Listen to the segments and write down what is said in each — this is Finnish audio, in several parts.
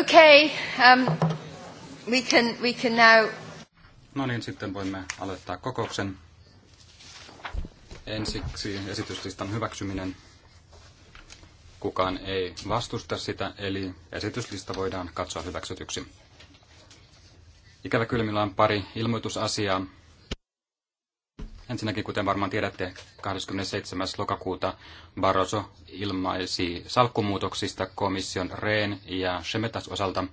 Okay, um, we can, we can now... No niin, sitten voimme aloittaa kokouksen. Ensiksi esityslistan hyväksyminen. Kukaan ei vastusta sitä, eli esityslista voidaan katsoa hyväksytyksi. Ikävä kyllä on pari ilmoitusasiaa. Ensinnäkin, kuten varmaan tiedätte, 27. lokakuuta Barroso ilmaisi salkkumuutoksista komission Rehn ja Schemetas osalta.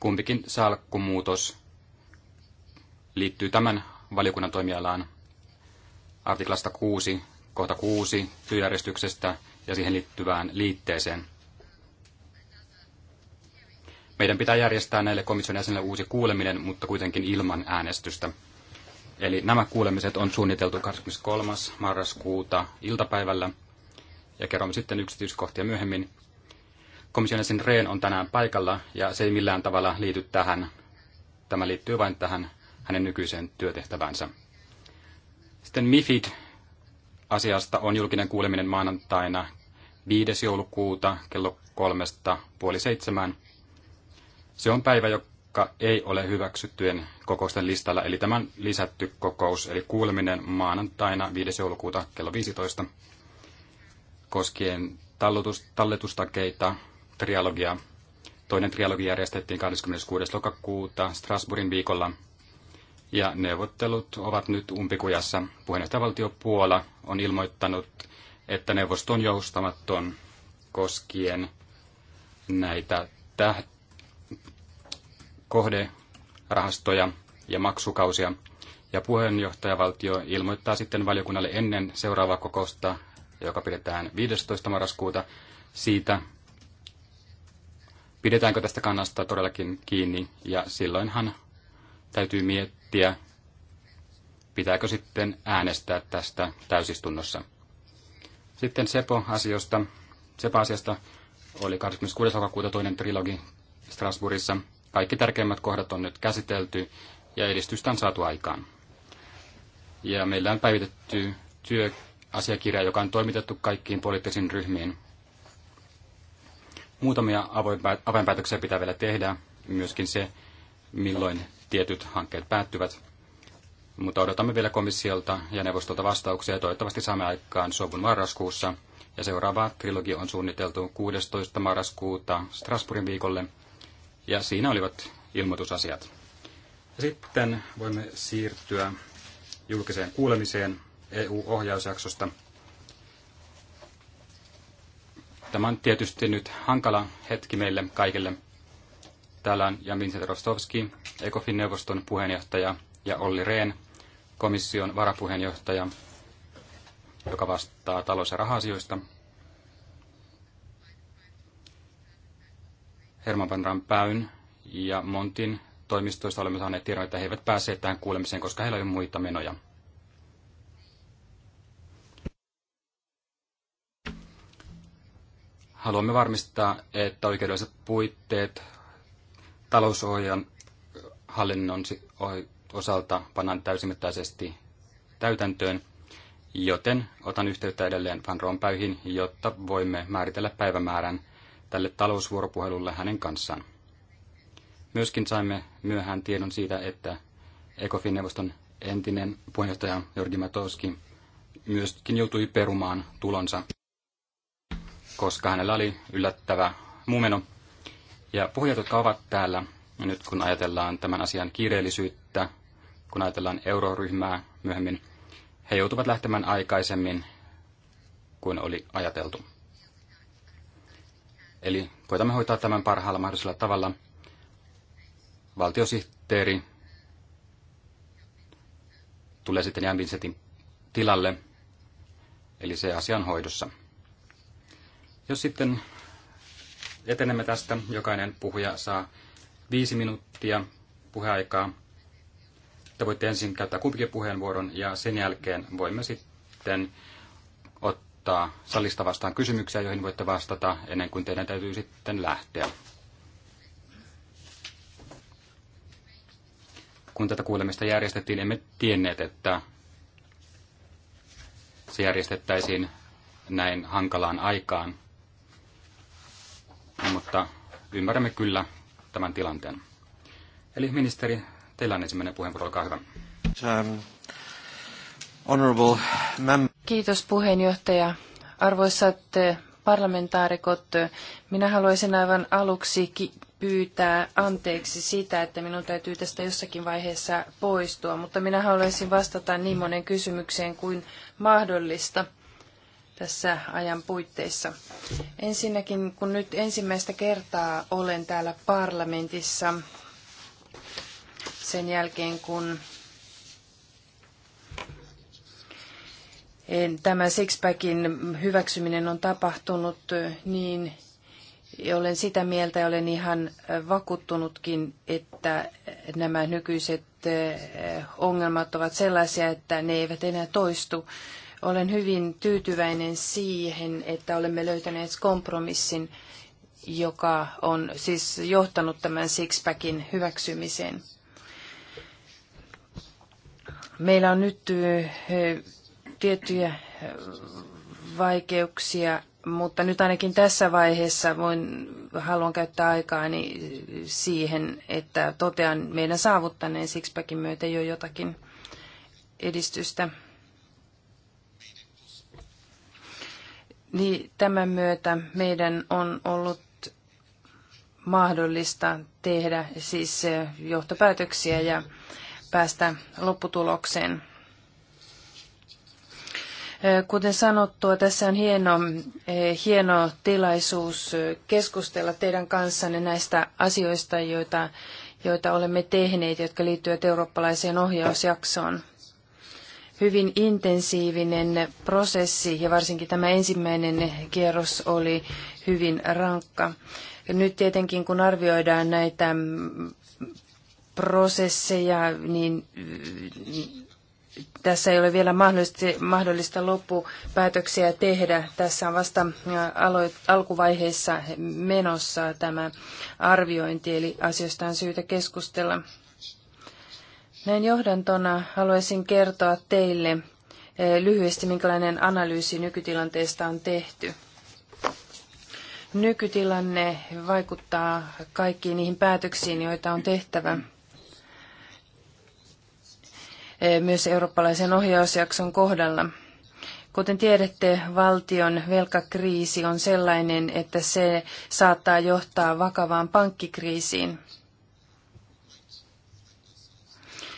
Kumpikin salkkumuutos liittyy tämän valiokunnan toimialaan artiklasta 6, kohta 6 työjärjestyksestä ja siihen liittyvään liitteeseen. Meidän pitää järjestää näille komission jäsenille uusi kuuleminen, mutta kuitenkin ilman äänestystä. Eli nämä kuulemiset on suunniteltu 23. marraskuuta iltapäivällä ja kerromme sitten yksityiskohtia myöhemmin. Komission jäsen Rehn on tänään paikalla ja se ei millään tavalla liity tähän. Tämä liittyy vain tähän hänen nykyiseen työtehtävänsä. Sitten MIFID asiasta on julkinen kuuleminen maanantaina 5. joulukuuta kello kolmesta puoli seitsemään. Se on päivä, Kreikka ei ole hyväksyttyjen kokousten listalla, eli tämän lisätty kokous, eli kuuleminen maanantaina 5. joulukuuta kello 15 koskien talletustakeita, trialogia. Toinen trialogi järjestettiin 26. lokakuuta Strasbourgin viikolla, ja neuvottelut ovat nyt umpikujassa. Puheenjohtajavaltio Puola on ilmoittanut, että neuvosto on joustamaton koskien näitä täht- kohderahastoja ja maksukausia, ja puheenjohtajavaltio ilmoittaa sitten valiokunnalle ennen seuraavaa kokousta, joka pidetään 15. marraskuuta, siitä, pidetäänkö tästä kannasta todellakin kiinni, ja silloinhan täytyy miettiä, pitääkö sitten äänestää tästä täysistunnossa. Sitten Sepo-asiasta. Sepa-asiasta oli 26. lokakuuta toinen trilogi Strasbourgissa. Kaikki tärkeimmät kohdat on nyt käsitelty ja edistystä on saatu aikaan. Ja meillä on päivitetty työasiakirja, joka on toimitettu kaikkiin poliittisiin ryhmiin. Muutamia avainpäätöksiä pitää vielä tehdä, myöskin se, milloin tietyt hankkeet päättyvät. Mutta odotamme vielä komissiolta ja neuvostolta vastauksia ja toivottavasti saamme aikaan sovun marraskuussa. Ja seuraava trilogi on suunniteltu 16. marraskuuta Strasbourgin viikolle – ja siinä olivat ilmoitusasiat. Ja sitten voimme siirtyä julkiseen kuulemiseen EU-ohjausjaksosta. Tämä on tietysti nyt hankala hetki meille kaikille. Täällä on Jamin Rostovski, ECOFIN-neuvoston puheenjohtaja, ja Olli Rehn, komission varapuheenjohtaja, joka vastaa talous- ja raha-asioista, Herman Van Rampäyn ja Montin toimistoista olemme saaneet tiedon, että he eivät pääse tähän kuulemiseen, koska heillä on muita menoja. Haluamme varmistaa, että oikeudelliset puitteet talousohjan hallinnon osalta pannaan täysimittaisesti täytäntöön, joten otan yhteyttä edelleen Van Rompäyhin, jotta voimme määritellä päivämäärän – tälle talousvuoropuhelulle hänen kanssaan. Myöskin saimme myöhään tiedon siitä, että ECOFIN-neuvoston entinen puheenjohtaja Jorgi Matoski myöskin joutui perumaan tulonsa, koska hänellä oli yllättävä muumeno. Ja puhujat, jotka ovat täällä, nyt kun ajatellaan tämän asian kiireellisyyttä, kun ajatellaan euroryhmää myöhemmin, he joutuvat lähtemään aikaisemmin kuin oli ajateltu. Eli koitamme hoitaa tämän parhaalla mahdollisella tavalla. Valtiosihteeri tulee sitten Vincentin tilalle, eli se asia on hoidossa. Jos sitten etenemme tästä, jokainen puhuja saa viisi minuuttia puheaikaa. Te voitte ensin käyttää kumpikin puheenvuoron ja sen jälkeen voimme sitten ottaa salista vastaan kysymyksiä, joihin voitte vastata ennen kuin teidän täytyy sitten lähteä. Kun tätä kuulemista järjestettiin, emme tienneet, että se järjestettäisiin näin hankalaan aikaan, mutta ymmärrämme kyllä tämän tilanteen. Eli ministeri, teillä on ensimmäinen puheenvuoro, olkaa hyvä. Um, honorable Kiitos puheenjohtaja. Arvoisat eh, parlamentaarikot, eh, minä haluaisin aivan aluksi pyytää anteeksi sitä, että minun täytyy tästä jossakin vaiheessa poistua, mutta minä haluaisin vastata niin monen kysymykseen kuin mahdollista tässä ajan puitteissa. Ensinnäkin, kun nyt ensimmäistä kertaa olen täällä parlamentissa sen jälkeen, kun tämä Sixpackin hyväksyminen on tapahtunut niin, olen sitä mieltä ja olen ihan vakuuttunutkin, että nämä nykyiset ongelmat ovat sellaisia, että ne eivät enää toistu. Olen hyvin tyytyväinen siihen, että olemme löytäneet kompromissin, joka on siis johtanut tämän Sixpackin hyväksymiseen. Meillä on nyt tiettyjä vaikeuksia, mutta nyt ainakin tässä vaiheessa voin, haluan käyttää aikaani siihen, että totean meidän saavuttaneen Sixpackin myötä jo jotakin edistystä. Niin tämän myötä meidän on ollut mahdollista tehdä siis johtopäätöksiä ja päästä lopputulokseen. Kuten sanottua, tässä on hieno, eh, hieno tilaisuus keskustella teidän kanssanne näistä asioista, joita, joita olemme tehneet, jotka liittyvät eurooppalaiseen ohjausjaksoon. Hyvin intensiivinen prosessi ja varsinkin tämä ensimmäinen kierros oli hyvin rankka. Nyt tietenkin kun arvioidaan näitä prosesseja, niin tässä ei ole vielä mahdollista loppupäätöksiä tehdä. Tässä on vasta aloit, alkuvaiheessa menossa tämä arviointi, eli asioista on syytä keskustella. Näin johdantona haluaisin kertoa teille lyhyesti, minkälainen analyysi nykytilanteesta on tehty. Nykytilanne vaikuttaa kaikkiin niihin päätöksiin, joita on tehtävä. Eh, myös eurooppalaisen ohjausjakson kohdalla. Kuten tiedätte, valtion velkakriisi on sellainen, että se saattaa johtaa vakavaan pankkikriisiin.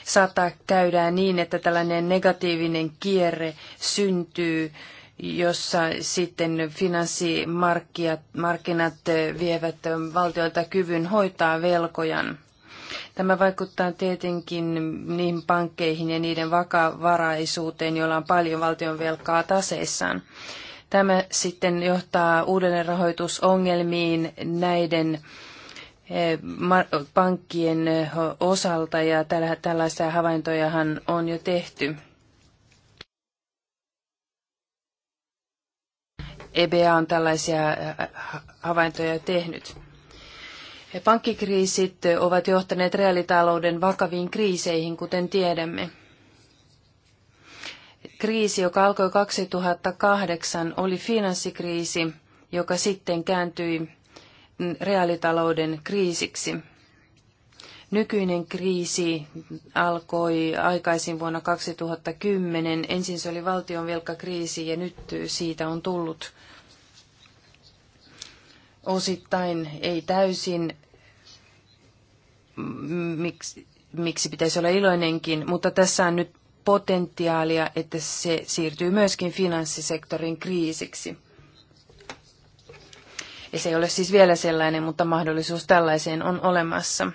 Saattaa käydä niin, että tällainen negatiivinen kierre syntyy, jossa sitten finanssimarkkinat vievät valtioilta kyvyn hoitaa velkojan. Tämä vaikuttaa tietenkin niihin pankkeihin ja niiden vakavaraisuuteen, joilla on paljon valtion velkaa taseissaan. Tämä sitten johtaa uudelleenrahoitusongelmiin näiden eh, pankkien eh, osalta ja tällaisia havaintojahan on jo tehty. EBA on tällaisia eh, havaintoja tehnyt. Pankkikriisit ovat johtaneet reaalitalouden vakaviin kriiseihin, kuten tiedämme. Kriisi, joka alkoi 2008, oli finanssikriisi, joka sitten kääntyi reaalitalouden kriisiksi. Nykyinen kriisi alkoi aikaisin vuonna 2010. Ensin se oli valtionvelkakriisi ja nyt siitä on tullut osittain, ei täysin, miksi, miksi pitäisi olla iloinenkin, mutta tässä on nyt potentiaalia, että se siirtyy myöskin finanssisektorin kriisiksi. Ja se ei ole siis vielä sellainen, mutta mahdollisuus tällaiseen on olemassa.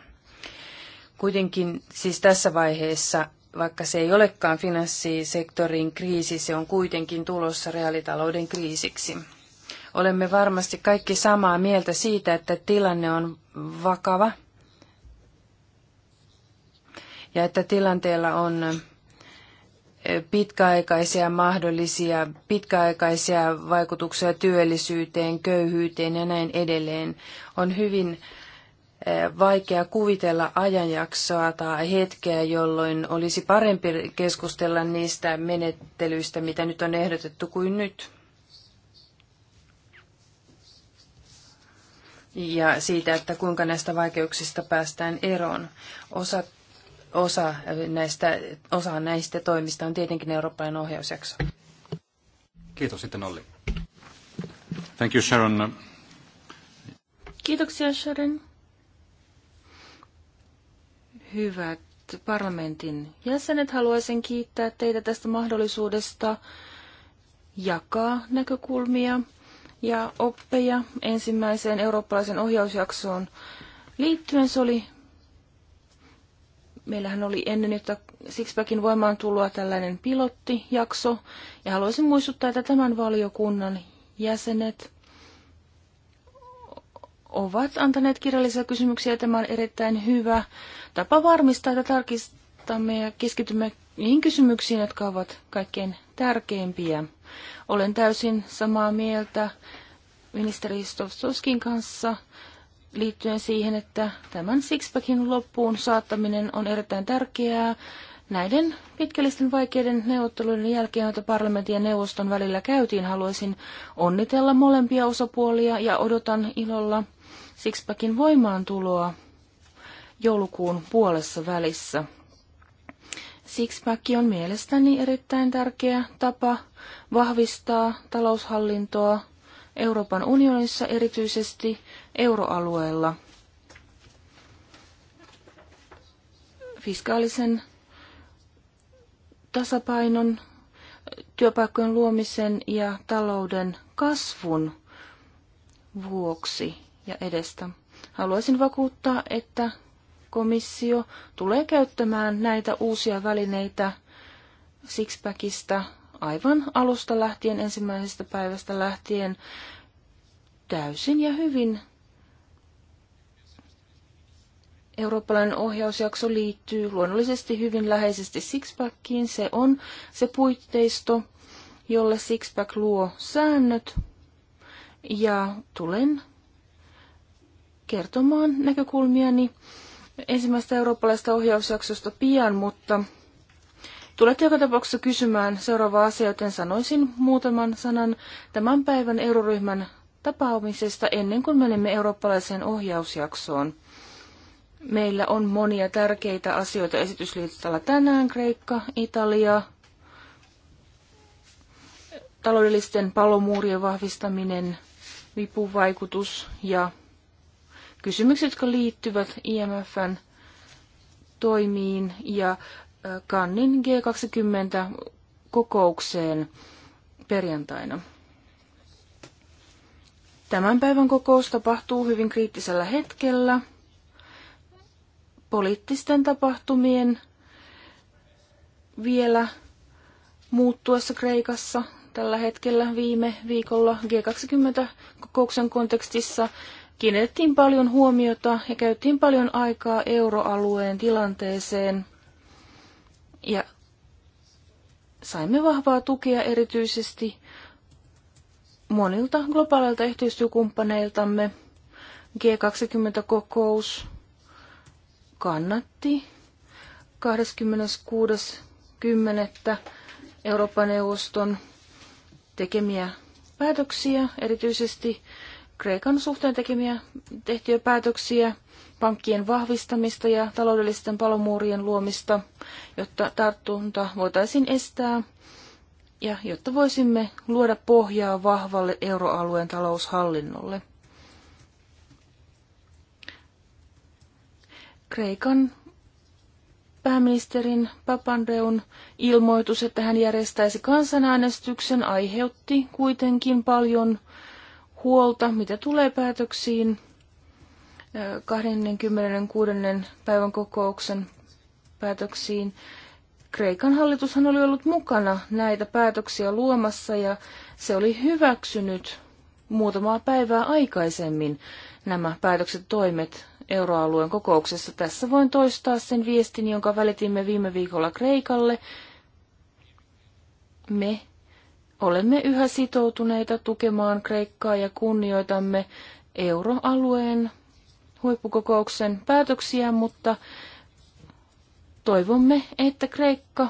Kuitenkin siis tässä vaiheessa, vaikka se ei olekaan finanssisektorin kriisi, se on kuitenkin tulossa reaalitalouden kriisiksi. Olemme varmasti kaikki samaa mieltä siitä, että tilanne on vakava – ja että tilanteella on pitkäaikaisia mahdollisia, pitkäaikaisia vaikutuksia työllisyyteen, köyhyyteen ja näin edelleen. On hyvin vaikea kuvitella ajanjaksoa tai hetkeä, jolloin olisi parempi keskustella niistä menettelyistä, mitä nyt on ehdotettu kuin nyt. Ja siitä, että kuinka näistä vaikeuksista päästään eroon. Osa osa näistä, osa näistä toimista on tietenkin Euroopan ohjausjakso. Kiitos sitten Olli. Thank you Sharon. Kiitoksia Sharon. Hyvät parlamentin jäsenet, haluaisin kiittää teitä tästä mahdollisuudesta jakaa näkökulmia ja oppeja ensimmäiseen eurooppalaisen ohjausjaksoon liittyen. Se oli meillähän oli ennen että Sixpackin voimaan tuloa tällainen pilottijakso, ja haluaisin muistuttaa, että tämän valiokunnan jäsenet ovat antaneet kirjallisia kysymyksiä. Tämä on erittäin hyvä tapa varmistaa, että tarkistamme ja keskitymme niihin kysymyksiin, jotka ovat kaikkein tärkeimpiä. Olen täysin samaa mieltä ministeri Stovsoskin kanssa liittyen siihen, että tämän sixpackin loppuun saattaminen on erittäin tärkeää näiden pitkällisten vaikeiden neuvotteluiden jälkeen, joita parlamentin ja neuvoston välillä käytiin, haluaisin onnitella molempia osapuolia ja odotan ilolla Sixpackin voimaantuloa joulukuun puolessa välissä. Sixpack on mielestäni erittäin tärkeä tapa vahvistaa taloushallintoa Euroopan unionissa, erityisesti euroalueella. Fiskaalisen tasapainon, työpaikkojen luomisen ja talouden kasvun vuoksi ja edestä. Haluaisin vakuuttaa, että komissio tulee käyttämään näitä uusia välineitä Sixpackista aivan alusta lähtien, ensimmäisestä päivästä lähtien täysin ja hyvin. Eurooppalainen ohjausjakso liittyy luonnollisesti hyvin läheisesti Sixpackiin. Se on se puitteisto, jolle Sixpack luo säännöt. Ja tulen kertomaan näkökulmiani ensimmäistä eurooppalaista ohjausjaksosta pian, mutta Tulet joka tapauksessa kysymään seuraava asia, joten sanoisin muutaman sanan tämän päivän euroryhmän tapaamisesta ennen kuin menemme eurooppalaiseen ohjausjaksoon. Meillä on monia tärkeitä asioita esityslistalla tänään, Kreikka, Italia, taloudellisten palomuurien vahvistaminen, vipuvaikutus ja kysymykset, jotka liittyvät IMFn toimiin ja Kannin G20 kokoukseen perjantaina. Tämän päivän kokous tapahtuu hyvin kriittisellä hetkellä poliittisten tapahtumien vielä muuttuessa Kreikassa tällä hetkellä viime viikolla G20-kokouksen kontekstissa kiinnitettiin paljon huomiota ja käytiin paljon aikaa euroalueen tilanteeseen – ja saimme vahvaa tukea erityisesti monilta globaaleilta yhteistyökumppaneiltamme. G20-kokous kannatti 26.10. Euroopan neuvoston tekemiä päätöksiä, erityisesti Kreikan suhteen tekemiä tehtyjä päätöksiä, pankkien vahvistamista ja taloudellisten palomuurien luomista – jotta tartunta voitaisiin estää ja jotta voisimme luoda pohjaa vahvalle euroalueen taloushallinnolle. Kreikan pääministerin Papandreun ilmoitus, että hän järjestäisi kansanäänestyksen, aiheutti kuitenkin paljon huolta, mitä tulee päätöksiin 26. Eh, päivän kokouksen päätöksiin. Kreikan hallitushan oli ollut mukana näitä päätöksiä luomassa ja se oli hyväksynyt muutamaa päivää aikaisemmin nämä päätökset toimet euroalueen kokouksessa. Tässä voin toistaa sen viestin, jonka välitimme viime viikolla Kreikalle. Me olemme yhä sitoutuneita tukemaan Kreikkaa ja kunnioitamme euroalueen huippukokouksen päätöksiä, mutta Toivomme, että Kreikka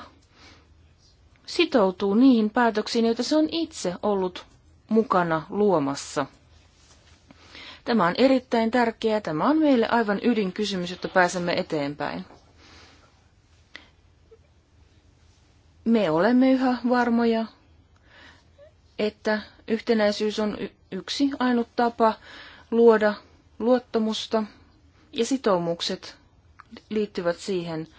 sitoutuu niihin päätöksiin, joita se on itse ollut mukana luomassa. Tämä on erittäin tärkeää. Tämä on meille aivan ydinkysymys, jotta pääsemme eteenpäin. Me olemme yhä varmoja, että yhtenäisyys on yksi ainut tapa luoda luottamusta ja sitoumukset liittyvät siihen –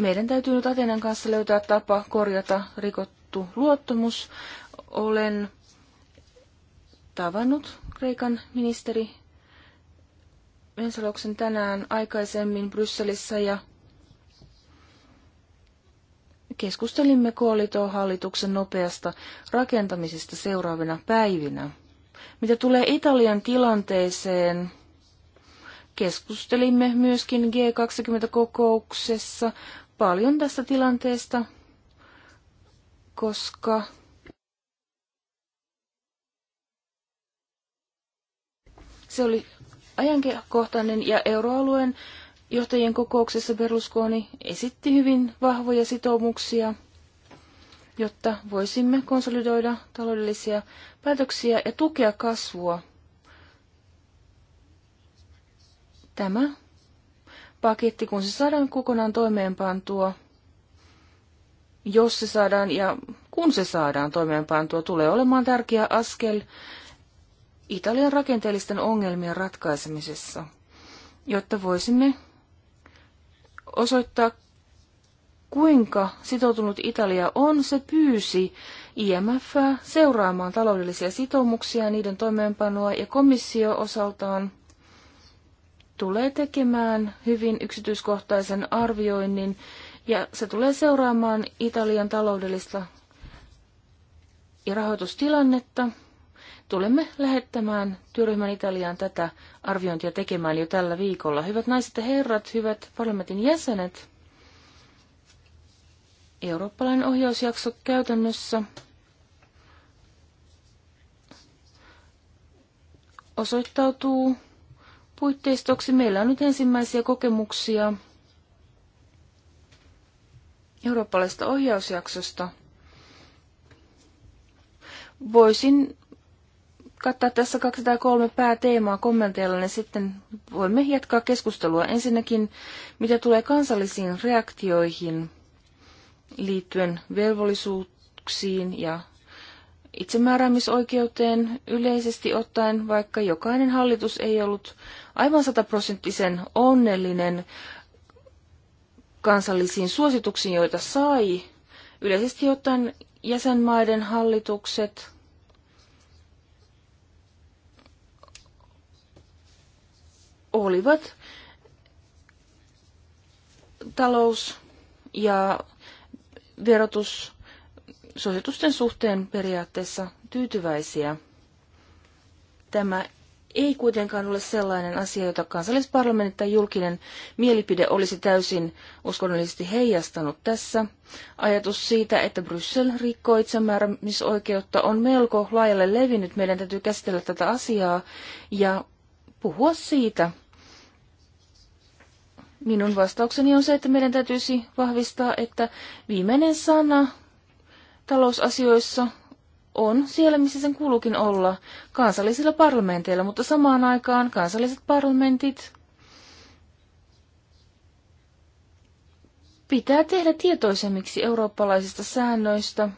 meidän täytyy nyt Atenan kanssa löytää tapa korjata rikottu luottamus. Olen tavannut Kreikan ministeri Mensaloksen tänään aikaisemmin Brysselissä ja keskustelimme koalitohallituksen nopeasta rakentamisesta seuraavina päivinä. Mitä tulee Italian tilanteeseen, keskustelimme myöskin G20-kokouksessa paljon tästä tilanteesta, koska se oli ajankohtainen ja euroalueen johtajien kokouksessa Berlusconi esitti hyvin vahvoja sitoumuksia, jotta voisimme konsolidoida taloudellisia päätöksiä ja tukea kasvua. Tämä paketti, kun se saadaan kokonaan toimeenpantua, jos se saadaan ja kun se saadaan toimeenpantua, tulee olemaan tärkeä askel Italian rakenteellisten ongelmien ratkaisemisessa, jotta voisimme osoittaa, kuinka sitoutunut Italia on. Se pyysi IMF seuraamaan taloudellisia sitoumuksia ja niiden toimeenpanoa ja komissio osaltaan – tulee tekemään hyvin yksityiskohtaisen arvioinnin ja se tulee seuraamaan Italian taloudellista ja rahoitustilannetta. Tulemme lähettämään työryhmän Italiaan tätä arviointia tekemään jo tällä viikolla. Hyvät naiset ja herrat, hyvät parlamentin jäsenet, eurooppalainen ohjausjakso käytännössä osoittautuu puitteistoksi. Meillä on nyt ensimmäisiä kokemuksia eurooppalaisesta ohjausjaksosta. Voisin kattaa tässä kaksi tai kolme pääteemaa kommenteilla, niin sitten voimme jatkaa keskustelua. Ensinnäkin, mitä tulee kansallisiin reaktioihin liittyen velvollisuuksiin ja itsemääräämisoikeuteen yleisesti ottaen, vaikka jokainen hallitus ei ollut aivan sataprosenttisen onnellinen kansallisiin suosituksiin, joita sai. Yleisesti ottaen jäsenmaiden hallitukset olivat talous- ja verotus suositusten suhteen periaatteessa tyytyväisiä. Tämä ei kuitenkaan ole sellainen asia, jota kansallisparlamentti tai julkinen mielipide olisi täysin uskonnollisesti heijastanut tässä. Ajatus siitä, että Bryssel rikkoo itsemääräämisoikeutta, on melko laajalle levinnyt. Meidän täytyy käsitellä tätä asiaa ja puhua siitä. Minun vastaukseni on se, että meidän täytyisi vahvistaa, että viimeinen sana talousasioissa on siellä, missä sen kuuluukin olla, kansallisilla parlamenteilla, mutta samaan aikaan kansalliset parlamentit pitää tehdä tietoisemmiksi eurooppalaisista säännöistä,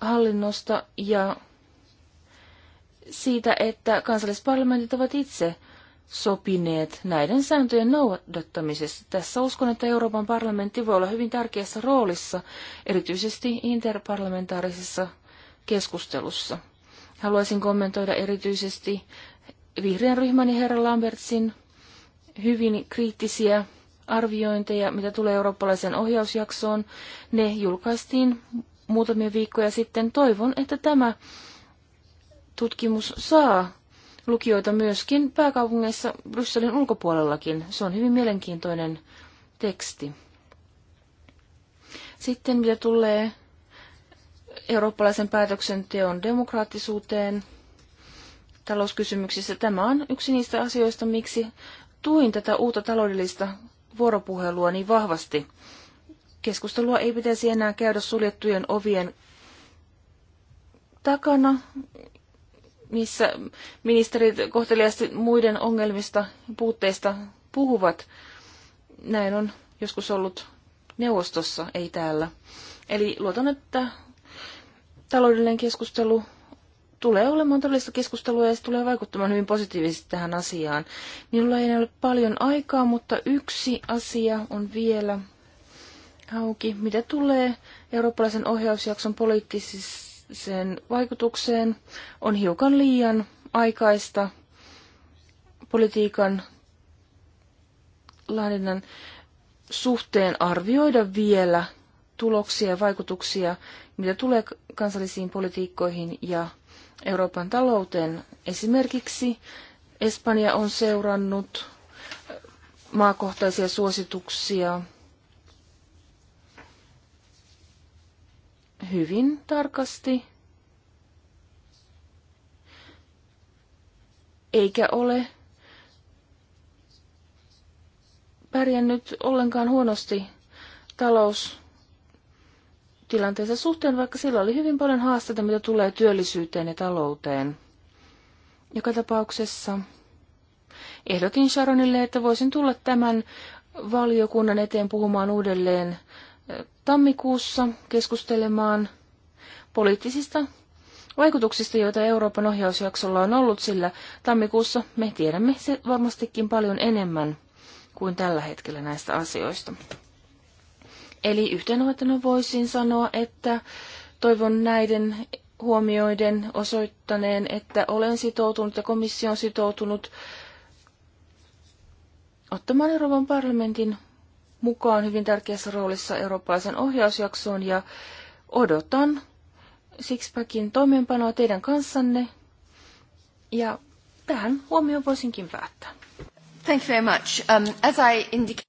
hallinnosta ja siitä, että kansallisparlamentit ovat itse sopineet näiden sääntöjen noudattamisesta. Tässä uskon, että Euroopan parlamentti voi olla hyvin tärkeässä roolissa, erityisesti interparlamentaarisessa keskustelussa. Haluaisin kommentoida erityisesti vihreän ryhmäni herra Lambertsin hyvin kriittisiä arviointeja, mitä tulee eurooppalaiseen ohjausjaksoon. Ne julkaistiin muutamia viikkoja sitten. Toivon, että tämä tutkimus saa lukioita myöskin pääkaupungeissa Brysselin ulkopuolellakin. Se on hyvin mielenkiintoinen teksti. Sitten mitä tulee eurooppalaisen päätöksenteon demokraattisuuteen talouskysymyksissä, tämä on yksi niistä asioista, miksi tuin tätä uutta taloudellista vuoropuhelua niin vahvasti. Keskustelua ei pitäisi enää käydä suljettujen ovien takana, missä ministerit kohteliaasti muiden ongelmista ja puutteista puhuvat. Näin on joskus ollut neuvostossa, ei täällä. Eli luotan, että taloudellinen keskustelu tulee olemaan todellista keskustelua ja se tulee vaikuttamaan hyvin positiivisesti tähän asiaan. Minulla ei ole paljon aikaa, mutta yksi asia on vielä auki, mitä tulee eurooppalaisen ohjausjakson poliittisista sen vaikutukseen, on hiukan liian aikaista politiikan laadinnan suhteen arvioida vielä tuloksia ja vaikutuksia, mitä tulee kansallisiin politiikkoihin ja Euroopan talouteen. Esimerkiksi Espanja on seurannut maakohtaisia suosituksia hyvin tarkasti, eikä ole pärjännyt ollenkaan huonosti Taloustilanteessa suhteen, vaikka sillä oli hyvin paljon haasteita, mitä tulee työllisyyteen ja talouteen. Joka tapauksessa ehdotin Sharonille, että voisin tulla tämän valiokunnan eteen puhumaan uudelleen tammikuussa keskustelemaan poliittisista vaikutuksista, joita Euroopan ohjausjaksolla on ollut, sillä tammikuussa me tiedämme se varmastikin paljon enemmän kuin tällä hetkellä näistä asioista. Eli yhteenvetona voisin sanoa, että toivon näiden huomioiden osoittaneen, että olen sitoutunut ja komissio on sitoutunut ottamaan Euroopan parlamentin mukaan hyvin tärkeässä roolissa eurooppalaisen ohjausjaksoon ja odotan Sixpackin toimeenpanoa teidän kanssanne. Ja tähän huomioon voisinkin päättää. Thank you very much. Um, as I indic-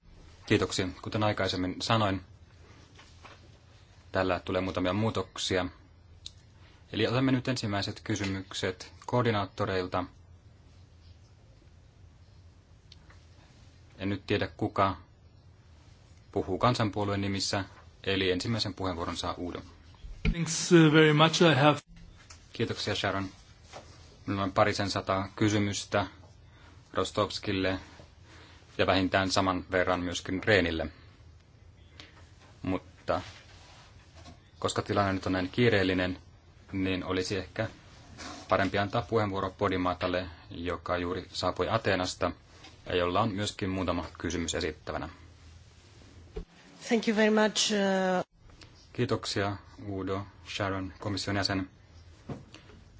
Kiitoksia. Kuten aikaisemmin sanoin, tällä tulee muutamia muutoksia. Eli otamme nyt ensimmäiset kysymykset koordinaattoreilta. En nyt tiedä kuka puhuu kansanpuolueen nimissä, eli ensimmäisen puheenvuoron saa Uudo. Thanks uh, very much. I have... Kiitoksia Sharon. Minulla on parisen sataa kysymystä Rostovskille ja vähintään saman verran myöskin Reenille. Mutta koska tilanne nyt on näin kiireellinen, niin olisi ehkä parempi antaa puheenvuoro Podimaatalle, joka juuri saapui Ateenasta ja jolla on myöskin muutama kysymys esittävänä. Thank you very much. Uh, Kiitoksia Udo Sharon, komission jäsen.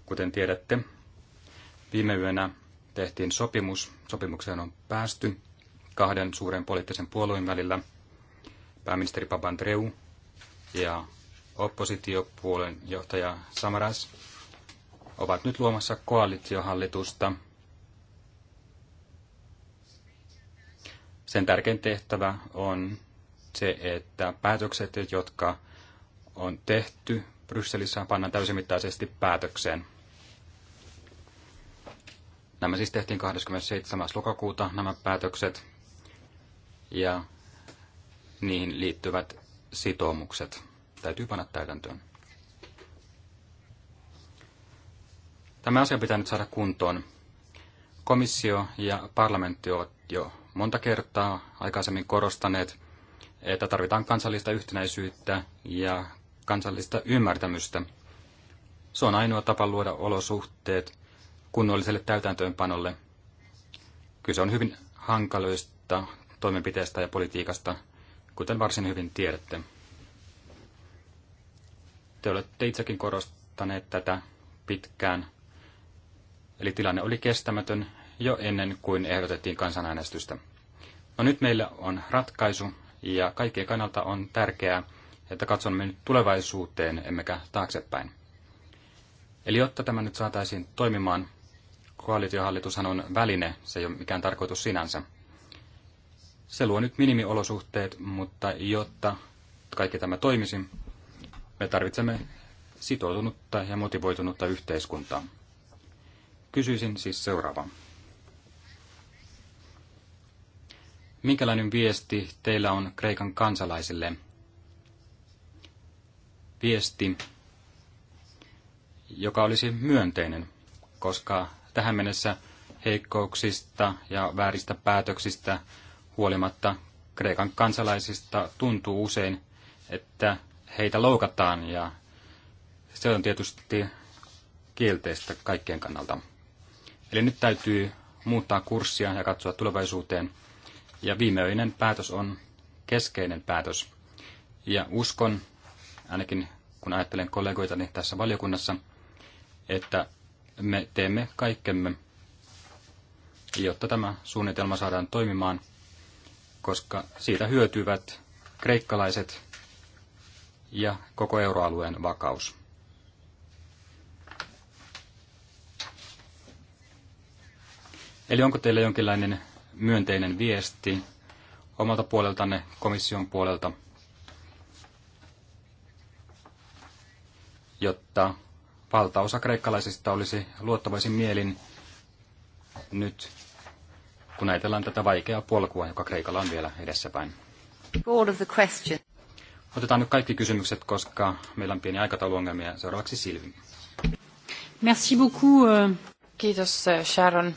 Kuten tiedätte, viime yönä tehtiin sopimus. Sopimukseen on päästy kahden suuren poliittisen puolueen välillä. Pääministeri Papandreou ja oppositiopuolen johtaja Samaras ovat nyt luomassa koalitiohallitusta. Sen tärkein tehtävä on se, että päätökset, jotka on tehty Brysselissä, pannaan täysimittaisesti päätökseen. Nämä siis tehtiin 27. lokakuuta, nämä päätökset, ja niihin liittyvät sitoumukset täytyy panna täytäntöön. Tämä asia pitää nyt saada kuntoon. Komissio ja parlamentti ovat jo monta kertaa aikaisemmin korostaneet, että tarvitaan kansallista yhtenäisyyttä ja kansallista ymmärtämystä. Se on ainoa tapa luoda olosuhteet kunnolliselle täytäntöönpanolle. Kyse on hyvin hankaloista toimenpiteistä ja politiikasta, kuten varsin hyvin tiedätte. Te olette itsekin korostaneet tätä pitkään. Eli tilanne oli kestämätön jo ennen kuin ehdotettiin kansanäänestystä. No nyt meillä on ratkaisu, ja kaikkien kannalta on tärkeää, että katsomme nyt tulevaisuuteen emmekä taaksepäin. Eli jotta tämä nyt saataisiin toimimaan, koalitiohallitushan on väline, se ei ole mikään tarkoitus sinänsä. Se luo nyt minimiolosuhteet, mutta jotta kaikki tämä toimisi, me tarvitsemme sitoutunutta ja motivoitunutta yhteiskuntaa. Kysyisin siis seuraavaa. minkälainen viesti teillä on Kreikan kansalaisille? Viesti, joka olisi myönteinen, koska tähän mennessä heikkouksista ja vääristä päätöksistä huolimatta Kreikan kansalaisista tuntuu usein, että heitä loukataan ja se on tietysti kielteistä kaikkien kannalta. Eli nyt täytyy muuttaa kurssia ja katsoa tulevaisuuteen. Ja viimeinen päätös on keskeinen päätös. Ja uskon, ainakin kun ajattelen kollegoitani tässä valiokunnassa, että me teemme kaikkemme, jotta tämä suunnitelma saadaan toimimaan, koska siitä hyötyvät kreikkalaiset ja koko euroalueen vakaus. Eli onko teillä jonkinlainen myönteinen viesti omalta puoleltanne, komission puolelta, jotta valtaosa kreikkalaisista olisi luottavaisin mielin nyt, kun ajatellaan tätä vaikeaa polkua, joka Kreikalla on vielä edessäpäin. Otetaan nyt kaikki kysymykset, koska meillä on pieni aikatauluongelmia. Seuraavaksi Silvi. Merci beaucoup. Euh. Kiitos euh, Sharon.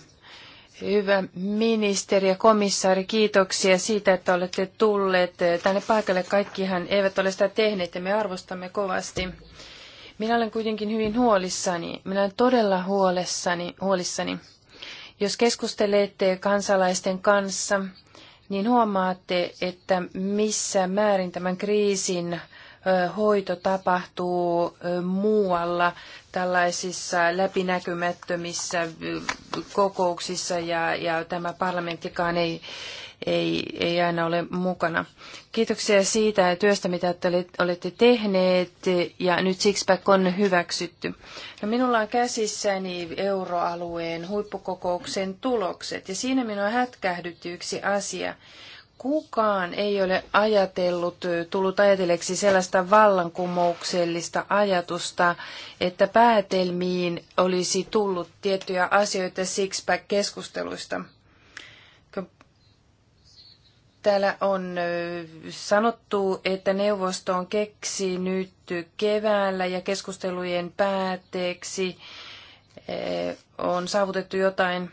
Hyvä ministeri ja komissaari, kiitoksia siitä, että olette tulleet tänne paikalle. Kaikkihan eivät ole sitä tehneet ja me arvostamme kovasti. Minä olen kuitenkin hyvin huolissani. Minä olen todella huolissani. huolissani. Jos keskustelette kansalaisten kanssa, niin huomaatte, että missä määrin tämän kriisin hoito tapahtuu muualla tällaisissa läpinäkymättömissä kokouksissa ja, ja tämä parlamenttikaan ei, ei, ei aina ole mukana. Kiitoksia siitä työstä, mitä te olette tehneet ja nyt Sixpack on hyväksytty. No, minulla on käsissäni euroalueen huippukokouksen tulokset ja siinä minua hätkähdytti yksi asia kukaan ei ole ajatellut, tullut ajatelleeksi sellaista vallankumouksellista ajatusta, että päätelmiin olisi tullut tiettyjä asioita Sixpack-keskusteluista. Täällä on sanottu, että neuvosto on keksinyt keväällä ja keskustelujen päätteeksi on saavutettu jotain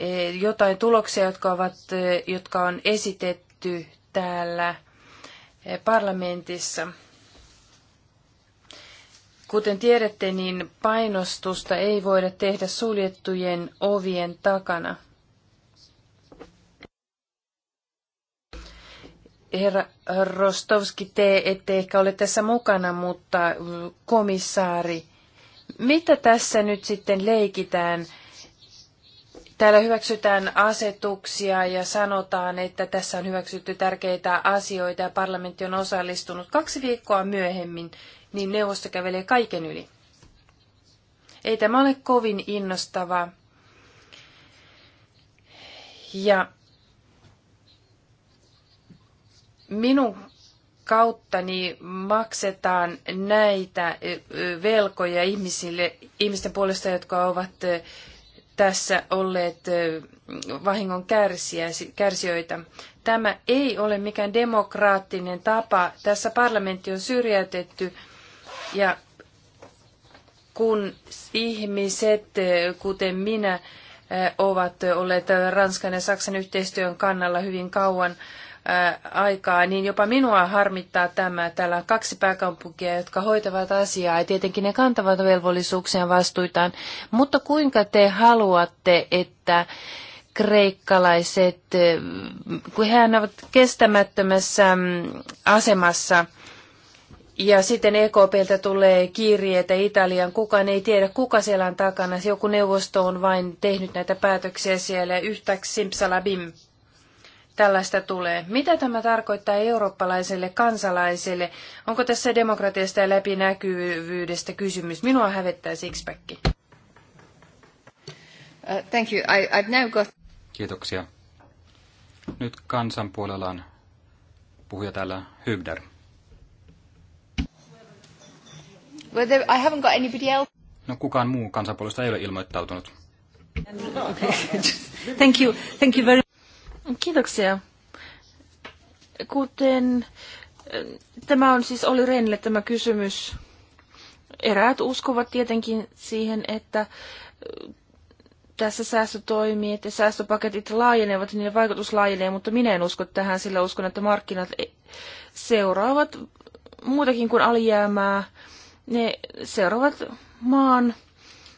Eh, jotain tuloksia, jotka, ovat, eh, jotka on esitetty täällä eh, parlamentissa. Kuten tiedätte, niin painostusta ei voida tehdä suljettujen ovien takana. Herra Rostovski, te ette ehkä ole tässä mukana, mutta mm, komissaari, mitä tässä nyt sitten leikitään? Täällä hyväksytään asetuksia ja sanotaan, että tässä on hyväksytty tärkeitä asioita ja parlamentti on osallistunut kaksi viikkoa myöhemmin, niin neuvosto kävelee kaiken yli. Ei tämä ole kovin innostavaa. Ja minun kauttani maksetaan näitä velkoja ihmisille, ihmisten puolesta, jotka ovat tässä olleet vahingon kärsijöitä. Tämä ei ole mikään demokraattinen tapa. Tässä parlamentti on syrjäytetty ja kun ihmiset, kuten minä, ovat olleet Ranskan ja Saksan yhteistyön kannalla hyvin kauan, aikaa, niin jopa minua harmittaa tämä. Täällä on kaksi pääkaupunkia, jotka hoitavat asiaa ja tietenkin ne kantavat velvollisuuksia vastuitaan. Mutta kuinka te haluatte, että kreikkalaiset, kun he ovat kestämättömässä mm, asemassa, ja sitten EKPltä tulee että Italian. Kukaan ei tiedä, kuka siellä on takana. Joku neuvosto on vain tehnyt näitä päätöksiä siellä yhtäksi simpsalabim tällaista tulee. Mitä tämä tarkoittaa eurooppalaiselle kansalaiselle? Onko tässä demokratiasta ja läpinäkyvyydestä kysymys? Minua hävettää Sixpack. Uh, thank you. I, I've now got... Kiitoksia. Nyt kansan puolella on puhuja täällä Hybder. Well, there, I haven't got anybody else. No kukaan muu kansanpuolesta ei ole ilmoittautunut. Okay. Thank you. Thank you very Kiitoksia. Kuten tämä on siis oli Renille tämä kysymys. Eräät uskovat tietenkin siihen, että tässä säästötoimii, ja säästöpaketit laajenevat, niiden vaikutus laajenee, mutta minä en usko tähän, sillä uskon, että markkinat e- seuraavat muutakin kuin alijäämää. Ne seuraavat maan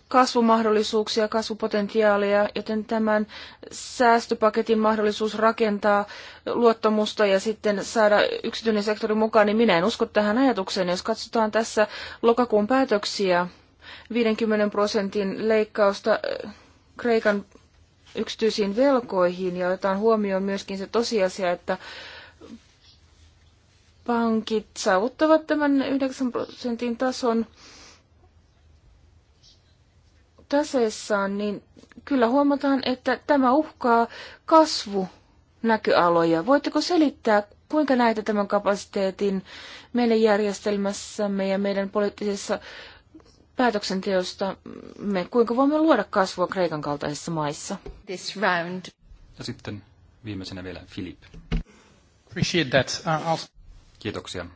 kasvumahdollisuuksia, kasvupotentiaalia, joten tämän säästöpaketin mahdollisuus rakentaa luottamusta ja sitten saada yksityinen sektori mukaan, niin minä en usko tähän ajatukseen. Jos katsotaan tässä lokakuun päätöksiä, 50 prosentin leikkausta äh, Kreikan yksityisiin velkoihin ja otetaan huomioon myöskin se tosiasia, että pankit saavuttavat tämän 9 prosentin tason taseessaan, niin kyllä huomataan, että tämä uhkaa kasvunäköaloja. Voitteko selittää, kuinka näitä tämän kapasiteetin meidän järjestelmässämme ja meidän poliittisessa päätöksenteosta me, kuinka voimme luoda kasvua Kreikan kaltaisissa maissa? This round. Ja sitten viimeisenä vielä Philip. Appreciate that. Uh, Kiitoksia.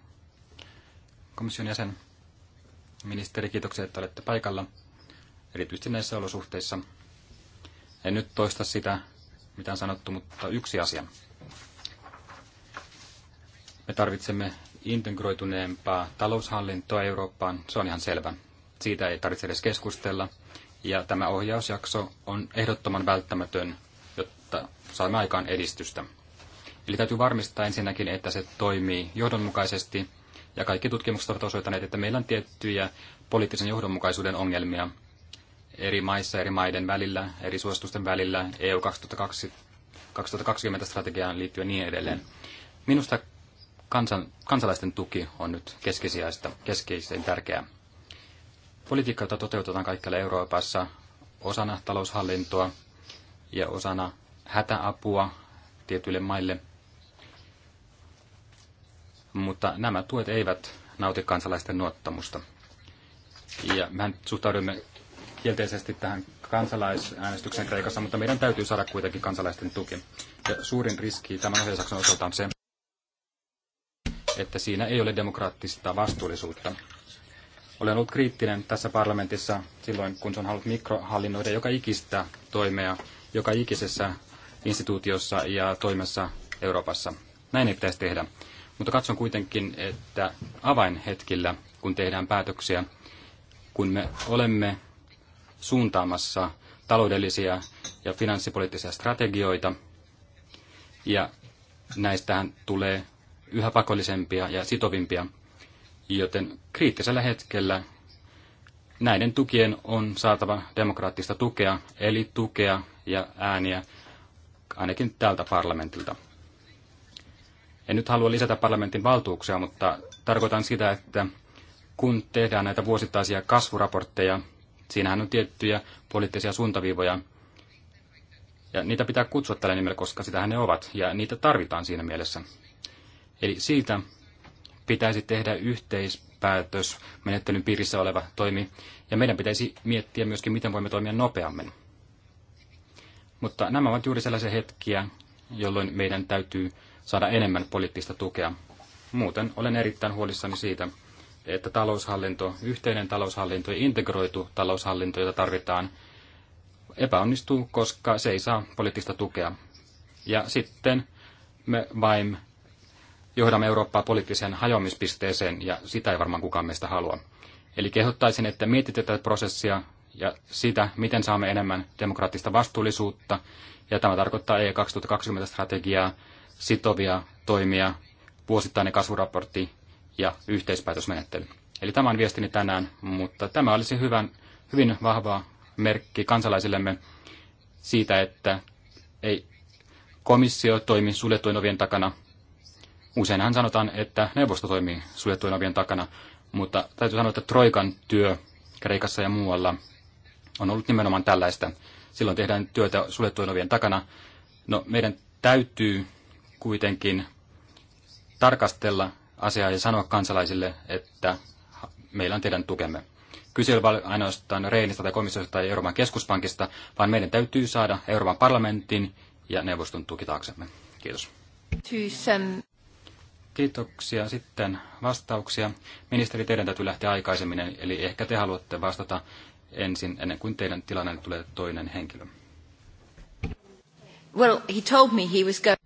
Komission jäsen, ministeri, kiitoksia, että olette paikalla erityisesti näissä olosuhteissa. En nyt toista sitä, mitä on sanottu, mutta yksi asia. Me tarvitsemme integroituneempaa taloushallintoa Eurooppaan, se on ihan selvä. Siitä ei tarvitse edes keskustella. Ja tämä ohjausjakso on ehdottoman välttämätön, jotta saamme aikaan edistystä. Eli täytyy varmistaa ensinnäkin, että se toimii johdonmukaisesti, ja kaikki tutkimukset ovat osoittaneet, että meillä on tiettyjä poliittisen johdonmukaisuuden ongelmia, eri maissa, eri maiden välillä, eri suositusten välillä, EU 2020-strategiaan liittyen niin edelleen. Minusta kansan, kansalaisten tuki on nyt keskeisiä, keskeisen tärkeää. Politiikka, jota toteutetaan kaikkialla Euroopassa osana taloushallintoa ja osana hätäapua tietyille maille, mutta nämä tuet eivät nauti kansalaisten luottamusta. Ja mehän suhtaudumme kielteisesti tähän kansalaisäänestykseen Kreikassa, mutta meidän täytyy saada kuitenkin kansalaisten tuki. Ja suurin riski tämän ohjeisakson osalta on se, että siinä ei ole demokraattista vastuullisuutta. Olen ollut kriittinen tässä parlamentissa silloin, kun se on halunnut mikrohallinnoida joka ikistä toimea, joka ikisessä instituutiossa ja toimessa Euroopassa. Näin ei pitäisi tehdä. Mutta katson kuitenkin, että avainhetkillä, kun tehdään päätöksiä, kun me olemme suuntaamassa taloudellisia ja finanssipoliittisia strategioita. Ja näistähän tulee yhä pakollisempia ja sitovimpia, joten kriittisellä hetkellä näiden tukien on saatava demokraattista tukea, eli tukea ja ääniä ainakin tältä parlamentilta. En nyt halua lisätä parlamentin valtuuksia, mutta tarkoitan sitä, että kun tehdään näitä vuosittaisia kasvuraportteja, Siinähän on tiettyjä poliittisia suuntaviivoja, ja niitä pitää kutsua tällä nimellä, koska sitähän ne ovat, ja niitä tarvitaan siinä mielessä. Eli siitä pitäisi tehdä yhteispäätös menettelyn piirissä oleva toimi, ja meidän pitäisi miettiä myöskin, miten voimme toimia nopeammin. Mutta nämä ovat juuri sellaisia hetkiä, jolloin meidän täytyy saada enemmän poliittista tukea. Muuten olen erittäin huolissani siitä, että taloushallinto, yhteinen taloushallinto ja integroitu taloushallinto, jota tarvitaan, epäonnistuu, koska se ei saa poliittista tukea. Ja sitten me vain johdamme Eurooppaa poliittiseen hajoamispisteeseen, ja sitä ei varmaan kukaan meistä halua. Eli kehottaisin, että mietitte tätä prosessia ja sitä, miten saamme enemmän demokraattista vastuullisuutta, ja tämä tarkoittaa e 2020-strategiaa, sitovia toimia, vuosittainen kasvuraportti ja yhteispäätösmenettely. Eli tämä on viestini tänään, mutta tämä olisi hyvän, hyvin vahva merkki kansalaisillemme siitä, että ei komissio toimi suljettujen ovien takana. Useinhan sanotaan, että neuvosto toimii suljettujen ovien takana, mutta täytyy sanoa, että Troikan työ Kreikassa ja muualla on ollut nimenomaan tällaista. Silloin tehdään työtä suljettujen ovien takana. No, meidän täytyy kuitenkin tarkastella asiaa ja sanoa kansalaisille, että meillä on teidän tukemme. Kyse ei ainoastaan Reinistä tai komissiosta tai Euroopan keskuspankista, vaan meidän täytyy saada Euroopan parlamentin ja neuvoston tuki taaksemme. Kiitos. Tyysen. Kiitoksia. Sitten vastauksia. Ministeri, teidän täytyy lähteä aikaisemmin, eli ehkä te haluatte vastata ensin, ennen kuin teidän tilanne tulee toinen henkilö. Well, he told me he was go-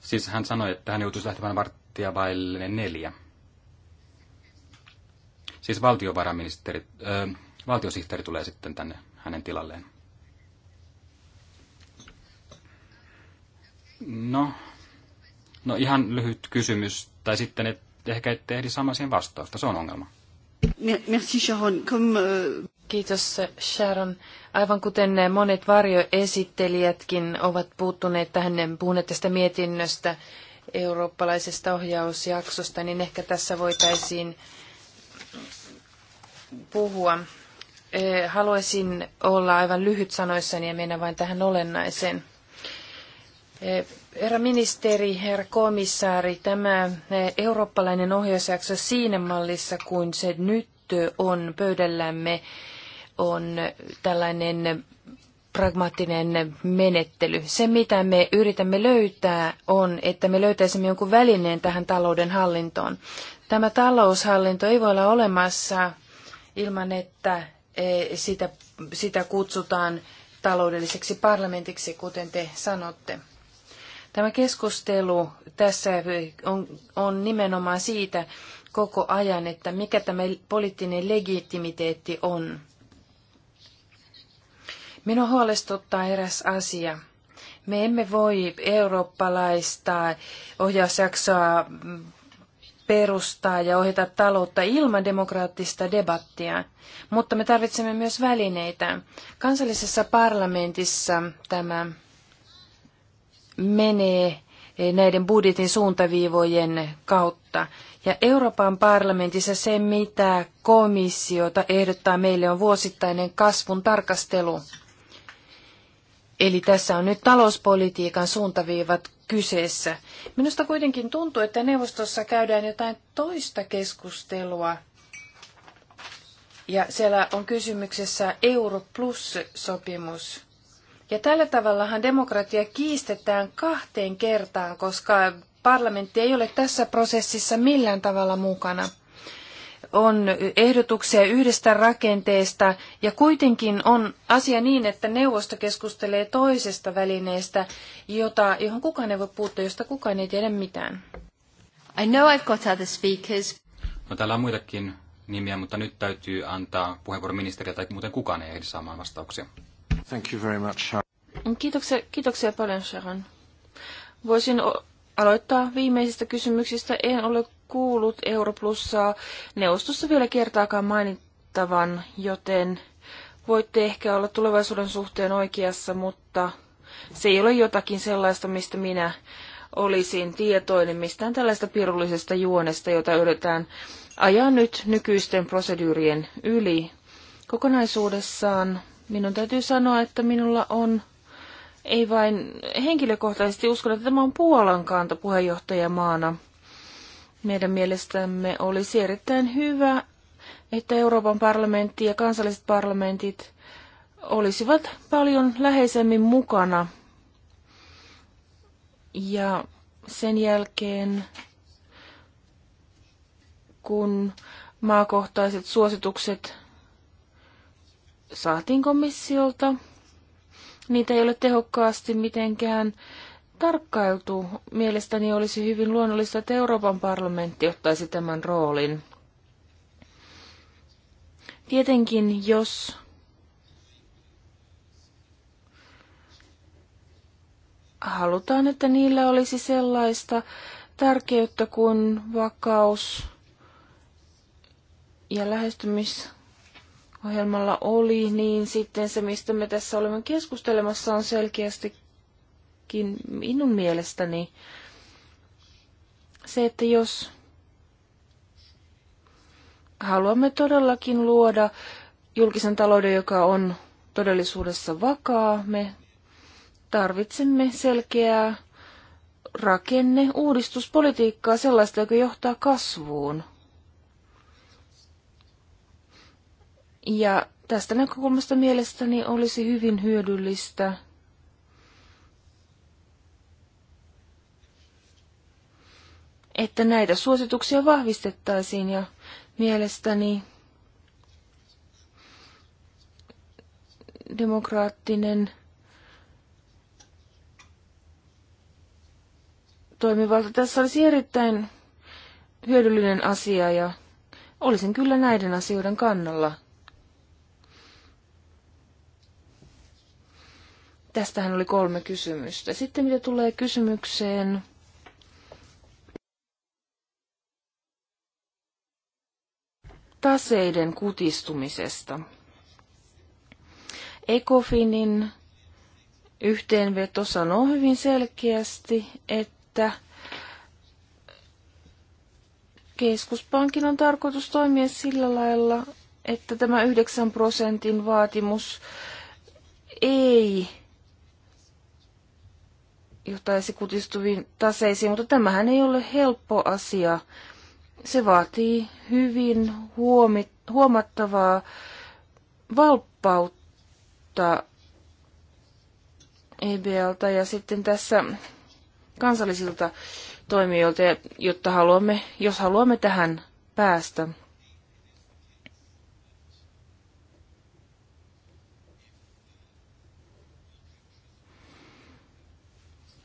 siis hän sanoi, että hän joutuisi lähtemään vart- prosenttia vaille neljä. Siis valtiovarainministeri, ö, valtiosihteeri tulee sitten tänne hänen tilalleen. No, no ihan lyhyt kysymys, tai sitten et, ehkä ette ehdi saamaan vastausta, se on ongelma. Merci Sharon. Comme, uh... Kiitos Sharon. Aivan kuten monet varjoesittelijätkin ovat puuttuneet tähän, puhuneet tästä mietinnöstä, eurooppalaisesta ohjausjaksosta, niin ehkä tässä voitaisiin puhua. Haluaisin olla aivan lyhyt sanoissani ja mennä vain tähän olennaiseen. Herra ministeri, herra komissaari, tämä eurooppalainen ohjausjakso siinä mallissa kuin se nyt on pöydällämme on tällainen pragmaattinen menettely. Se, mitä me yritämme löytää, on, että me löytäisimme jonkun välineen tähän talouden hallintoon. Tämä taloushallinto ei voi olla olemassa ilman, että e, sitä, sitä kutsutaan taloudelliseksi parlamentiksi, kuten te sanotte. Tämä keskustelu tässä on, on nimenomaan siitä koko ajan, että mikä tämä poliittinen legitimiteetti on. Minua huolestuttaa eräs asia. Me emme voi eurooppalaista ohjausjaksoa perustaa ja ohjata taloutta ilman demokraattista debattia, mutta me tarvitsemme myös välineitä. Kansallisessa parlamentissa tämä menee näiden budjetin suuntaviivojen kautta. Ja Euroopan parlamentissa se, mitä komissiota ehdottaa meille, on vuosittainen kasvun tarkastelu. Eli tässä on nyt talouspolitiikan suuntaviivat kyseessä. Minusta kuitenkin tuntuu, että neuvostossa käydään jotain toista keskustelua. Ja siellä on kysymyksessä Euro Plus-sopimus. Ja tällä tavallahan demokratia kiistetään kahteen kertaan, koska parlamentti ei ole tässä prosessissa millään tavalla mukana on ehdotuksia yhdestä rakenteesta ja kuitenkin on asia niin, että neuvosto keskustelee toisesta välineestä, jota, johon kukaan ei voi puuttua, josta kukaan ei tiedä mitään. I know I've got other speakers. No, täällä on muitakin nimiä, mutta nyt täytyy antaa puheenvuoro ministeriä tai muuten kukaan ei ehdi saamaan vastauksia. Thank you very much. Kiitoksia, kiitoksia paljon, Sharon. Voisin aloittaa viimeisistä kysymyksistä. En ole kuullut Europlussaa neuvostossa vielä kertaakaan mainittavan, joten voitte ehkä olla tulevaisuuden suhteen oikeassa, mutta se ei ole jotakin sellaista, mistä minä olisin tietoinen mistään tällaista pirullisesta juonesta, jota yritetään ajaa nyt nykyisten proseduurien yli. Kokonaisuudessaan minun täytyy sanoa, että minulla on ei vain henkilökohtaisesti uskon, että tämä on Puolan kanta puheenjohtajamaana. Meidän mielestämme olisi erittäin hyvä, että Euroopan parlamentti ja kansalliset parlamentit olisivat paljon läheisemmin mukana. Ja sen jälkeen, kun maakohtaiset suositukset saatiin komissiolta, niitä ei ole tehokkaasti mitenkään tarkkailtu. Mielestäni olisi hyvin luonnollista, että Euroopan parlamentti ottaisi tämän roolin. Tietenkin, jos halutaan, että niillä olisi sellaista tärkeyttä kuin vakaus ja lähestymis ohjelmalla oli, niin sitten se, mistä me tässä olemme keskustelemassa, on selkeästi ainakin minun mielestäni se, että jos haluamme todellakin luoda julkisen talouden, joka on todellisuudessa vakaa, me tarvitsemme selkeää rakenne uudistuspolitiikkaa sellaista, joka johtaa kasvuun. Ja tästä näkökulmasta mielestäni olisi hyvin hyödyllistä että näitä suosituksia vahvistettaisiin ja mielestäni demokraattinen toimivalta tässä olisi erittäin hyödyllinen asia ja olisin kyllä näiden asioiden kannalla. Tästähän oli kolme kysymystä. Sitten mitä tulee kysymykseen taseiden kutistumisesta. Ekofinin yhteenveto sanoo hyvin selkeästi, että keskuspankin on tarkoitus toimia sillä lailla, että tämä 9 prosentin vaatimus ei johtaisi kutistuviin taseisiin, mutta tämähän ei ole helppo asia se vaatii hyvin huomattavaa valppautta EBLtä ja sitten tässä kansallisilta toimijoilta, jotta haluamme, jos haluamme tähän päästä.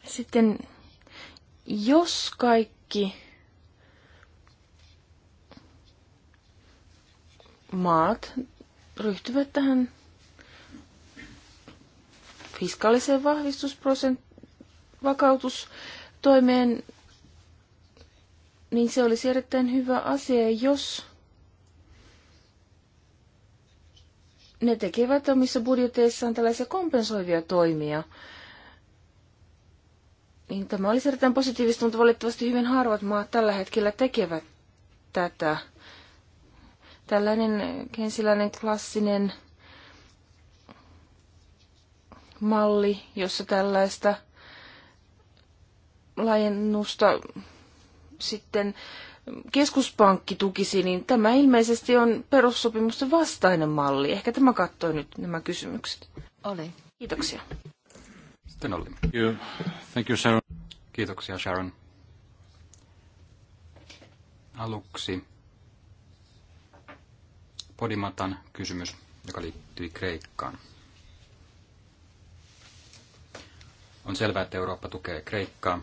Sitten, jos kaikki maat ryhtyvät tähän fiskaaliseen vahvistusprosent- vakautustoimeen, niin se olisi erittäin hyvä asia, jos ne tekevät omissa budjeteissaan tällaisia kompensoivia toimia. Niin tämä olisi erittäin positiivista, mutta valitettavasti hyvin harvat maat tällä hetkellä tekevät tätä tällainen kensiläinen klassinen malli, jossa tällaista laajennusta sitten keskuspankki tukisi, niin tämä ilmeisesti on perussopimusten vastainen malli. Ehkä tämä kattoi nyt nämä kysymykset. Oli. Kiitoksia. Sitten oli. Thank you. Thank you, Sharon. Kiitoksia, Sharon. Aluksi Podimatan kysymys, joka liittyy Kreikkaan. On selvää, että Eurooppa tukee Kreikkaa.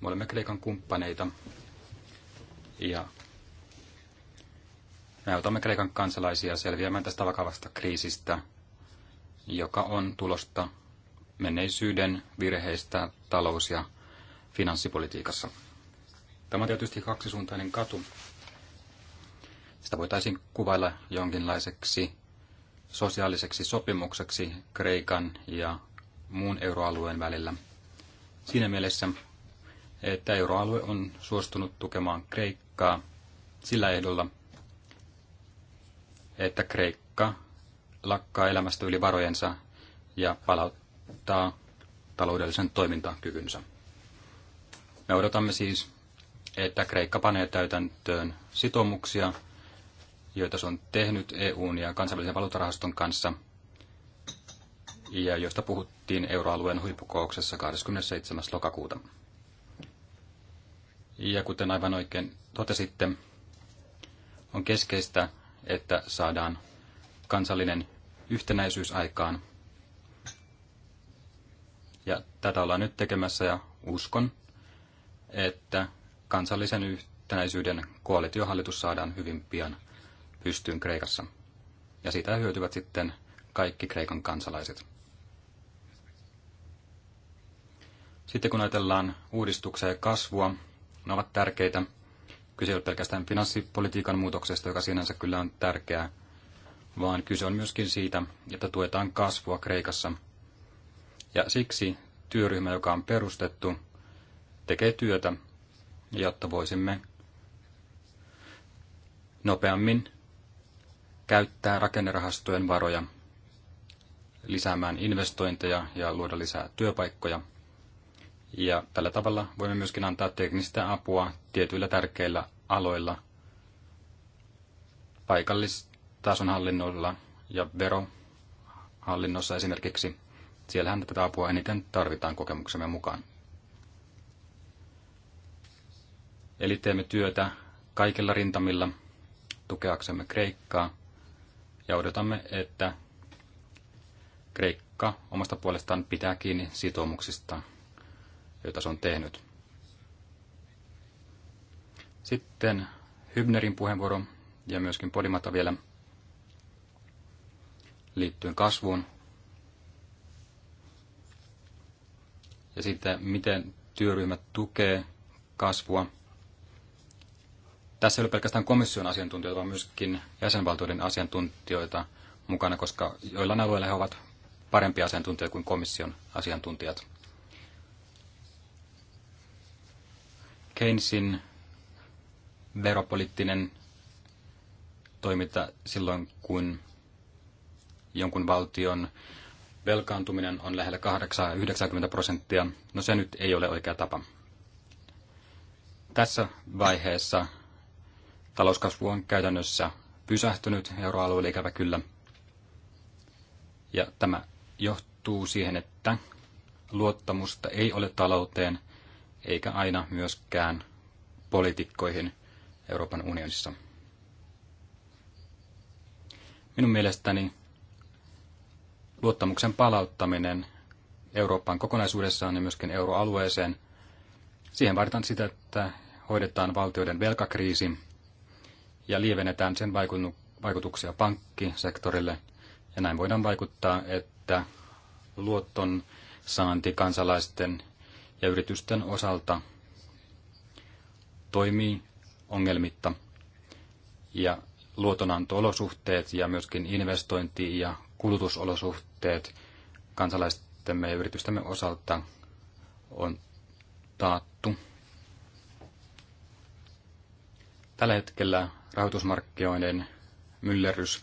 Me olemme Kreikan kumppaneita ja me autamme Kreikan kansalaisia selviämään tästä vakavasta kriisistä, joka on tulosta menneisyyden virheistä talous- ja finanssipolitiikassa. Tämä on tietysti kaksisuuntainen katu, sitä voitaisiin kuvailla jonkinlaiseksi sosiaaliseksi sopimukseksi Kreikan ja muun euroalueen välillä. Siinä mielessä, että euroalue on suostunut tukemaan Kreikkaa sillä ehdolla, että Kreikka lakkaa elämästä yli varojensa ja palauttaa taloudellisen toimintakykynsä. Me odotamme siis, että Kreikka panee täytäntöön sitoumuksia, joita se on tehnyt EUn ja kansainvälisen valuutarahaston kanssa, ja josta puhuttiin euroalueen huippukouksessa 27. lokakuuta. Ja kuten aivan oikein totesitte, on keskeistä, että saadaan kansallinen yhtenäisyys aikaan. Ja tätä ollaan nyt tekemässä ja uskon, että kansallisen yhtenäisyyden koalitiohallitus saadaan hyvin pian pystyyn Kreikassa. Ja siitä hyötyvät sitten kaikki Kreikan kansalaiset. Sitten kun ajatellaan uudistuksia ja kasvua, ne ovat tärkeitä. Kyse ei ole pelkästään finanssipolitiikan muutoksesta, joka sinänsä kyllä on tärkeää, vaan kyse on myöskin siitä, että tuetaan kasvua Kreikassa. Ja siksi työryhmä, joka on perustettu, tekee työtä, jotta voisimme nopeammin käyttää rakennerahastojen varoja lisäämään investointeja ja luoda lisää työpaikkoja. Ja tällä tavalla voimme myöskin antaa teknistä apua tietyillä tärkeillä aloilla paikallistason hallinnoilla ja verohallinnossa esimerkiksi. Siellähän tätä apua eniten tarvitaan kokemuksemme mukaan. Eli teemme työtä kaikilla rintamilla tukeaksemme Kreikkaa – ja odotamme, että Kreikka omasta puolestaan pitää kiinni sitoumuksista, joita se on tehnyt. Sitten Hybnerin puheenvuoro ja myöskin Podimata vielä liittyen kasvuun. Ja siitä, miten työryhmä tukee kasvua tässä ei ole pelkästään komission asiantuntijoita, vaan myöskin jäsenvaltioiden asiantuntijoita mukana, koska joillain alueilla he ovat parempia asiantuntijoita kuin komission asiantuntijat. Keynesin veropoliittinen toiminta silloin, kun jonkun valtion velkaantuminen on lähellä 90 prosenttia, no se nyt ei ole oikea tapa. Tässä vaiheessa Talouskasvu on käytännössä pysähtynyt euroalueella ikävä kyllä. Ja tämä johtuu siihen, että luottamusta ei ole talouteen eikä aina myöskään poliitikkoihin Euroopan unionissa. Minun mielestäni luottamuksen palauttaminen Euroopan kokonaisuudessaan ja myöskin euroalueeseen, siihen vaaditaan sitä, että hoidetaan valtioiden velkakriisi ja lievennetään sen vaikutuksia pankkisektorille. Ja näin voidaan vaikuttaa, että luotton saanti kansalaisten ja yritysten osalta toimii ongelmitta. Ja luotonanto ja myöskin investointi- ja kulutusolosuhteet kansalaistemme ja yritystemme osalta on taattu. Tällä hetkellä rahoitusmarkkinoiden myllerrys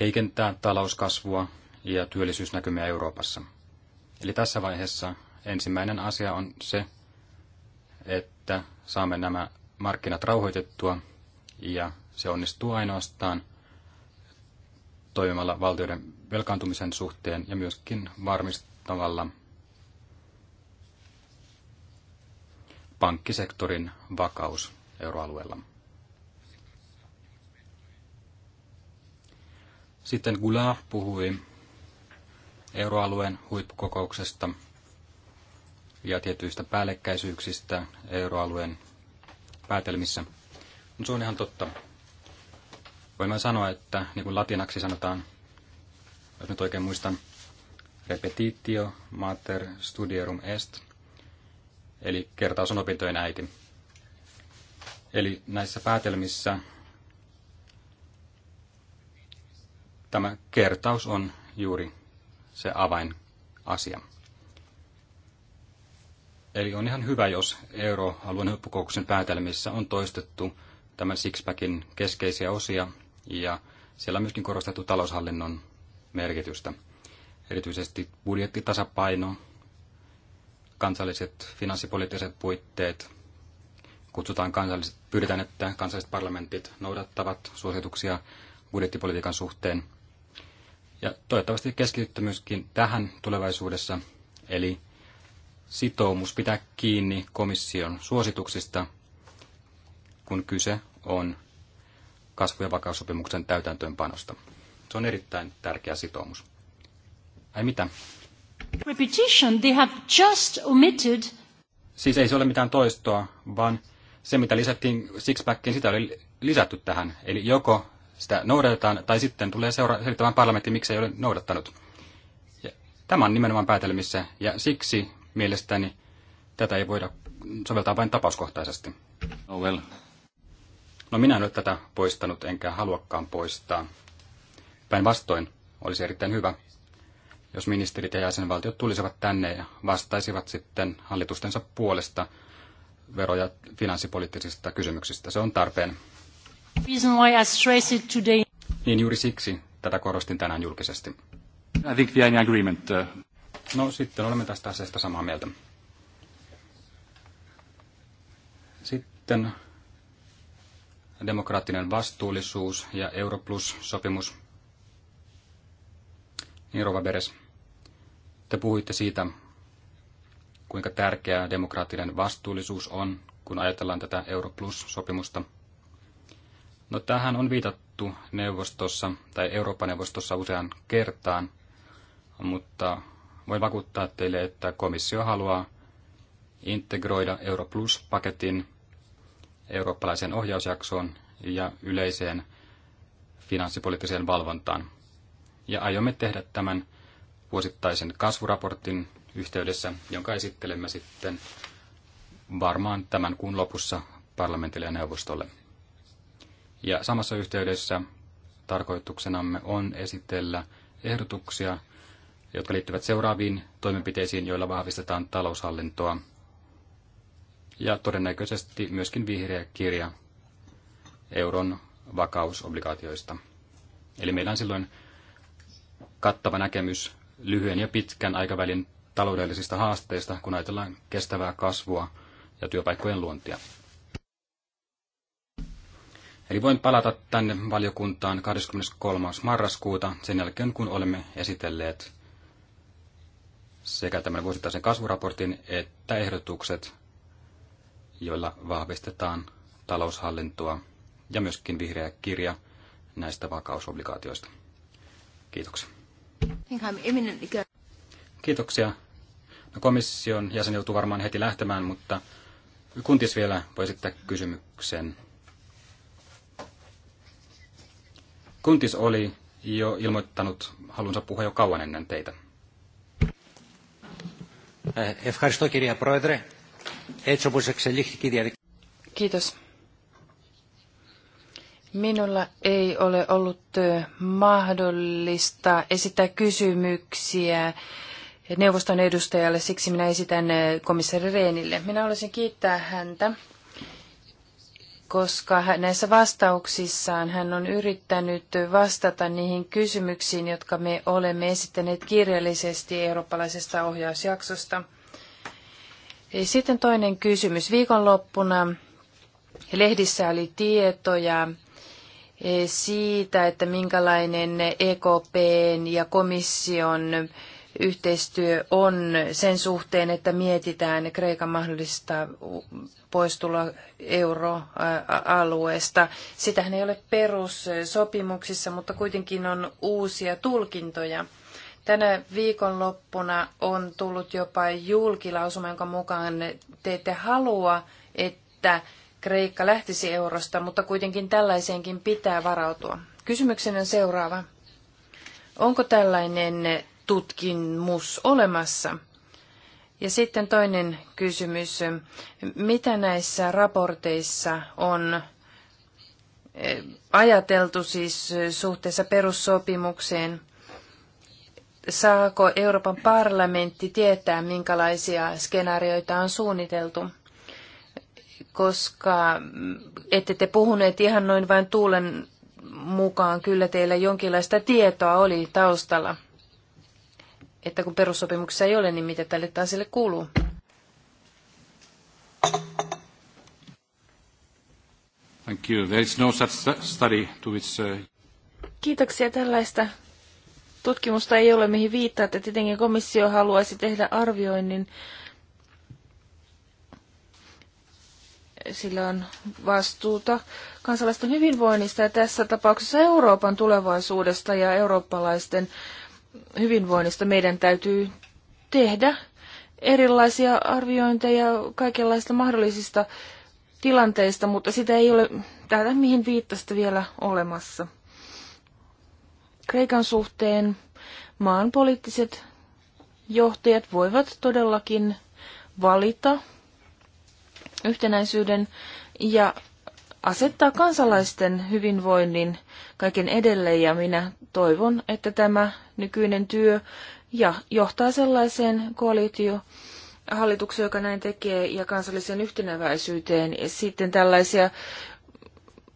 heikentää talouskasvua ja työllisyysnäkymiä Euroopassa. Eli tässä vaiheessa ensimmäinen asia on se, että saamme nämä markkinat rauhoitettua ja se onnistuu ainoastaan toimimalla valtioiden velkaantumisen suhteen ja myöskin varmistamalla pankkisektorin vakaus euroalueella. Sitten Goulart puhui euroalueen huippukokouksesta ja tietyistä päällekkäisyyksistä euroalueen päätelmissä. No, se on ihan totta. Voimme sanoa, että niin kuin latinaksi sanotaan, jos nyt oikein muistan, repetitio mater studierum est, eli kertaus on opintojen äiti. Eli näissä päätelmissä tämä kertaus on juuri se avainasia. Eli on ihan hyvä, jos euroalueen huippukokouksen päätelmissä on toistettu tämän Sixpackin keskeisiä osia ja siellä on myöskin korostettu taloushallinnon merkitystä. Erityisesti budjettitasapaino, kansalliset finanssipoliittiset puitteet – kutsutaan kansalliset, pyydetään, että kansalliset parlamentit noudattavat suosituksia budjettipolitiikan suhteen. Ja toivottavasti keskittyy myöskin tähän tulevaisuudessa, eli sitoumus pitää kiinni komission suosituksista, kun kyse on kasvu- ja vakaussopimuksen täytäntöönpanosta. Se on erittäin tärkeä sitoumus. Ai mitä? Repetition, they have just omitted... Siis ei se ole mitään toistoa, vaan se, mitä lisättiin Sixpackiin, sitä oli lisätty tähän. Eli joko sitä noudatetaan, tai sitten tulee seura- selittämään parlamentti, miksi ei ole noudattanut. Ja tämä on nimenomaan päätelmissä, ja siksi mielestäni tätä ei voida soveltaa vain tapauskohtaisesti. No, well. no minä en ole tätä poistanut, enkä haluakaan poistaa. Päinvastoin olisi erittäin hyvä, jos ministerit ja jäsenvaltiot tulisivat tänne ja vastaisivat sitten hallitustensa puolesta – ja finanssipoliittisista kysymyksistä. Se on tarpeen. Niin juuri siksi tätä korostin tänään julkisesti. I think we are in agreement. Uh, no sitten olemme tästä asiasta samaa mieltä. Sitten demokraattinen vastuullisuus ja Europlus-sopimus. Niin Rova Beres, te puhuitte siitä, kuinka tärkeää demokraattinen vastuullisuus on, kun ajatellaan tätä EuroPlus sopimusta No tähän on viitattu neuvostossa tai Euroopan neuvostossa usean kertaan, mutta voin vakuuttaa teille, että komissio haluaa integroida EuroPlus paketin eurooppalaiseen ohjausjaksoon ja yleiseen finanssipoliittiseen valvontaan. Ja aiomme tehdä tämän vuosittaisen kasvuraportin yhteydessä, jonka esittelemme sitten varmaan tämän kuun lopussa parlamentille ja neuvostolle. Ja samassa yhteydessä tarkoituksenamme on esitellä ehdotuksia, jotka liittyvät seuraaviin toimenpiteisiin, joilla vahvistetaan taloushallintoa ja todennäköisesti myöskin vihreä kirja euron vakausobligaatioista. Eli meillä on silloin kattava näkemys lyhyen ja pitkän aikavälin taloudellisista haasteista, kun ajatellaan kestävää kasvua ja työpaikkojen luontia. Eli voin palata tänne valiokuntaan 23. marraskuuta sen jälkeen, kun olemme esitelleet sekä tämän vuosittaisen kasvuraportin että ehdotukset, joilla vahvistetaan taloushallintoa ja myöskin vihreä kirja näistä vakausobligaatioista. Kiitoksia. Kiitoksia. No, komission jäsen joutuu varmaan heti lähtemään, mutta kuntis vielä voi esittää kysymyksen. Kuntis oli jo ilmoittanut halunsa puhua jo kauan ennen teitä. Eh, Kiitos. Minulla ei ole ollut mahdollista esittää kysymyksiä neuvoston edustajalle, siksi minä esitän eh, komissaari Reenille. Minä haluaisin kiittää häntä, koska näissä vastauksissaan hän on yrittänyt vastata niihin kysymyksiin, jotka me olemme esittäneet kirjallisesti eurooppalaisesta ohjausjaksosta. Sitten toinen kysymys. Viikonloppuna lehdissä oli tietoja eh, siitä, että minkälainen EKPn ja komission yhteistyö on sen suhteen, että mietitään Kreikan mahdollista poistulla euroalueesta. Sitähän ei ole perussopimuksissa, mutta kuitenkin on uusia tulkintoja. Tänä viikonloppuna on tullut jopa julkilausuma, jonka mukaan te ette halua, että Kreikka lähtisi eurosta, mutta kuitenkin tällaiseenkin pitää varautua. Kysymyksenä seuraava. Onko tällainen tutkimus olemassa? Ja sitten toinen kysymys. Mitä näissä raporteissa on e, ajateltu siis suhteessa perussopimukseen? Saako Euroopan parlamentti tietää, minkälaisia skenaarioita on suunniteltu? Koska mm, ette te puhuneet ihan noin vain tuulen mukaan, kyllä teillä jonkinlaista tietoa oli taustalla että kun perussopimuksessa ei ole, niin mitä tälle asialle kuuluu? Thank you. There is no such study to which, uh... Kiitoksia tällaista tutkimusta ei ole, mihin viittaatte. Tietenkin komissio haluaisi tehdä arvioinnin. Sillä on vastuuta kansalaisten hyvinvoinnista ja tässä tapauksessa Euroopan tulevaisuudesta ja eurooppalaisten äh, hyvinvoinnista meidän täytyy tehdä erilaisia arviointeja kaikenlaista mahdollisista tilanteista, mutta sitä ei ole täällä mihin viittasta vielä olemassa. Kreikan suhteen maan poliittiset johtajat voivat todellakin valita yhtenäisyyden ja asettaa kansalaisten hyvinvoinnin kaiken edelle ja minä toivon, että tämä nykyinen työ ja johtaa sellaiseen koalitiohallitukseen, joka näin tekee, ja kansalliseen yhtenäväisyyteen. Sitten tällaisia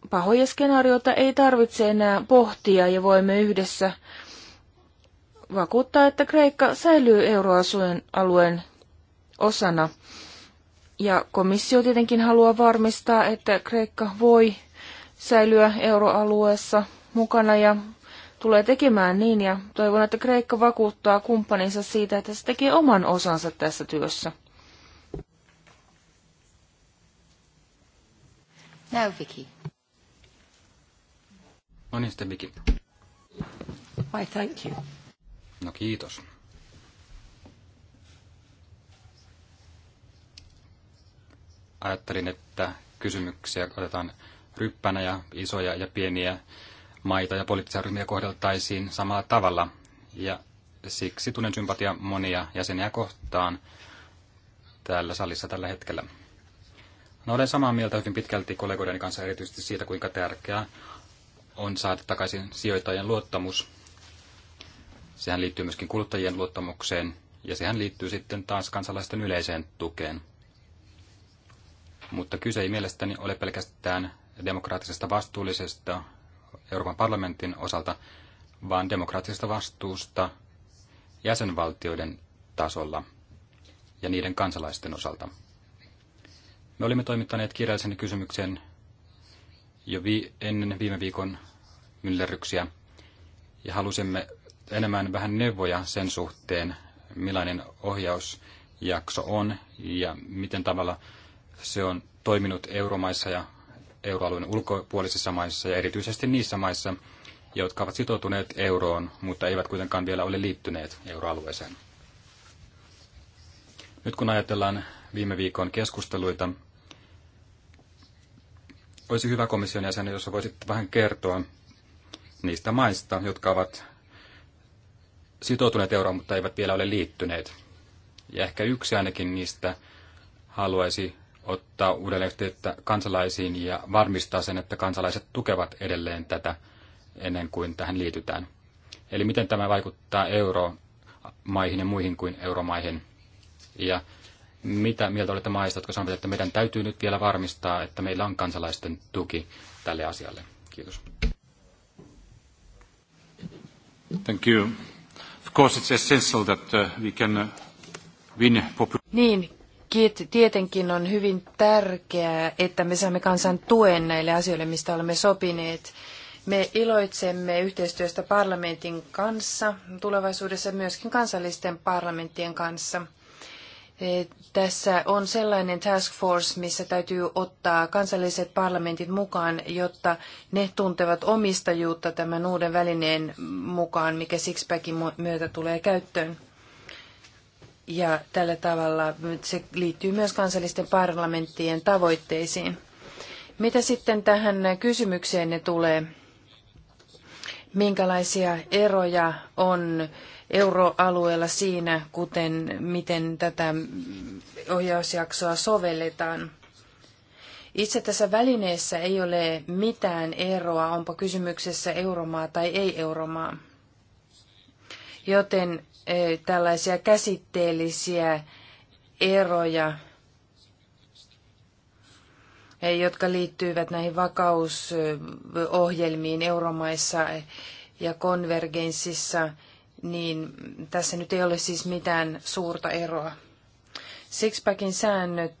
pahoja skenaarioita ei tarvitse enää pohtia, ja voimme yhdessä vakuuttaa, että Kreikka säilyy euroalueen osana. Ja komissio tietenkin haluaa varmistaa, että Kreikka voi säilyä euroalueessa mukana ja tulee tekemään niin. Ja toivon, että Kreikka vakuuttaa kumppaninsa siitä, että se tekee oman osansa tässä työssä. Now, Vicky. No niin, sitten Vicky. Why, thank you. No kiitos. ajattelin, että kysymyksiä otetaan ryppänä ja isoja ja pieniä maita ja poliittisia ryhmiä kohdeltaisiin samalla tavalla. Ja siksi tunnen sympatia monia jäseniä kohtaan täällä salissa tällä hetkellä. No, olen samaa mieltä hyvin pitkälti kollegoideni kanssa erityisesti siitä, kuinka tärkeää on saada takaisin sijoittajien luottamus. Sehän liittyy myöskin kuluttajien luottamukseen ja sehän liittyy sitten taas kansalaisten yleiseen tukeen. Mutta kyse ei mielestäni ole pelkästään demokraattisesta vastuullisesta Euroopan parlamentin osalta, vaan demokraattisesta vastuusta jäsenvaltioiden tasolla ja niiden kansalaisten osalta. Me olimme toimittaneet kirjallisen kysymyksen jo vi- ennen viime viikon myllerryksiä ja halusimme enemmän vähän neuvoja sen suhteen, millainen ohjausjakso on ja miten tavalla se on toiminut euromaissa ja euroalueen ulkopuolisissa maissa ja erityisesti niissä maissa, jotka ovat sitoutuneet euroon, mutta eivät kuitenkaan vielä ole liittyneet euroalueeseen. Nyt kun ajatellaan viime viikon keskusteluita, olisi hyvä komission jäsen, jos voisit vähän kertoa niistä maista, jotka ovat sitoutuneet euroon, mutta eivät vielä ole liittyneet. Ja ehkä yksi ainakin niistä haluaisi ottaa uudelleen yhteyttä kansalaisiin ja varmistaa sen, että kansalaiset tukevat edelleen tätä ennen kuin tähän liitytään. Eli miten tämä vaikuttaa euromaihin ja muihin kuin euromaihin. Ja mitä mieltä olette maista, jotka sanovat, että meidän täytyy nyt vielä varmistaa, että meillä on kansalaisten tuki tälle asialle? Kiitos. Thank you. Of course it's essential that uh, we can uh, win popular niin, Tietenkin on hyvin tärkeää, että me saamme kansan tuen näille asioille, mistä olemme sopineet. Me iloitsemme yhteistyöstä parlamentin kanssa, tulevaisuudessa myöskin kansallisten parlamenttien kanssa. E, tässä on sellainen task force, missä täytyy ottaa kansalliset parlamentit mukaan, jotta ne tuntevat omistajuutta tämän uuden välineen mukaan, mikä Sixpackin myötä tulee käyttöön ja tällä tavalla se liittyy myös kansallisten parlamenttien tavoitteisiin. Mitä sitten tähän ne tulee? Minkälaisia eroja on euroalueella siinä, kuten miten tätä ohjausjaksoa sovelletaan? Itse tässä välineessä ei ole mitään eroa, onpa kysymyksessä euromaa tai ei euromaa. Joten tällaisia käsitteellisiä eroja, jotka liittyvät näihin vakausohjelmiin euromaissa ja konvergenssissa, niin tässä nyt ei ole siis mitään suurta eroa. Sixpackin säännöt,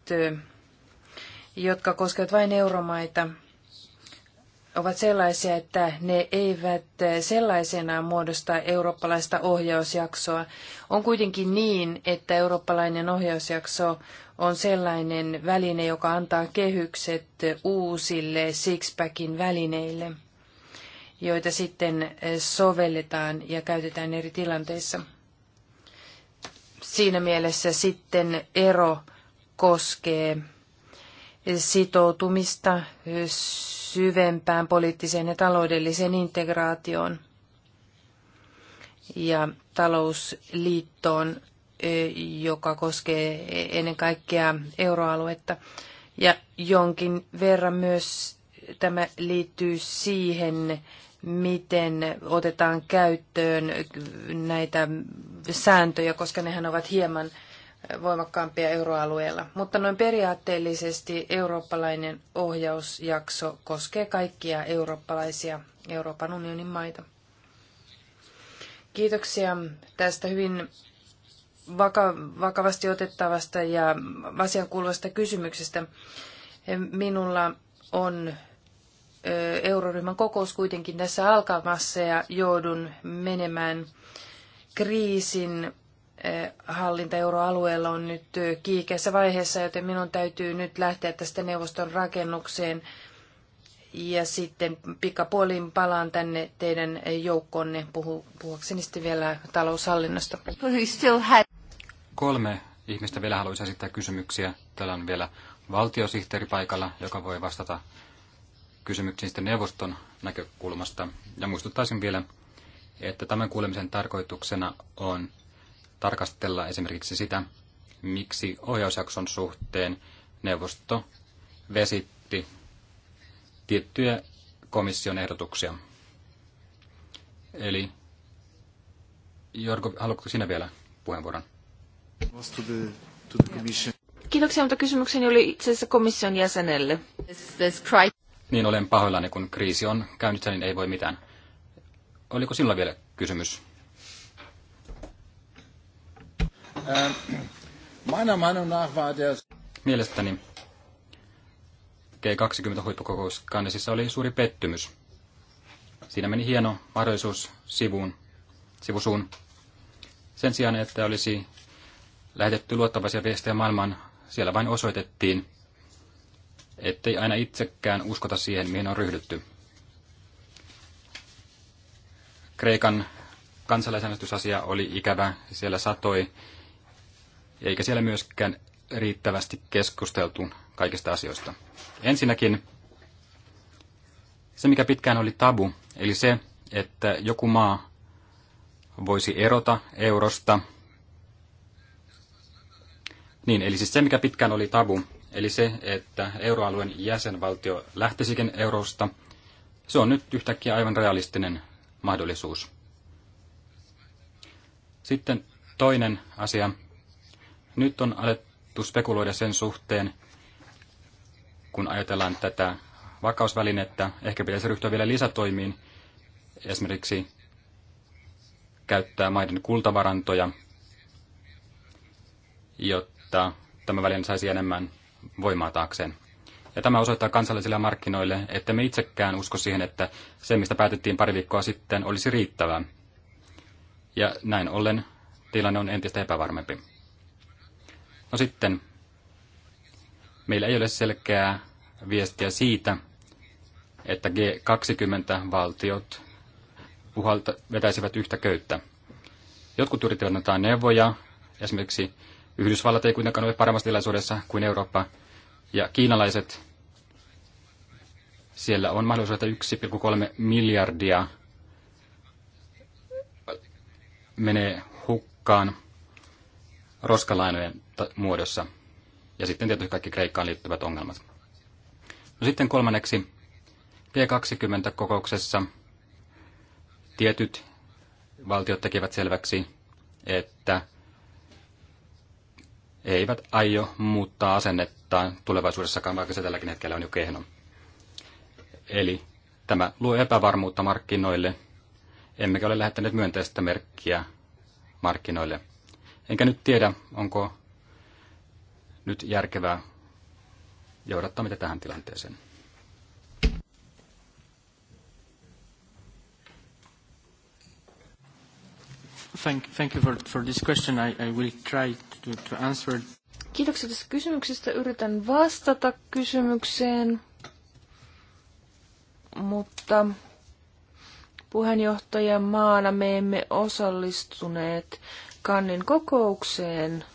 jotka koskevat vain euromaita, ovat sellaisia, että ne eivät sellaisenaan muodosta eurooppalaista ohjausjaksoa. On kuitenkin niin, että eurooppalainen ohjausjakso on sellainen väline, joka antaa kehykset uusille sixpackin välineille, joita sitten sovelletaan ja käytetään eri tilanteissa. Siinä mielessä sitten ero koskee sitoutumista, syvempään poliittiseen ja taloudelliseen integraatioon ja talousliittoon, joka koskee ennen kaikkea euroaluetta. Ja jonkin verran myös tämä liittyy siihen, miten otetaan käyttöön näitä sääntöjä, koska nehän ovat hieman voimakkaampia euroalueella. Mutta noin periaatteellisesti eurooppalainen ohjausjakso koskee kaikkia eurooppalaisia Euroopan unionin maita. Kiitoksia tästä hyvin vakavasti otettavasta ja asian kuuluvasta kysymyksestä. Minulla on euroryhmän kokous kuitenkin tässä alkamassa ja joudun menemään kriisin Eh, hallinta euroalueella on nyt eh, kiikeässä vaiheessa, joten minun täytyy nyt lähteä tästä neuvoston rakennukseen ja sitten pikapuoliin palaan tänne teidän joukkoonne puhu, puhuakseni sitten vielä taloushallinnosta. Kolme ihmistä vielä haluaisi esittää kysymyksiä. Täällä on vielä valtiosihteeri paikalla, joka voi vastata kysymyksiin sitten neuvoston näkökulmasta. Ja muistuttaisin vielä, että tämän kuulemisen tarkoituksena on tarkastella esimerkiksi sitä, miksi ohjausjakson suhteen neuvosto vesitti tiettyjä komission ehdotuksia. Eli Jorgo, haluatko sinä vielä puheenvuoron? Kiitoksia, mutta kysymykseni oli itse asiassa komission jäsenelle. Niin olen pahoillani, kun kriisi on käynnissä, niin ei voi mitään. Oliko sinulla vielä kysymys? Ähm, Mielestäni G20-huippukokous Kannesissa oli suuri pettymys. Siinä meni hieno mahdollisuus sivuun, sivusuun. Sen sijaan, että olisi lähetetty luottavaisia viestejä maailmaan, siellä vain osoitettiin, ettei aina itsekään uskota siihen, mihin on ryhdytty. Kreikan kansalaisäänestys oli ikävä. Siellä satoi eikä siellä myöskään riittävästi keskusteltu kaikista asioista. Ensinnäkin se, mikä pitkään oli tabu, eli se, että joku maa voisi erota eurosta. Niin, eli siis se, mikä pitkään oli tabu, eli se, että euroalueen jäsenvaltio lähtisikin eurosta, se on nyt yhtäkkiä aivan realistinen mahdollisuus. Sitten toinen asia, nyt on alettu spekuloida sen suhteen, kun ajatellaan tätä vakausvälinettä, ehkä pitäisi ryhtyä vielä lisätoimiin, esimerkiksi käyttää maiden kultavarantoja, jotta tämä väline saisi enemmän voimaa taakseen. Ja tämä osoittaa kansallisille markkinoille, että me itsekään usko siihen, että se, mistä päätettiin pari viikkoa sitten, olisi riittävää. Ja näin ollen tilanne on entistä epävarmempi. No sitten, meillä ei ole selkeää viestiä siitä, että G20-valtiot puhalta, vetäisivät yhtä köyttä. Jotkut yrittävät antaa neuvoja, esimerkiksi Yhdysvallat ei kuitenkaan ole paremmassa tilaisuudessa kuin Eurooppa, ja kiinalaiset, siellä on mahdollisuus, että 1,3 miljardia menee hukkaan roskalainojen muodossa. Ja sitten tietysti kaikki Kreikkaan liittyvät ongelmat. No sitten kolmanneksi G20-kokouksessa tietyt valtiot tekivät selväksi, että eivät aio muuttaa asennettaan tulevaisuudessakaan, vaikka se tälläkin hetkellä on jo kehno. Eli tämä luo epävarmuutta markkinoille, emmekä ole lähettäneet myönteistä merkkiä markkinoille. Enkä nyt tiedä, onko nyt järkevää johdattaa mitä tähän tilanteeseen. Thank, thank you for, for this question. I, I will try to, to answer. Kiitoksia tästä kysymyksestä. Yritän vastata kysymykseen, mutta puheenjohtajan maana me emme osallistuneet Kannin kokoukseen,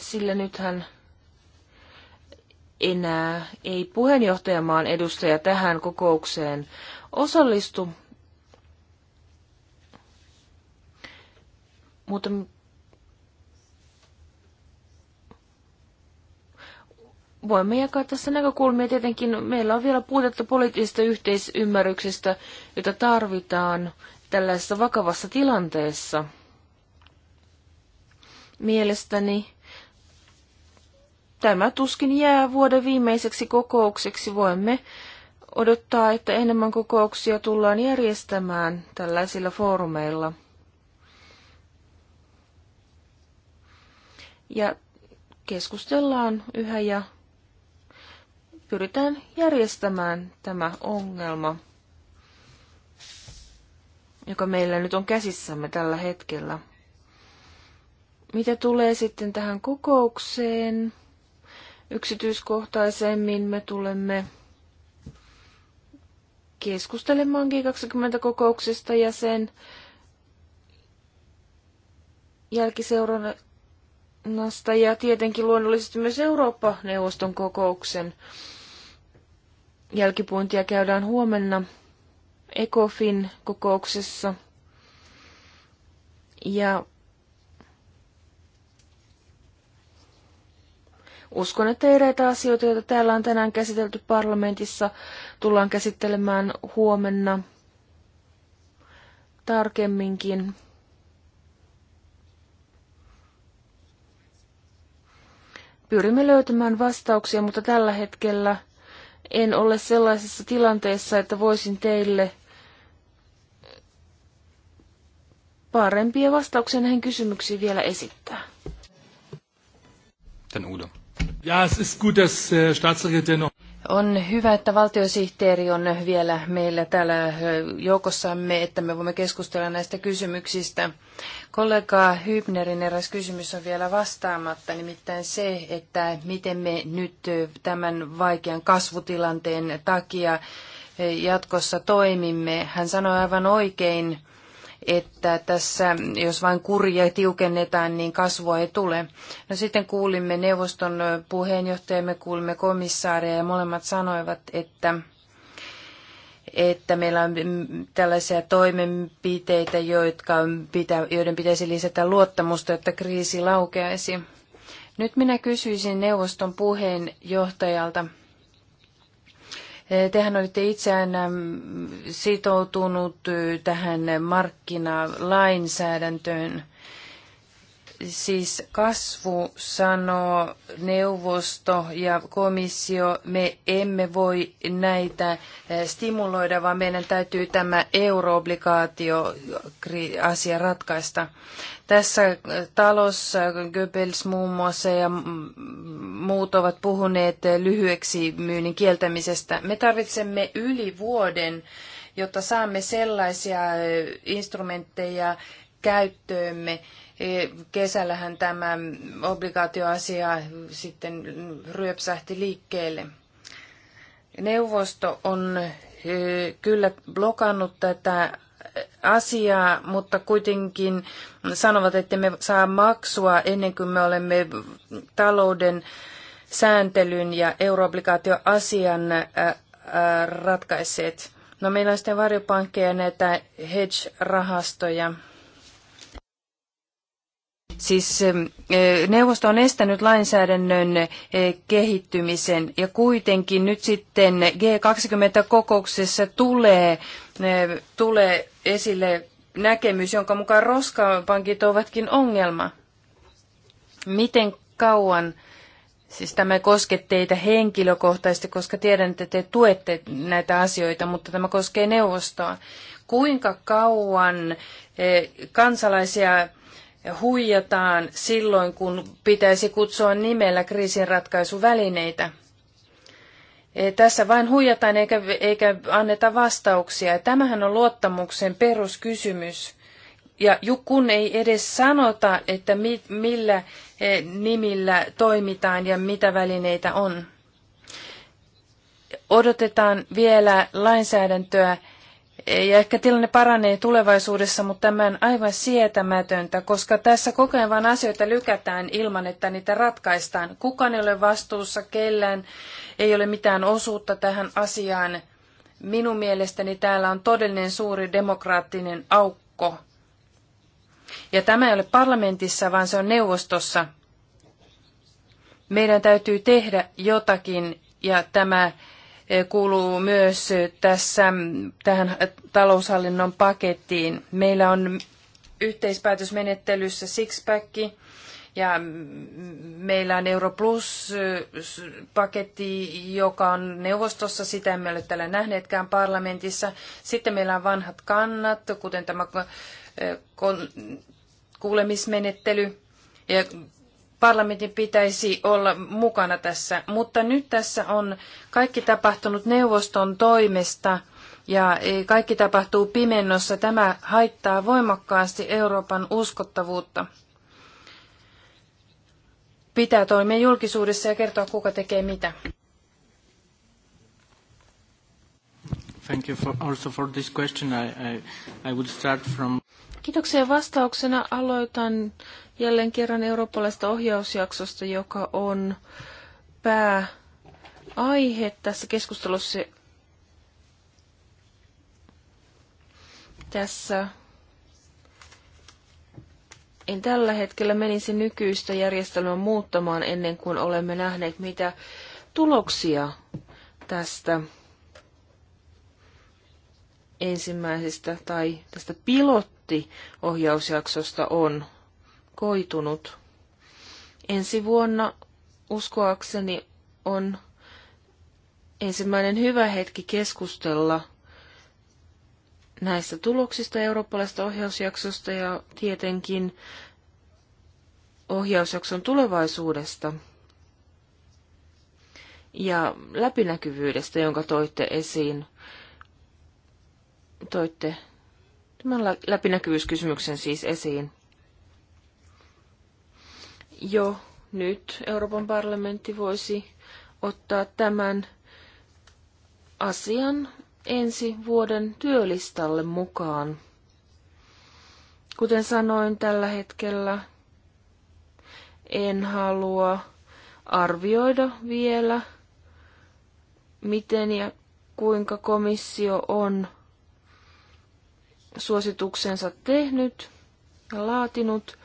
sillä nythän enää ei puheenjohtajamaan edustaja tähän kokoukseen osallistu, mutta voimme jakaa tässä näkökulmia. Tietenkin meillä on vielä puutetta poliittisesta yhteisymmärryksestä, jota tarvitaan tällaisessa vakavassa tilanteessa. Mielestäni tämä tuskin jää vuoden viimeiseksi kokoukseksi. Voimme odottaa, että enemmän kokouksia tullaan järjestämään tällaisilla foorumeilla. Ja keskustellaan yhä ja pyritään järjestämään tämä ongelma, joka meillä nyt on käsissämme tällä hetkellä. Mitä tulee sitten tähän kokoukseen, yksityiskohtaisemmin me tulemme keskustelemaan G20-kokouksesta ja sen jälkiseurannasta ja tietenkin luonnollisesti myös Eurooppa-neuvoston kokouksen jälkipuintia käydään huomenna ECOFIN kokouksessa. Ja uskon, että eräitä asioita, joita täällä on tänään käsitelty parlamentissa, tullaan käsittelemään huomenna tarkemminkin. Pyrimme löytämään vastauksia, mutta tällä hetkellä – en ole sellaisessa tilanteessa, että voisin teille parempia vastauksia näihin kysymyksiin vielä esittää. Tän Udo. Ja, es ist gut, dass äh, Staatssekretär noch... On hyvä, että valtiosihteeri on vielä meillä täällä joukossamme, että me voimme keskustella näistä kysymyksistä. Kollega Hybnerin eräs kysymys on vielä vastaamatta, nimittäin se, että miten me nyt tämän vaikean kasvutilanteen takia jatkossa toimimme. Hän sanoi aivan oikein, että tässä, jos vain kurja tiukennetaan, niin kasvua ei tule. No sitten kuulimme neuvoston puheenjohtajamme, kuulimme komissaaria ja molemmat sanoivat, että että meillä on tällaisia toimenpiteitä, jotka pitä, joiden pitäisi lisätä luottamusta, että kriisi laukeaisi. Nyt minä kysyisin neuvoston puheenjohtajalta, Tehän olitte itseään sitoutunut tähän markkinalainsäädäntöön. Siis kasvu sanoo neuvosto ja komissio, me emme voi näitä eh, stimuloida, vaan meidän täytyy tämä euroobligaatio asia ratkaista. Tässä eh, talossa eh, Goebbels muun muassa ja muut ovat puhuneet lyhyeksi myynnin kieltämisestä. Me tarvitsemme yli vuoden, jotta saamme sellaisia instrumentteja käyttöömme, E, kesällähän tämä obligaatioasia sitten ryöpsähti liikkeelle. Neuvosto on e, kyllä blokannut tätä asiaa, mutta kuitenkin sanovat, että me saa maksua ennen kuin me olemme talouden sääntelyn ja euroobligaatioasian ratkaisseet. No meillä on sitten varjopankkeja näitä hedge-rahastoja. Siis eh, neuvosto on estänyt lainsäädännön eh, kehittymisen ja kuitenkin nyt sitten G20-kokouksessa tulee, eh, tulee esille näkemys, jonka mukaan roskapankit ovatkin ongelma. Miten kauan, siis tämä koske teitä henkilökohtaisesti, koska tiedän, että te tuette näitä asioita, mutta tämä koskee neuvostoa. Kuinka kauan kansalaisia huijataan silloin, kun pitäisi kutsua nimellä kriisinratkaisuvälineitä. E, tässä vain huijataan eikä, eikä anneta vastauksia. Tämähän on luottamuksen peruskysymys. Ja kun ei edes sanota, että mi, millä e, nimillä toimitaan ja mitä välineitä on. Odotetaan vielä lainsäädäntöä ja ehkä tilanne paranee tulevaisuudessa, mutta tämä on aivan sietämätöntä, koska tässä koko ajan vain asioita lykätään ilman, että niitä ratkaistaan. Kukaan ei ole vastuussa, kellään ei ole mitään osuutta tähän asiaan. Minun mielestäni täällä on todellinen suuri demokraattinen aukko. Ja tämä ei ole parlamentissa, vaan se on neuvostossa. Meidän täytyy tehdä jotakin, ja tämä kuuluu myös tässä tähän taloushallinnon pakettiin. Meillä on yhteispäätösmenettelyssä sixpacki ja meillä on Europlus-paketti, joka on neuvostossa, sitä emme ole täällä nähneetkään parlamentissa. Sitten meillä on vanhat kannat, kuten tämä kuulemismenettely ja parlamentin pitäisi olla mukana tässä. Mutta nyt tässä on kaikki tapahtunut neuvoston toimesta ja kaikki tapahtuu pimennossa. Tämä haittaa voimakkaasti Euroopan uskottavuutta. Pitää toimia julkisuudessa ja kertoa, kuka tekee mitä. Thank you for, also for this question. I, I, I would start from... Kiitoksia vastauksena. Aloitan jälleen kerran eurooppalaista ohjausjaksosta, joka on pääaihe tässä keskustelussa. Tässä en tällä hetkellä menisi nykyistä järjestelmää muuttamaan ennen kuin olemme nähneet, mitä tuloksia tästä ensimmäisestä tai tästä pilottiohjausjaksosta on koitunut. Ensi vuonna uskoakseni on ensimmäinen hyvä hetki keskustella näistä tuloksista eurooppalaisesta ohjausjaksosta ja tietenkin ohjausjakson tulevaisuudesta ja läpinäkyvyydestä, jonka toitte esiin. Toitte tämän läpinäkyvyyskysymyksen siis esiin jo nyt Euroopan parlamentti voisi ottaa tämän asian ensi vuoden työlistalle mukaan. Kuten sanoin tällä hetkellä, en halua arvioida vielä, miten ja kuinka komissio on suosituksensa tehnyt ja laatinut,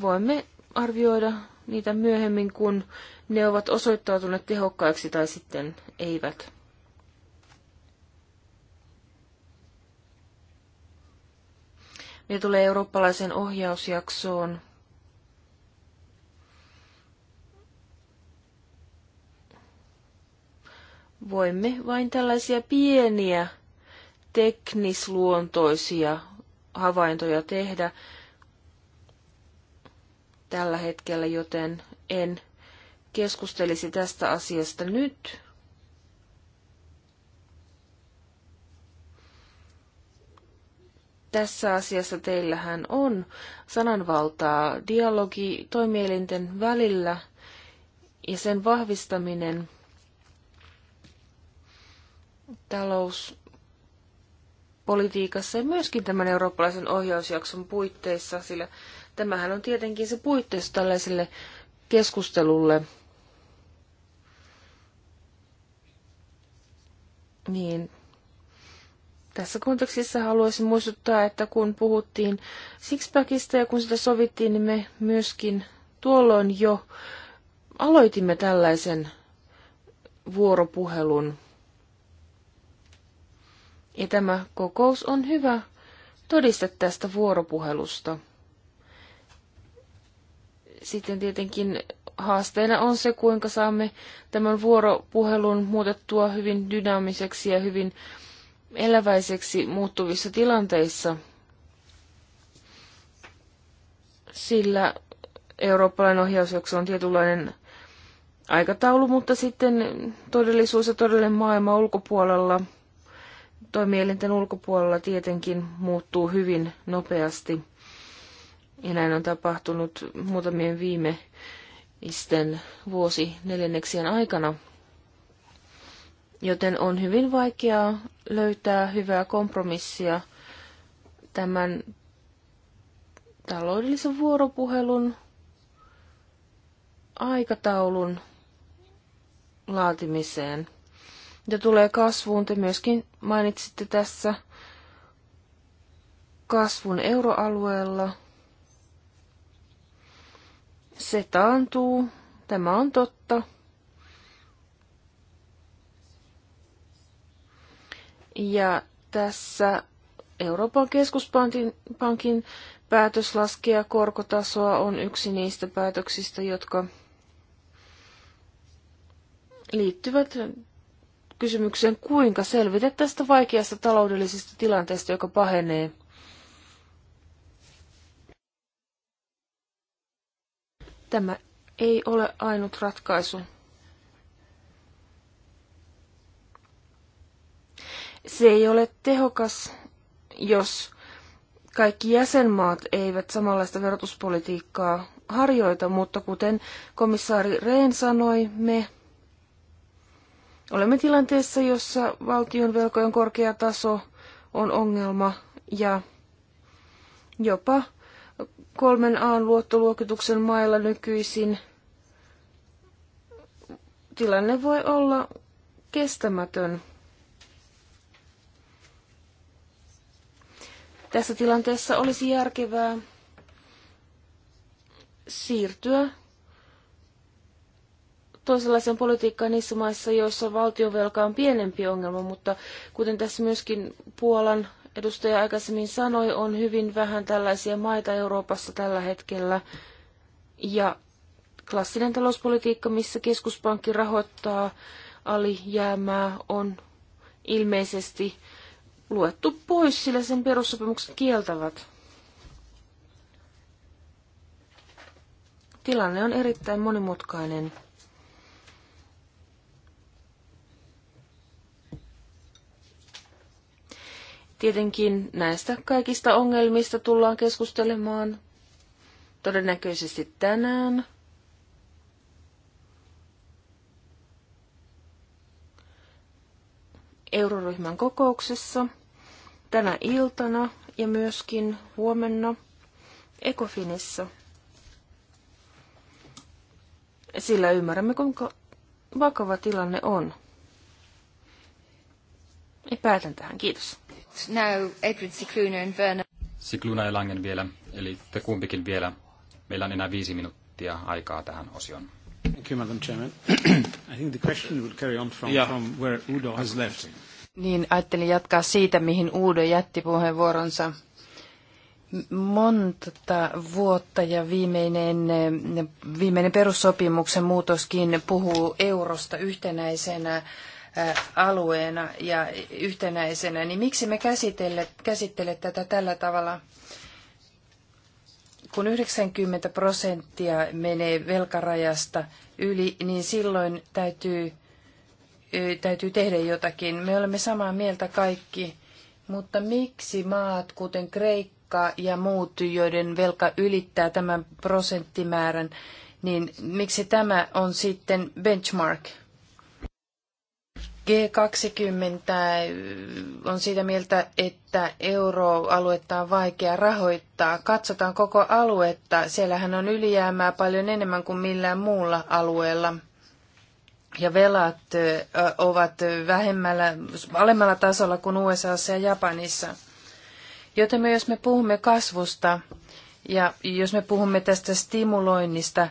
voimme arvioida niitä myöhemmin, kun ne ovat osoittautuneet tehokkaiksi tai sitten eivät. Ne tulee eurooppalaisen ohjausjaksoon. Voimme vain tällaisia pieniä teknisluontoisia havaintoja tehdä, tällä hetkellä, joten en keskustelisi tästä asiasta nyt. Tässä asiassa teillähän on sananvaltaa dialogi toimielinten välillä ja sen vahvistaminen talouspolitiikassa ja myöskin tämän eurooppalaisen ohjausjakson puitteissa, sillä Tämähän on tietenkin se puitteissa tällaiselle keskustelulle. Niin, tässä kontekstissa haluaisin muistuttaa, että kun puhuttiin Sixpackista ja kun sitä sovittiin, niin me myöskin tuolloin jo aloitimme tällaisen vuoropuhelun. Ja tämä kokous on hyvä todiste tästä vuoropuhelusta. Sitten tietenkin haasteena on se, kuinka saamme tämän vuoropuhelun muutettua hyvin dynaamiseksi ja hyvin eläväiseksi muuttuvissa tilanteissa. Sillä eurooppalainen ohjausjakso on tietynlainen aikataulu, mutta sitten todellisuus ja todellinen maailma ulkopuolella, toimielinten ulkopuolella tietenkin muuttuu hyvin nopeasti. Ja näin on tapahtunut muutamien viime isten vuosi neljänneksien aikana. Joten on hyvin vaikeaa löytää hyvää kompromissia tämän taloudellisen vuoropuhelun aikataulun laatimiseen. Ja tulee kasvuun, te myöskin mainitsitte tässä kasvun euroalueella – se taantuu, tämä on totta. Ja tässä Euroopan keskuspankin päätös laskea korkotasoa on yksi niistä päätöksistä, jotka liittyvät kysymykseen, kuinka selvitä tästä vaikeasta taloudellisesta tilanteesta, joka pahenee – Tämä ei ole ainut ratkaisu. Se ei ole tehokas, jos kaikki jäsenmaat eivät samanlaista verotuspolitiikkaa harjoita, mutta kuten komissaari Rehn sanoi, me olemme tilanteessa, jossa valtion velkojen korkea taso on ongelma ja jopa kolmen A luottoluokituksen mailla nykyisin tilanne voi olla kestämätön. Tässä tilanteessa olisi järkevää siirtyä toisenlaiseen politiikkaan niissä maissa, joissa valtiovelka on pienempi ongelma, mutta kuten tässä myöskin Puolan edustaja aikaisemmin sanoi, on hyvin vähän tällaisia maita Euroopassa tällä hetkellä. Ja klassinen talouspolitiikka, missä keskuspankki rahoittaa alijäämää, on ilmeisesti luettu pois, sillä sen perussopimukset kieltävät. Tilanne on erittäin monimutkainen. Tietenkin näistä kaikista ongelmista tullaan keskustelemaan todennäköisesti tänään. euroryhmän kokouksessa tänä iltana ja myöskin huomenna Ekofinissa. Sillä ymmärrämme, kuinka vakava tilanne on. Ja päätän tähän. Kiitos now Edward Sikluna and Werner. Sikluna ja Langen vielä, eli te kumpikin vielä. Meillä on enää viisi minuuttia aikaa tähän osioon. Thank you, Madam Chairman. I think the question will carry on from, yeah. from where Udo has left. Niin, ajattelin jatkaa siitä, mihin Udo jätti puheenvuoronsa. Monta vuotta ja viimeinen, viimeinen perussopimuksen muutoskin puhuu eurosta yhtenäisenä alueena ja yhtenäisenä, niin miksi me käsitelle, käsittele tätä tällä tavalla? Kun 90 prosenttia menee velkarajasta yli, niin silloin täytyy, täytyy tehdä jotakin. Me olemme samaa mieltä kaikki, mutta miksi maat, kuten Kreikka ja muut, joiden velka ylittää tämän prosenttimäärän, niin miksi tämä on sitten benchmark? G20 on siitä mieltä, että euroaluetta on vaikea rahoittaa. Katsotaan koko aluetta. Siellähän on ylijäämää paljon enemmän kuin millään muulla alueella. Ja velat ovat vähemmällä, alemmalla tasolla kuin USA ja Japanissa. Joten me, jos me puhumme kasvusta ja jos me puhumme tästä stimuloinnista,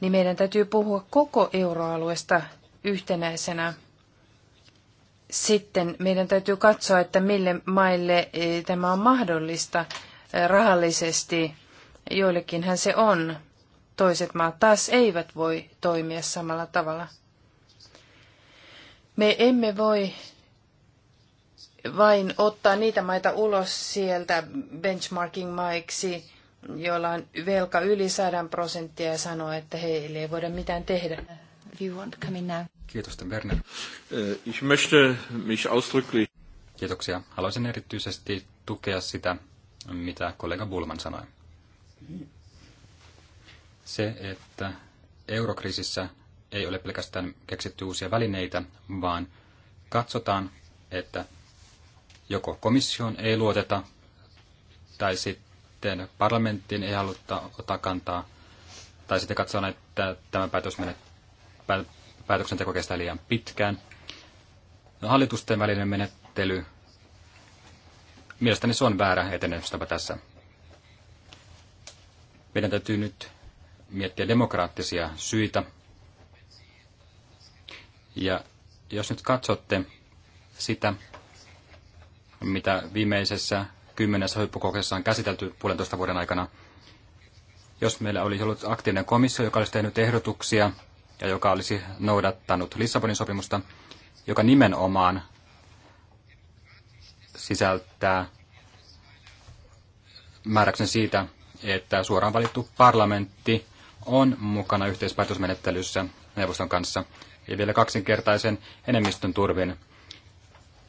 niin meidän täytyy puhua koko euroalueesta yhtenäisenä sitten meidän täytyy katsoa, että mille maille eh, tämä on mahdollista eh, rahallisesti. Joillekinhan se on. Toiset maat taas eivät voi toimia samalla tavalla. Me emme voi vain ottaa niitä maita ulos sieltä benchmarking maiksi, joilla on velka yli 100 prosenttia ja sanoa, että heille ei voida mitään tehdä. If you want, come in now. Kiitos, Werner. Äh, ich möchte mich ausdrücklich... Kiitoksia. Haluaisin erityisesti tukea sitä, mitä kollega Bulman sanoi. Se, että eurokriisissä ei ole pelkästään keksitty uusia välineitä, vaan katsotaan, että joko komission ei luoteta tai sitten parlamenttiin ei haluta ottaa kantaa, tai sitten katsotaan, että tämä päätös menee päätöksenteko kestää liian pitkään. No, hallitusten välinen menettely, mielestäni se on väärä etenemistapa tässä. Meidän täytyy nyt miettiä demokraattisia syitä. Ja jos nyt katsotte sitä, mitä viimeisessä kymmenessä huippukokeessa on käsitelty puolentoista vuoden aikana, jos meillä olisi ollut aktiivinen komissio, joka olisi tehnyt ehdotuksia ja joka olisi noudattanut Lissabonin sopimusta, joka nimenomaan sisältää määräksen siitä, että suoraan valittu parlamentti on mukana yhteispäätösmenettelyssä neuvoston kanssa ja vielä kaksinkertaisen enemmistön turvin,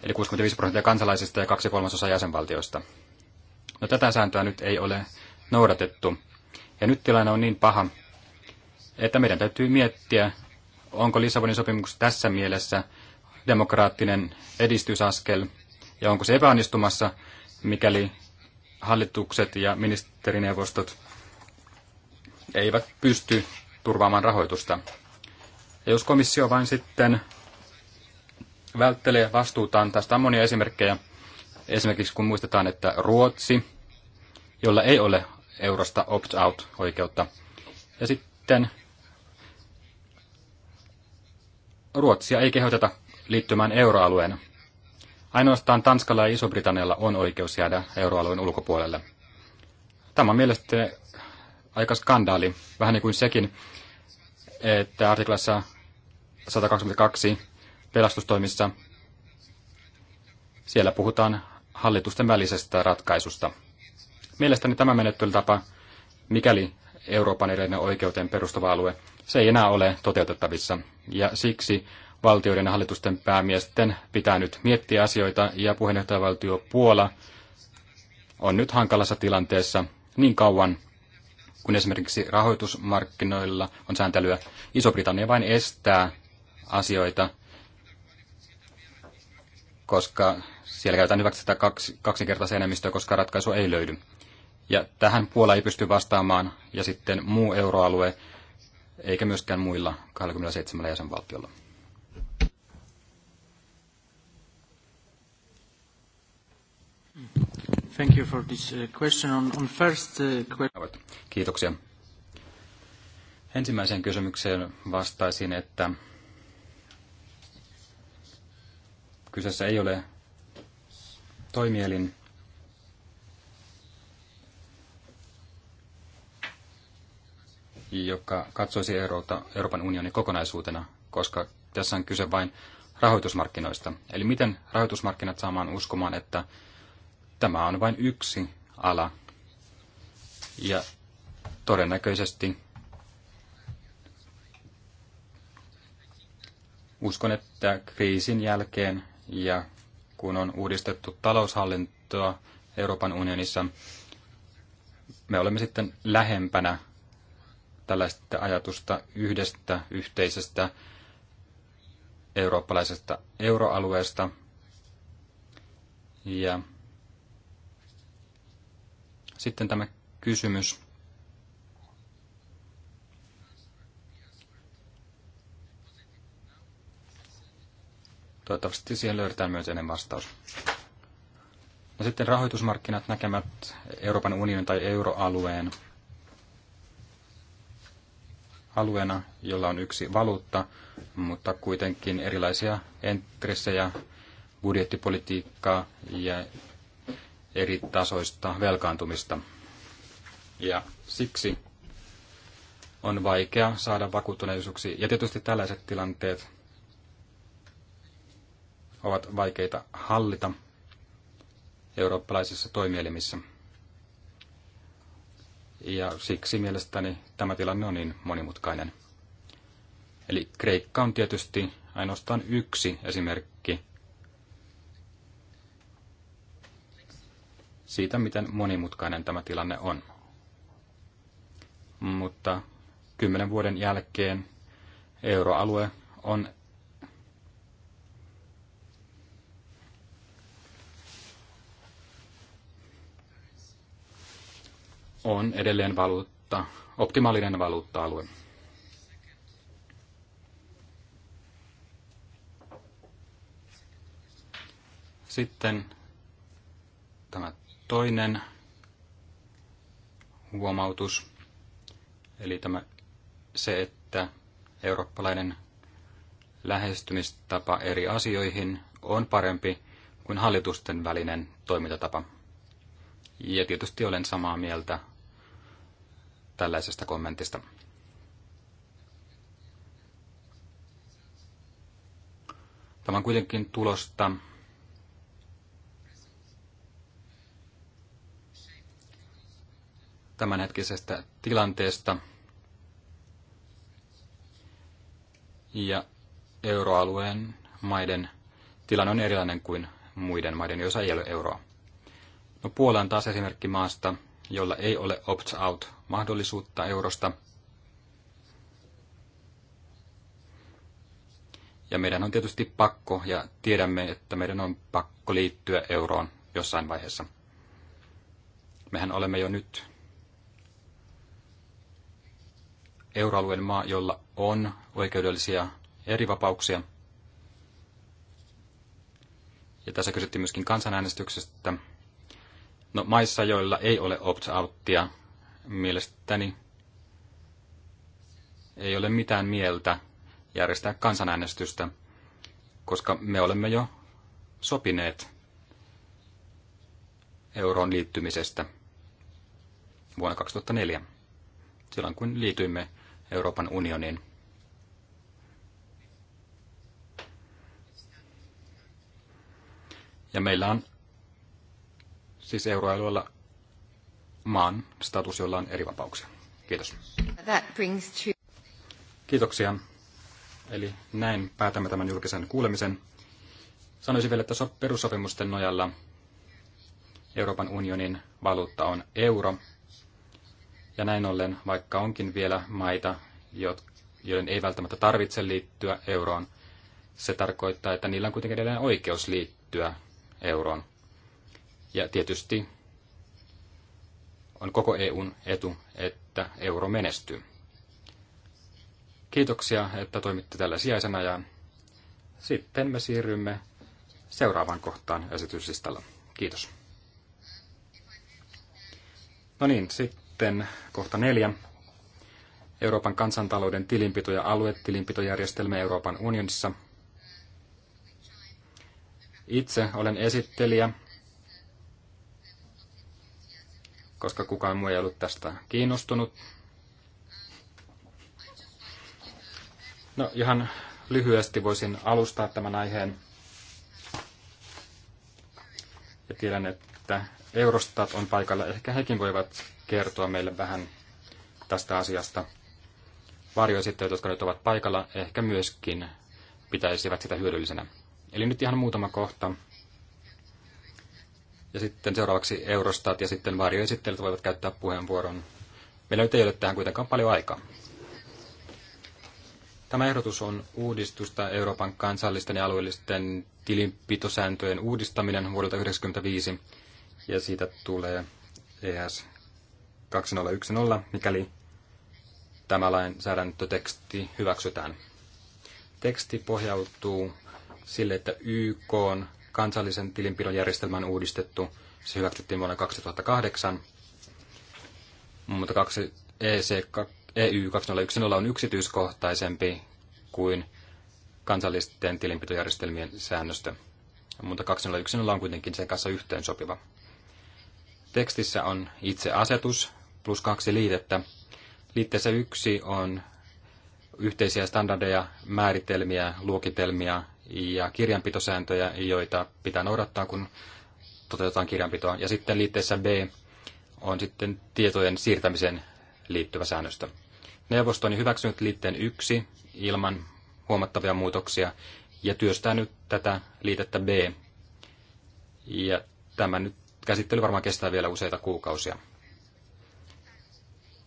eli 65 prosenttia kansalaisista ja kaksi kolmasosa jäsenvaltioista. No tätä sääntöä nyt ei ole noudatettu. Ja nyt tilanne on niin paha, että meidän täytyy miettiä, onko Lissabonin sopimus tässä mielessä demokraattinen edistysaskel ja onko se epäonnistumassa, mikäli hallitukset ja ministerineuvostot eivät pysty turvaamaan rahoitusta. Ja jos komissio vain sitten välttelee vastuutaan, tästä on monia esimerkkejä. Esimerkiksi kun muistetaan, että Ruotsi, jolla ei ole eurosta opt-out-oikeutta, ja sitten sitten Ruotsia ei kehoteta liittymään euroalueen. Ainoastaan Tanskalla ja Iso-Britannialla on oikeus jäädä euroalueen ulkopuolelle. Tämä on mielestäni aika skandaali, vähän niin kuin sekin, että artiklassa 122 pelastustoimissa siellä puhutaan hallitusten välisestä ratkaisusta. Mielestäni tämä menettelytapa, mikäli Euroopan edellinen oikeuteen perustuva alue, se ei enää ole toteutettavissa. Ja siksi valtioiden ja hallitusten päämiesten pitää nyt miettiä asioita, ja puheenjohtajavaltio Puola on nyt hankalassa tilanteessa niin kauan, kun esimerkiksi rahoitusmarkkinoilla on sääntelyä. Iso-Britannia vain estää asioita, koska siellä käytetään hyväksi sitä kaksi, kaksinkertaista enemmistöä, koska ratkaisu ei löydy. Ja tähän Puola ei pysty vastaamaan, ja sitten muu euroalue, eikä myöskään muilla 27 jäsenvaltiolla. Thank you for this uh, question. On first uh, question. Kiitoksia. Ensimmäiseen kysymykseen vastaisin, että kyseessä ei ole toimielin, joka katsoisi Euroota, Euroopan unionin kokonaisuutena, koska tässä on kyse vain rahoitusmarkkinoista. Eli miten rahoitusmarkkinat saamaan uskomaan, että tämä on vain yksi ala ja todennäköisesti uskon, että kriisin jälkeen ja kun on uudistettu taloushallintoa Euroopan unionissa, me olemme sitten lähempänä tällaista ajatusta yhdestä yhteisestä eurooppalaisesta euroalueesta. Ja sitten tämä kysymys. Toivottavasti siihen löydetään ennen vastaus. No sitten rahoitusmarkkinat näkemät Euroopan unionin tai euroalueen alueena, jolla on yksi valuutta, mutta kuitenkin erilaisia entressejä, budjettipolitiikkaa ja eri tasoista velkaantumista. Ja siksi on vaikea saada vakuuttuneisuuksi. Ja tietysti tällaiset tilanteet ovat vaikeita hallita eurooppalaisissa toimielimissä. Ja siksi mielestäni tämä tilanne on niin monimutkainen. Eli Kreikka on tietysti ainoastaan yksi esimerkki siitä, miten monimutkainen tämä tilanne on. Mutta kymmenen vuoden jälkeen euroalue on on edelleen valuutta, optimaalinen valuutta-alue. Sitten tämä toinen huomautus, eli tämä, se, että eurooppalainen lähestymistapa eri asioihin on parempi kuin hallitusten välinen toimintatapa. Ja tietysti olen samaa mieltä tällaisesta kommentista. Tämä on kuitenkin tulosta tämänhetkisestä tilanteesta ja euroalueen maiden tilanne on erilainen kuin muiden maiden, joissa ei ole euroa. No Puola on taas esimerkki maasta, joilla ei ole opt-out-mahdollisuutta eurosta. Ja meidän on tietysti pakko, ja tiedämme, että meidän on pakko liittyä euroon jossain vaiheessa. Mehän olemme jo nyt euroalueen maa, jolla on oikeudellisia erivapauksia. Ja tässä kysyttiin myöskin kansanäänestyksestä – No maissa, joilla ei ole opt-outtia, mielestäni ei ole mitään mieltä järjestää kansanäänestystä, koska me olemme jo sopineet euroon liittymisestä vuonna 2004, silloin kun liityimme Euroopan unioniin. Ja meillä on siis euroalueella maan status, jolla on eri vapauksia. Kiitos. Kiitoksia. Eli näin päätämme tämän julkisen kuulemisen. Sanoisin vielä, että perussopimusten nojalla Euroopan unionin valuutta on euro. Ja näin ollen, vaikka onkin vielä maita, joiden ei välttämättä tarvitse liittyä euroon, se tarkoittaa, että niillä on kuitenkin edelleen oikeus liittyä euroon. Ja tietysti on koko EUn etu, että euro menestyy. Kiitoksia, että toimitte tällä sijaisena ja sitten me siirrymme seuraavaan kohtaan esityslistalla. Kiitos. No niin, sitten kohta neljä. Euroopan kansantalouden tilinpito- ja aluetilinpitojärjestelmä Euroopan unionissa. Itse olen esittelijä koska kukaan muu ei ollut tästä kiinnostunut. No ihan lyhyesti voisin alustaa tämän aiheen. Ja tiedän, että Eurostat on paikalla. Ehkä hekin voivat kertoa meille vähän tästä asiasta. Varjoesittäjät, jotka nyt ovat paikalla, ehkä myöskin pitäisivät sitä hyödyllisenä. Eli nyt ihan muutama kohta ja sitten seuraavaksi Eurostat ja sitten varjoesittelijät voivat käyttää puheenvuoron. Meillä nyt ei ole tähän kuitenkaan paljon aikaa. Tämä ehdotus on uudistusta Euroopan kansallisten ja alueellisten tilinpitosääntöjen uudistaminen vuodelta 1995, ja siitä tulee ES 2010, mikäli tämä lainsäädäntöteksti hyväksytään. Teksti pohjautuu sille, että YK on kansallisen tilinpidon järjestelmän uudistettu. Se hyväksyttiin vuonna 2008, mutta kaksi EC, EU 2010 on yksityiskohtaisempi kuin kansallisten tilinpitojärjestelmien säännöstö, mutta 2010 on kuitenkin sen kanssa yhteensopiva. Tekstissä on itse asetus plus kaksi liitettä. Liitteessä yksi on yhteisiä standardeja, määritelmiä, luokitelmia ja kirjanpitosääntöjä, joita pitää noudattaa, kun toteutetaan kirjanpitoa. Ja sitten liitteessä B on sitten tietojen siirtämisen liittyvä säännöstö. Neuvosto on hyväksynyt liitteen yksi ilman huomattavia muutoksia ja työstää nyt tätä liitettä B. Ja tämä nyt käsittely varmaan kestää vielä useita kuukausia.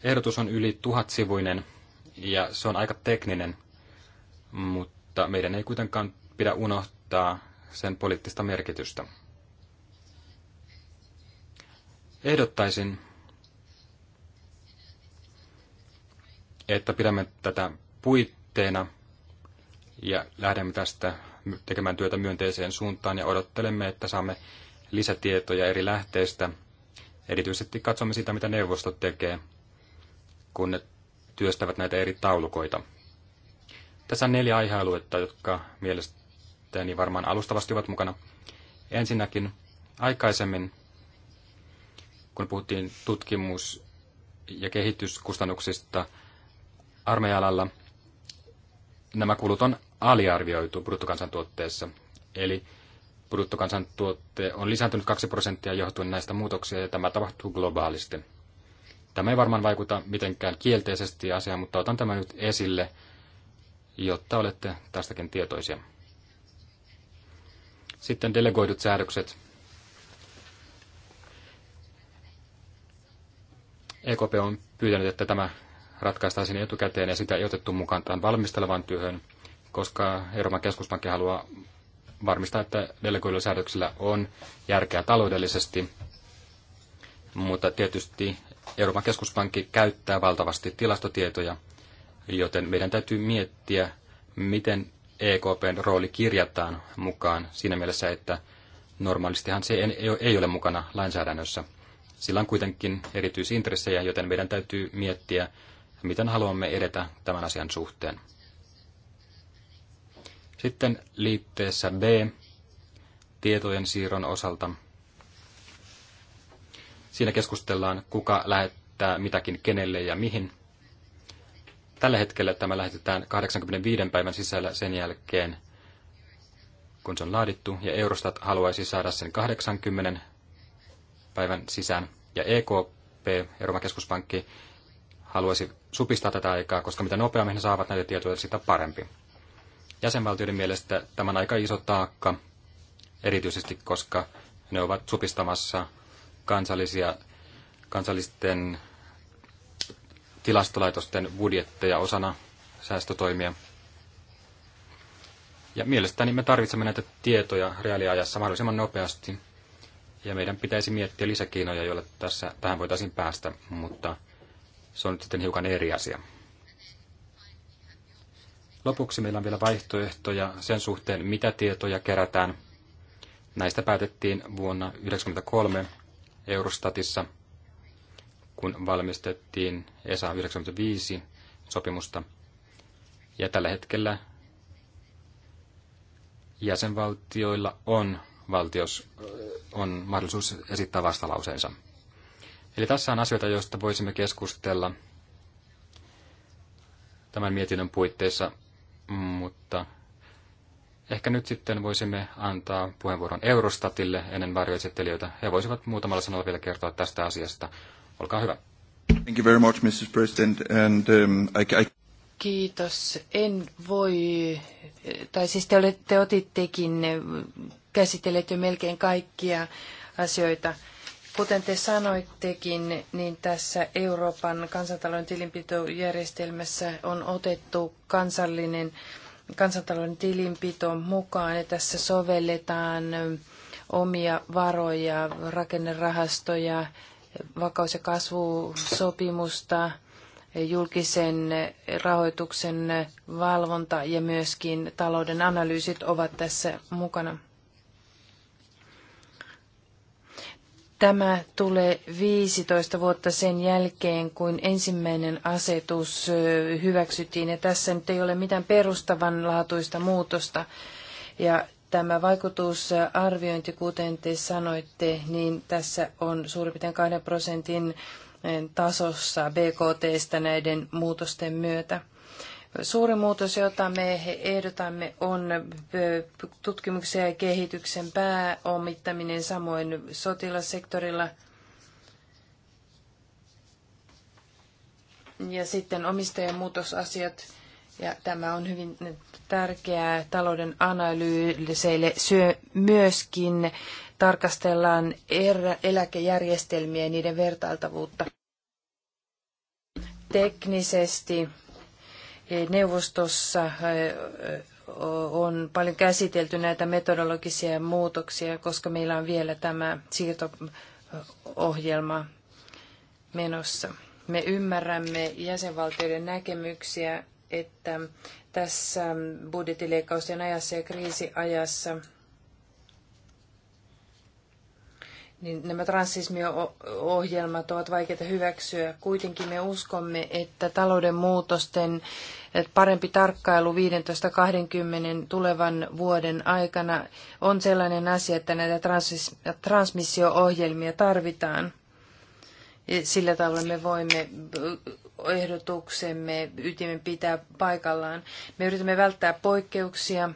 Ehdotus on yli tuhat sivuinen ja se on aika tekninen, mutta meidän ei kuitenkaan pidä unohtaa sen poliittista merkitystä. Ehdottaisin, että pidämme tätä puitteena ja lähdemme tästä tekemään työtä myönteiseen suuntaan ja odottelemme, että saamme lisätietoja eri lähteistä. Erityisesti katsomme sitä, mitä neuvosto tekee, kun ne työstävät näitä eri taulukoita. Tässä on neljä aihealuetta, jotka mielestäni esitätte, niin varmaan alustavasti ovat mukana. Ensinnäkin aikaisemmin, kun puhuttiin tutkimus- ja kehityskustannuksista armeijalalla, nämä kulut on aliarvioitu bruttokansantuotteessa. Eli bruttokansantuotte on lisääntynyt 2 prosenttia johtuen näistä muutoksia ja tämä tapahtuu globaalisti. Tämä ei varmaan vaikuta mitenkään kielteisesti asiaan, mutta otan tämän nyt esille, jotta olette tästäkin tietoisia. Sitten delegoidut säädökset. EKP on pyytänyt, että tämä ratkaistaisiin etukäteen ja sitä ei otettu mukaan tämän valmistelevan työhön, koska Euroopan keskuspankki haluaa varmistaa, että delegoidulla säädöksillä on järkeä taloudellisesti, mutta tietysti Euroopan keskuspankki käyttää valtavasti tilastotietoja, joten meidän täytyy miettiä, miten EKPn rooli kirjataan mukaan siinä mielessä, että normaalistihan se ei ole mukana lainsäädännössä. Sillä on kuitenkin erityisintressejä, joten meidän täytyy miettiä, miten haluamme edetä tämän asian suhteen. Sitten liitteessä B tietojen siirron osalta. Siinä keskustellaan, kuka lähettää mitäkin kenelle ja mihin – Tällä hetkellä tämä lähetetään 85 päivän sisällä sen jälkeen, kun se on laadittu, ja Eurostat haluaisi saada sen 80 päivän sisään, ja EKP, Euroopan keskuspankki, haluaisi supistaa tätä aikaa, koska mitä nopeammin he saavat näitä tietoja, sitä parempi. Jäsenvaltioiden mielestä tämä on aika iso taakka, erityisesti koska ne ovat supistamassa kansallisia, kansallisten tilastolaitosten budjetteja osana säästötoimia. Ja mielestäni me tarvitsemme näitä tietoja reaaliajassa mahdollisimman nopeasti. Ja meidän pitäisi miettiä lisäkiinoja, joilla tässä, tähän voitaisiin päästä, mutta se on nyt sitten hiukan eri asia. Lopuksi meillä on vielä vaihtoehtoja sen suhteen, mitä tietoja kerätään. Näistä päätettiin vuonna 1993 Eurostatissa – kun valmistettiin ESA 95 sopimusta. Ja tällä hetkellä jäsenvaltioilla on, valtios, äh, on mahdollisuus esittää vastalauseensa. Eli tässä on asioita, joista voisimme keskustella tämän mietinnön puitteissa, mutta ehkä nyt sitten voisimme antaa puheenvuoron Eurostatille ennen varjoesittelijöitä. He voisivat muutamalla sanalla vielä kertoa tästä asiasta. Olkaa hyvä. Thank you very much, Mrs. President. And, um, I, I... Kiitos. En voi, tai siis te, olette, otittekin käsitelleet jo melkein kaikkia asioita. Kuten te sanoittekin, niin tässä Euroopan kansantalouden tilinpitojärjestelmässä on otettu kansallinen kansantalouden tilinpito mukaan ja tässä sovelletaan omia varoja, rakennerahastoja vakaus- ja kasvusopimusta, julkisen rahoituksen valvonta ja myöskin talouden analyysit ovat tässä mukana. Tämä tulee 15 vuotta sen jälkeen, kun ensimmäinen asetus hyväksyttiin, ja tässä nyt ei ole mitään perustavanlaatuista muutosta. Ja tämä vaikutusarviointi, kuten te sanoitte, niin tässä on suurin piirtein 2 prosentin eh, tasossa BKTstä näiden muutosten myötä. Suuri muutos, jota me ehdotamme, on eh, tutkimuksen ja kehityksen pääomittaminen samoin sotilassektorilla. Ja sitten omistajamuutosasiat. muutosasiat ja tämä on hyvin tärkeää talouden analyyliseille. Syö myöskin tarkastellaan eläkejärjestelmiä ja niiden vertailtavuutta. Teknisesti neuvostossa on paljon käsitelty näitä metodologisia muutoksia, koska meillä on vielä tämä siirto-ohjelma menossa. Me ymmärrämme jäsenvaltioiden näkemyksiä että tässä budjettileikkausten ajassa ja kriisiajassa niin nämä transismio-ohjelmat ovat vaikeita hyväksyä. Kuitenkin me uskomme, että talouden muutosten parempi tarkkailu 15-20 tulevan vuoden aikana on sellainen asia, että näitä transmissio-ohjelmia tarvitaan. Sillä tavalla me voimme ehdotuksemme ytimen pitää paikallaan. Me yritämme välttää poikkeuksia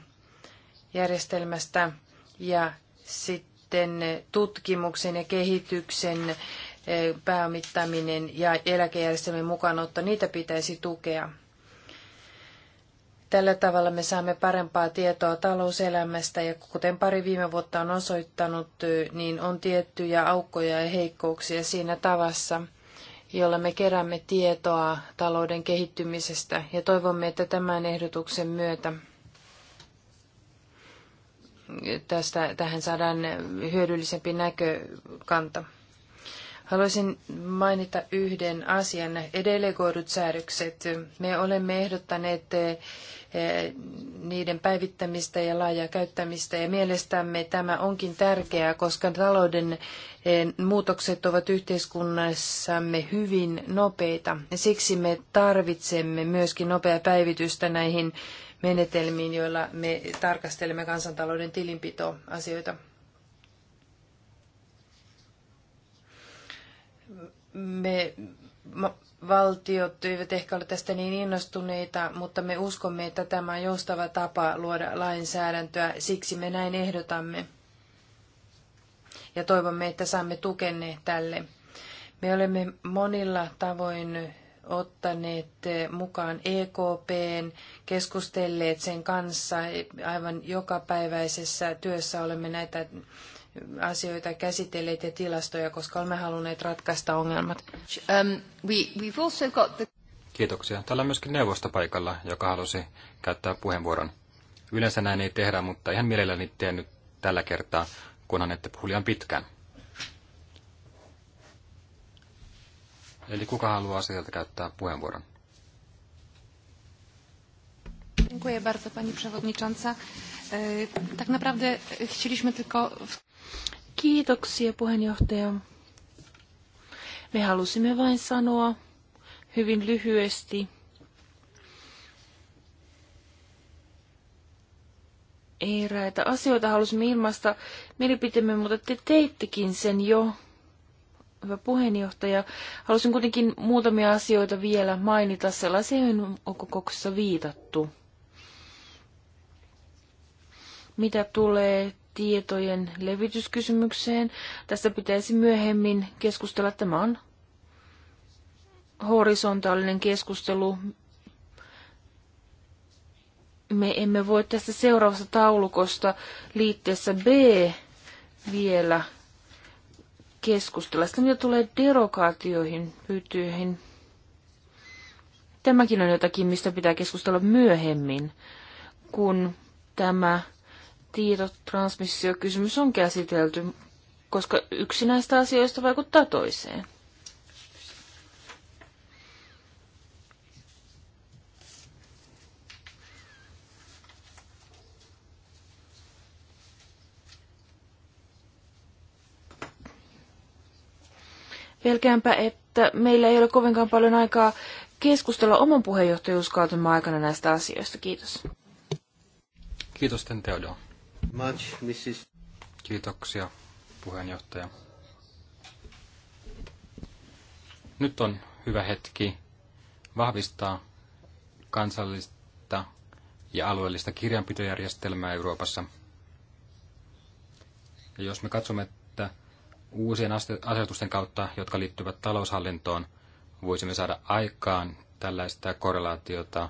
järjestelmästä ja sitten tutkimuksen ja kehityksen eh, pääomittaminen ja eläkejärjestelmän mukaanotto, niitä pitäisi tukea. Tällä tavalla me saamme parempaa tietoa talouselämästä ja kuten pari viime vuotta on osoittanut, eh, niin on tiettyjä aukkoja ja heikkouksia siinä tavassa – jolla me keräämme tietoa talouden kehittymisestä ja toivomme, että tämän ehdotuksen myötä tästä, tähän saadaan hyödyllisempi näkökanta. Haluaisin mainita yhden asian, edelegoidut säädökset. Me olemme ehdottaneet Eh, niiden päivittämistä ja laajaa käyttämistä. Ja mielestämme tämä onkin tärkeää, koska talouden eh, muutokset ovat yhteiskunnassamme hyvin nopeita. Ja siksi me tarvitsemme myöskin nopeaa päivitystä näihin menetelmiin, joilla me tarkastelemme kansantalouden tilinpitoasioita. Me valtiot eivät ehkä ole tästä niin innostuneita, mutta me uskomme, että tämä on joustava tapa luoda lainsäädäntöä. Siksi me näin ehdotamme. Ja toivomme, että saamme tukenne tälle. Me olemme monilla tavoin ottaneet mukaan EKPn, keskustelleet sen kanssa aivan jokapäiväisessä työssä olemme näitä asioita käsitelleet ja tilastoja, koska olemme halunneet ratkaista ongelmat. Um, Kiitoksia. Täällä on myöskin neuvosta paikalla, joka halusi käyttää puheenvuoron. Yleensä näin ei tehdä, mutta ihan mielelläni teen nyt tällä kertaa, kunhan ette puhu liian pitkään. Eli kuka haluaa sieltä käyttää puheenvuoron? Dziękuję bardzo Pani Przewodnicząca. E, tak naprawdę chcieliśmy tylko... Kiitoksia puheenjohtaja. Me halusimme vain sanoa hyvin lyhyesti, eräitä asioita halusimme ilmaista mielipiteemme, mutta te teittekin sen jo, hyvä puheenjohtaja. Halusin kuitenkin muutamia asioita vielä mainita, sellaisia, joihin on kokouksessa viitattu. Mitä tulee tietojen levityskysymykseen. Tästä pitäisi myöhemmin keskustella. Tämä on horisontaalinen keskustelu. Me emme voi tästä seuraavasta taulukosta liitteessä B vielä keskustella. Sitten mitä tulee derokaatioihin, pyytyihin, tämäkin on jotakin, mistä pitää keskustella myöhemmin, kun tämä kysymys on käsitelty, koska yksi näistä asioista vaikuttaa toiseen. Pelkäänpä, että meillä ei ole kovinkaan paljon aikaa keskustella oman puheenjohtajuuskautemme aikana näistä asioista. Kiitos. Kiitos, Teodor. Much, Mrs. Kiitoksia, puheenjohtaja. Nyt on hyvä hetki vahvistaa kansallista ja alueellista kirjanpitojärjestelmää Euroopassa. Ja jos me katsomme, että uusien asetusten kautta, jotka liittyvät taloushallintoon, voisimme saada aikaan tällaista korrelaatiota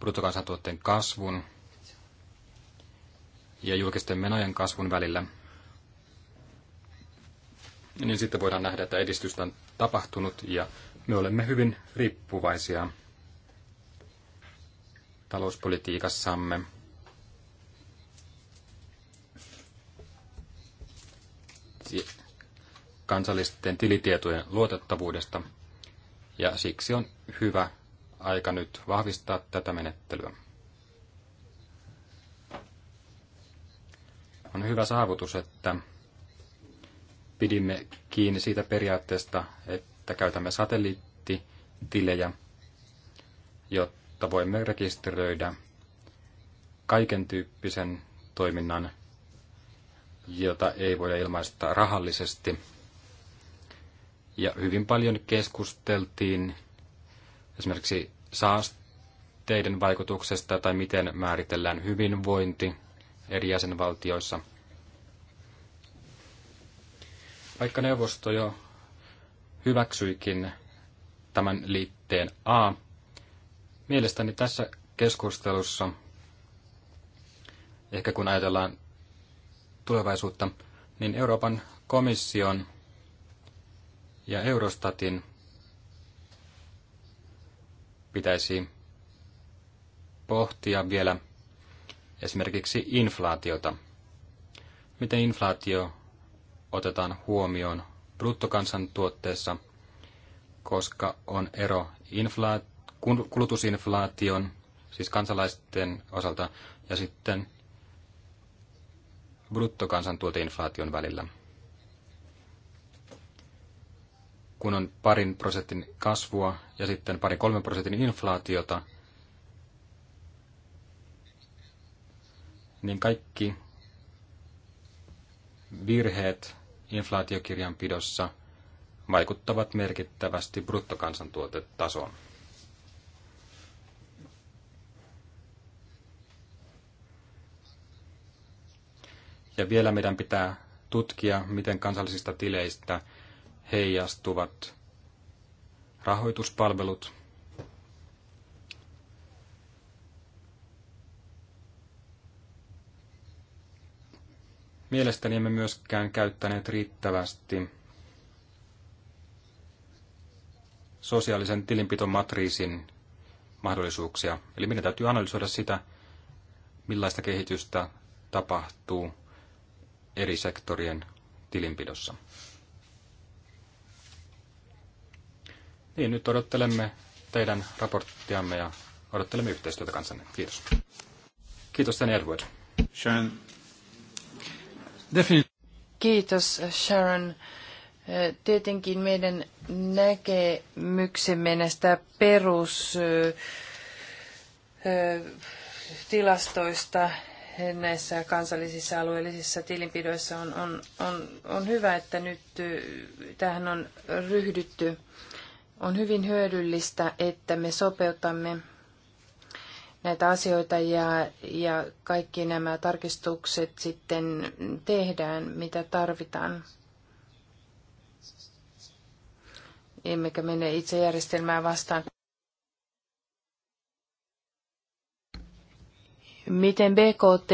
bruttokansantuotteen kasvun ja julkisten menojen kasvun välillä, niin sitten voidaan nähdä, että edistystä on tapahtunut ja me olemme hyvin riippuvaisia talouspolitiikassamme. kansallisten tilitietojen luotettavuudesta, ja siksi on hyvä aika nyt vahvistaa tätä menettelyä. On hyvä saavutus, että pidimme kiinni siitä periaatteesta, että käytämme satelliittitilejä, jotta voimme rekisteröidä kaiken tyyppisen toiminnan, jota ei voida ilmaista rahallisesti. Ja hyvin paljon keskusteltiin esimerkiksi saasteiden vaikutuksesta tai miten määritellään hyvinvointi – eri jäsenvaltioissa. Vaikka neuvosto jo hyväksyikin tämän liitteen A, mielestäni tässä keskustelussa, ehkä kun ajatellaan tulevaisuutta, niin Euroopan komission ja Eurostatin pitäisi pohtia vielä – esimerkiksi inflaatiota. Miten inflaatio otetaan huomioon bruttokansantuotteessa, koska on ero infla- kulutusinflaation, siis kansalaisten osalta, ja sitten bruttokansantuoteinflaation välillä. Kun on parin prosentin kasvua ja sitten pari kolmen prosentin inflaatiota – niin kaikki virheet inflaatiokirjanpidossa vaikuttavat merkittävästi bruttokansantuotetasoon. Ja vielä meidän pitää tutkia, miten kansallisista tileistä heijastuvat rahoituspalvelut – Mielestäni emme myöskään käyttäneet riittävästi sosiaalisen tilinpitomatriisin mahdollisuuksia. Eli meidän täytyy analysoida sitä, millaista kehitystä tapahtuu eri sektorien tilinpidossa. Niin, nyt odottelemme teidän raporttiamme ja odottelemme yhteistyötä kanssanne. Kiitos. Kiitos, Tän Edward. Schön. Definit- Kiitos Sharon. Eh, tietenkin meidän näkemyksemme näistä perustilastoista eh, eh, näissä kansallisissa alueellisissa tilinpidoissa on, on, on, on hyvä, että nyt tähän on ryhdytty. On hyvin hyödyllistä, että me sopeutamme näitä asioita ja, ja kaikki nämä tarkistukset sitten tehdään, mitä tarvitaan. Emmekä mene itse järjestelmää vastaan. Miten BKT,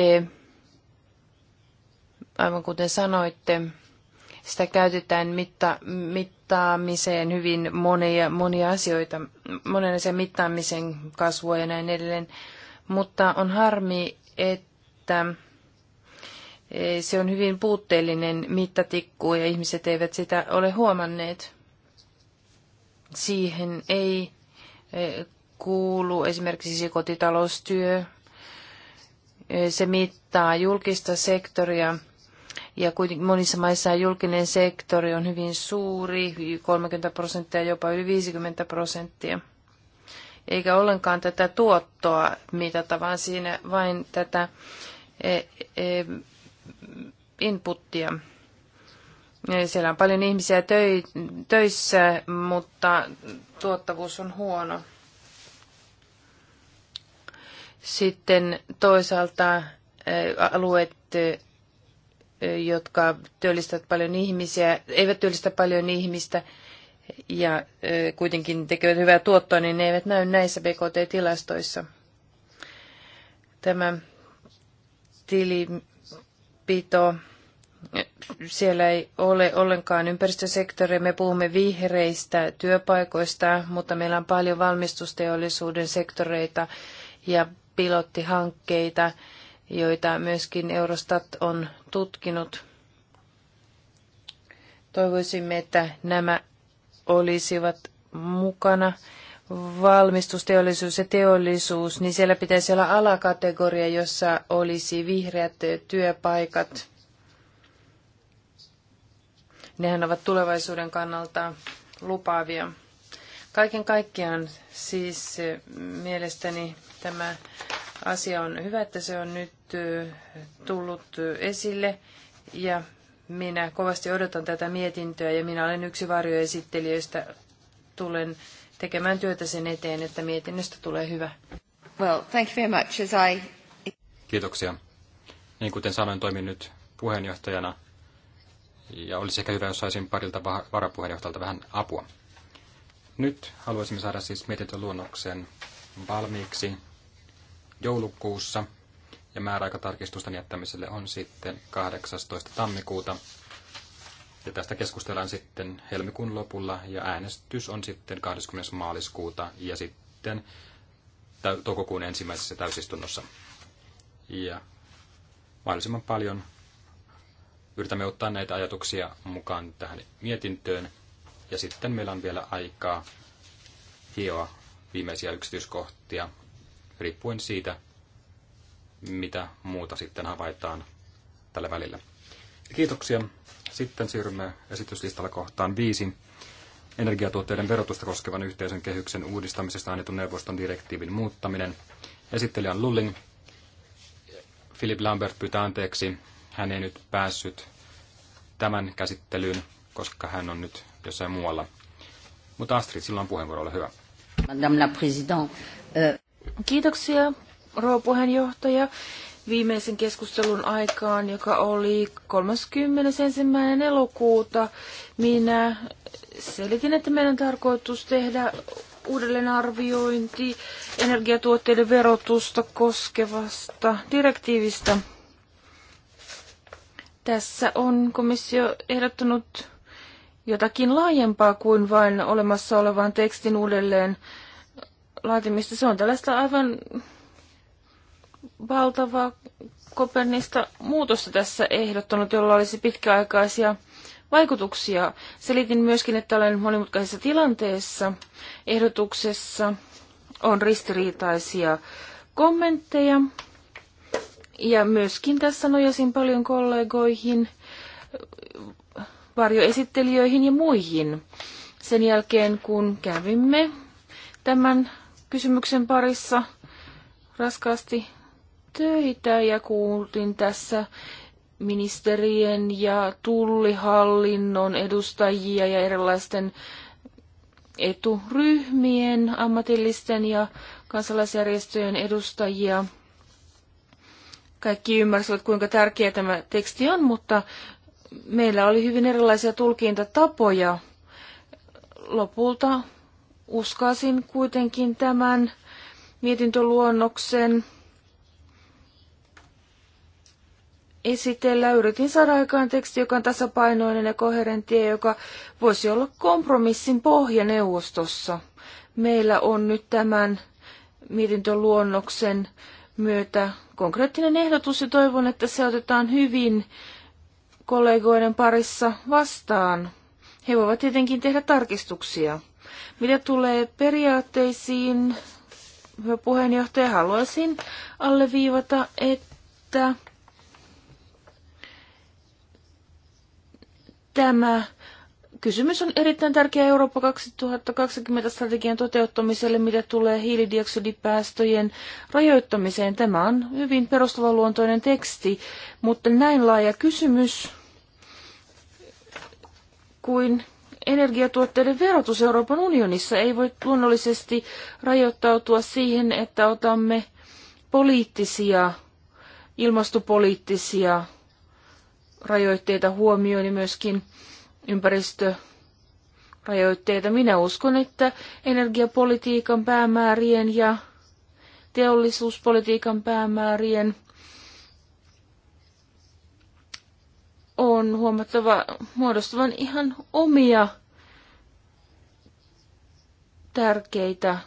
aivan kuten sanoitte, sitä käytetään mitta, mittaamiseen hyvin monia, monia asioita, monen asian mittaamisen kasvua ja näin edelleen. Mutta on harmi, että e, se on hyvin puutteellinen mittatikku ja ihmiset eivät sitä ole huomanneet. Siihen ei e, kuulu esimerkiksi kotitaloustyö. E, se mittaa julkista sektoria ja kuitenkin monissa maissa julkinen sektori on hyvin suuri, 30 prosenttia, jopa yli 50 prosenttia. Eikä ollenkaan tätä tuottoa mitata, vaan siinä vain tätä e, e, inputtia. E, siellä on paljon ihmisiä töissä, mutta tuottavuus on huono. Sitten toisaalta alueet jotka työllistävät paljon ihmisiä, eivät työllistä paljon ihmistä ja kuitenkin tekevät hyvää tuottoa, niin ne eivät näy näissä BKT-tilastoissa. Tämä tilipito, siellä ei ole ollenkaan ympäristösektoria. Me puhumme vihreistä työpaikoista, mutta meillä on paljon valmistusteollisuuden sektoreita ja pilottihankkeita joita myöskin Eurostat on tutkinut. Toivoisimme, että nämä olisivat mukana. Valmistusteollisuus ja teollisuus, niin siellä pitäisi olla alakategoria, jossa olisi vihreät työpaikat. Nehän ovat tulevaisuuden kannalta lupaavia. Kaiken kaikkiaan siis mielestäni tämä asia on hyvä, että se on nyt tullut esille ja minä kovasti odotan tätä mietintöä ja minä olen yksi varjoesittelijöistä. Tulen tekemään työtä sen eteen, että mietinnöstä tulee hyvä. Well, thank you very much, as I... Kiitoksia. Niin kuten sanoin, toimin nyt puheenjohtajana ja olisi ehkä hyvä, jos saisin parilta varapuheenjohtajalta vähän apua. Nyt haluaisimme saada siis mietintöluonnoksen valmiiksi joulukuussa – ja määräaikatarkistusten jättämiselle on sitten 18. tammikuuta. Ja tästä keskustellaan sitten helmikuun lopulla ja äänestys on sitten 20. maaliskuuta ja sitten toukokuun ensimmäisessä täysistunnossa. Ja mahdollisimman paljon yritämme ottaa näitä ajatuksia mukaan tähän mietintöön. Ja sitten meillä on vielä aikaa hioa viimeisiä yksityiskohtia, riippuen siitä, mitä muuta sitten havaitaan tällä välillä. Kiitoksia. Sitten siirrymme esityslistalla kohtaan viisi. Energiatuotteiden verotusta koskevan yhteisön kehyksen uudistamisesta annetun neuvoston direktiivin muuttaminen. Esittelijä on Lulling. Philip Lambert pyytää anteeksi. Hän ei nyt päässyt tämän käsittelyyn, koska hän on nyt jossain muualla. Mutta Astrid, silloin puheenvuoro, ole hyvä. Madame la Présidente. Euh- Kiitoksia rouva puheenjohtaja, viimeisen keskustelun aikaan, joka oli 31. elokuuta, minä selitin, että meidän tarkoitus tehdä uudelleenarviointi energiatuotteiden verotusta koskevasta direktiivistä. Tässä on komissio ehdottanut jotakin laajempaa kuin vain olemassa olevan tekstin uudelleen laatimista. Se on tällaista aivan valtavaa Kopernista muutosta tässä ehdottanut, jolla olisi pitkäaikaisia vaikutuksia. Selitin myöskin, että olen monimutkaisessa tilanteessa. Ehdotuksessa on ristiriitaisia kommentteja. Ja myöskin tässä nojasin paljon kollegoihin, varjoesittelijöihin ja muihin. Sen jälkeen, kun kävimme tämän kysymyksen parissa raskaasti töitä ja kuultiin tässä ministerien ja tullihallinnon edustajia ja erilaisten eturyhmien, ammatillisten ja kansalaisjärjestöjen edustajia. Kaikki ymmärsivät, kuinka tärkeä tämä teksti on, mutta meillä oli hyvin erilaisia tulkintatapoja. Lopulta uskasin kuitenkin tämän mietintöluonnoksen esitellä. Yritin saada aikaan teksti, joka on tasapainoinen ja koherentti joka voisi olla kompromissin pohja neuvostossa. Meillä on nyt tämän mietintöluonnoksen myötä konkreettinen ehdotus ja toivon, että se otetaan hyvin kollegoiden parissa vastaan. He voivat tietenkin tehdä tarkistuksia. Mitä tulee periaatteisiin, puheenjohtaja, haluaisin alleviivata, että Tämä kysymys on erittäin tärkeä Eurooppa 2020 strategian toteuttamiselle, mitä tulee hiilidioksidipäästöjen rajoittamiseen. Tämä on hyvin perustavanluontoinen teksti, mutta näin laaja kysymys kuin energiatuotteiden verotus Euroopan unionissa ei voi luonnollisesti rajoittautua siihen, että otamme poliittisia, ilmastopoliittisia rajoitteita huomioon ja myöskin ympäristörajoitteita. Minä uskon, että energiapolitiikan päämäärien ja teollisuuspolitiikan päämäärien on huomattava muodostuvan ihan omia tärkeitä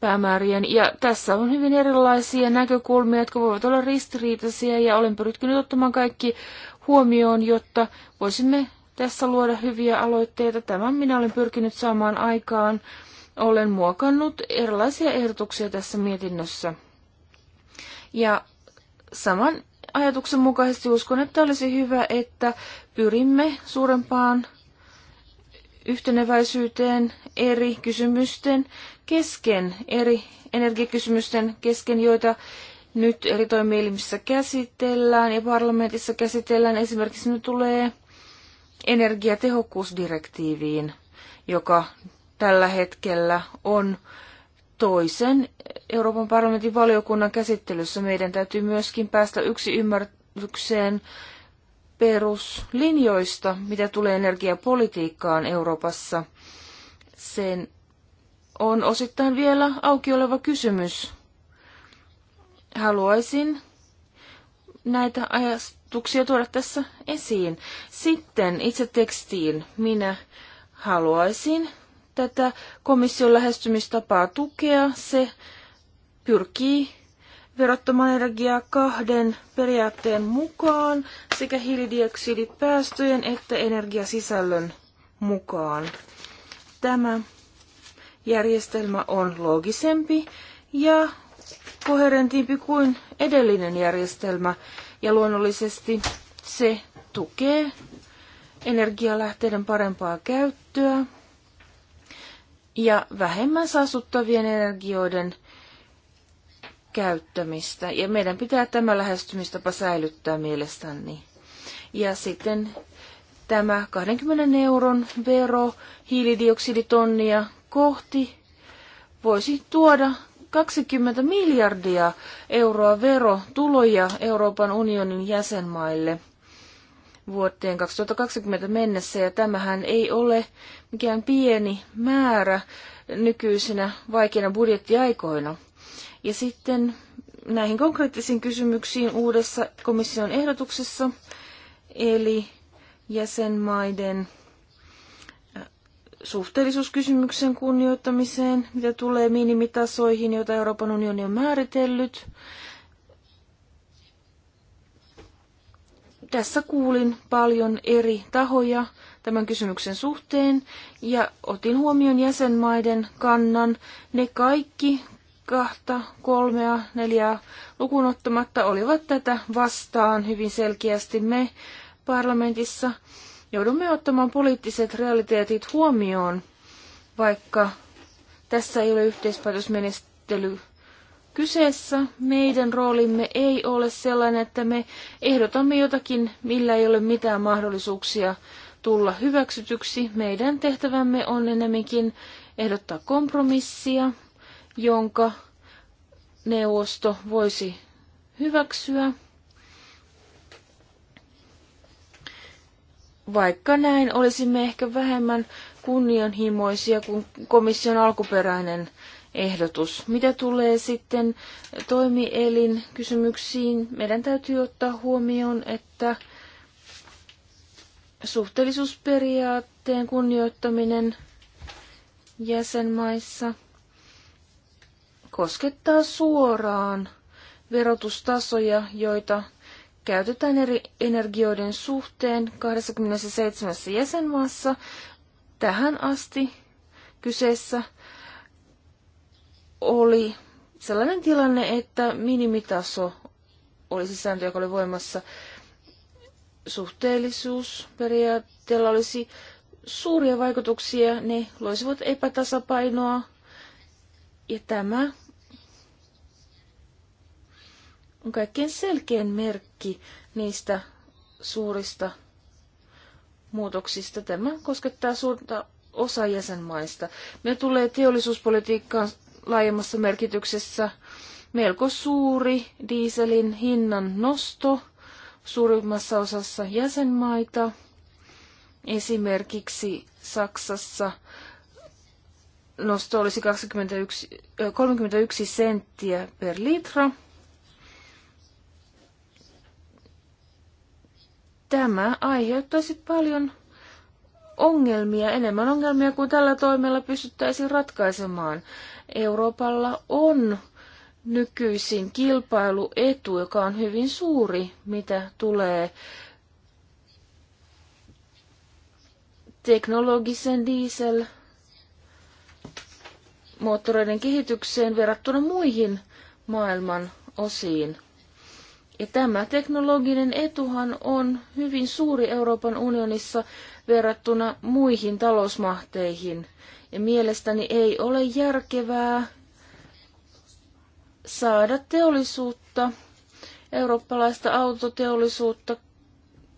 päämäärien. Ja tässä on hyvin erilaisia näkökulmia, jotka voivat olla ristiriitaisia ja olen pyrkinyt ottamaan kaikki huomioon, jotta voisimme tässä luoda hyviä aloitteita. Tämän minä olen pyrkinyt saamaan aikaan. Olen muokannut erilaisia ehdotuksia tässä mietinnössä. Ja saman ajatuksen mukaisesti uskon, että olisi hyvä, että pyrimme suurempaan yhteneväisyyteen eri kysymysten kesken, eri energiakysymysten kesken, joita nyt eri toimielimissä käsitellään ja parlamentissa käsitellään. Esimerkiksi nyt tulee energiatehokkuusdirektiiviin, joka tällä hetkellä on toisen Euroopan parlamentin valiokunnan käsittelyssä. Meidän täytyy myöskin päästä yksi ymmärrykseen peruslinjoista, mitä tulee energiapolitiikkaan Euroopassa. Sen on osittain vielä auki oleva kysymys haluaisin näitä ajatuksia tuoda tässä esiin. Sitten itse tekstiin minä haluaisin tätä komission lähestymistapaa tukea. Se pyrkii verottamaan energiaa kahden periaatteen mukaan sekä hiilidioksidipäästöjen että energiasisällön mukaan. Tämä järjestelmä on loogisempi ja koherentimpi kuin edellinen järjestelmä ja luonnollisesti se tukee energialähteiden parempaa käyttöä ja vähemmän saastuttavien energioiden käyttämistä. Ja meidän pitää tämä lähestymistapa säilyttää mielestäni. Ja sitten tämä 20 euron vero hiilidioksiditonnia kohti voisi tuoda 20 miljardia euroa verotuloja Euroopan unionin jäsenmaille vuoteen 2020 mennessä, ja tämähän ei ole mikään pieni määrä nykyisinä vaikeina budjettiaikoina. Ja sitten näihin konkreettisiin kysymyksiin uudessa komission ehdotuksessa, eli jäsenmaiden suhteellisuuskysymyksen kunnioittamiseen, mitä tulee minimitasoihin, joita Euroopan unioni on määritellyt. Tässä kuulin paljon eri tahoja tämän kysymyksen suhteen ja otin huomioon jäsenmaiden kannan. Ne kaikki kahta, kolmea, neljää lukunottamatta olivat tätä vastaan hyvin selkeästi me parlamentissa joudumme ottamaan poliittiset realiteetit huomioon, vaikka tässä ei ole yhteispäätösmenestely kyseessä. Meidän roolimme ei ole sellainen, että me ehdotamme jotakin, millä ei ole mitään mahdollisuuksia tulla hyväksytyksi. Meidän tehtävämme on enemmänkin ehdottaa kompromissia, jonka neuvosto voisi hyväksyä. vaikka näin olisimme ehkä vähemmän kunnianhimoisia kuin komission alkuperäinen ehdotus. Mitä tulee sitten toimielin kysymyksiin, meidän täytyy ottaa huomioon, että suhteellisuusperiaatteen kunnioittaminen jäsenmaissa koskettaa suoraan verotustasoja, joita käytetään eri energioiden suhteen 27 jäsenmaassa. Tähän asti kyseessä oli sellainen tilanne, että minimitaso se sääntö, joka oli voimassa. Suhteellisuusperiaatteella olisi suuria vaikutuksia, ne loisivat epätasapainoa. Ja tämä on kaikkein selkein merkki niistä suurista muutoksista. Tämä koskettaa suurta osa jäsenmaista. Me tulee teollisuuspolitiikkaan laajemmassa merkityksessä melko suuri dieselin hinnan nosto suurimmassa osassa jäsenmaita. Esimerkiksi Saksassa nosto olisi 21, 31 senttiä per litra – Tämä aiheuttaisi paljon ongelmia, enemmän ongelmia kuin tällä toimella pystyttäisiin ratkaisemaan. Euroopalla on nykyisin kilpailuetu, joka on hyvin suuri, mitä tulee teknologisen diesel moottoreiden kehitykseen verrattuna muihin maailman osiin. Ja tämä teknologinen etuhan on hyvin suuri Euroopan unionissa verrattuna muihin talousmahteihin. Ja mielestäni ei ole järkevää saada teollisuutta, eurooppalaista autoteollisuutta,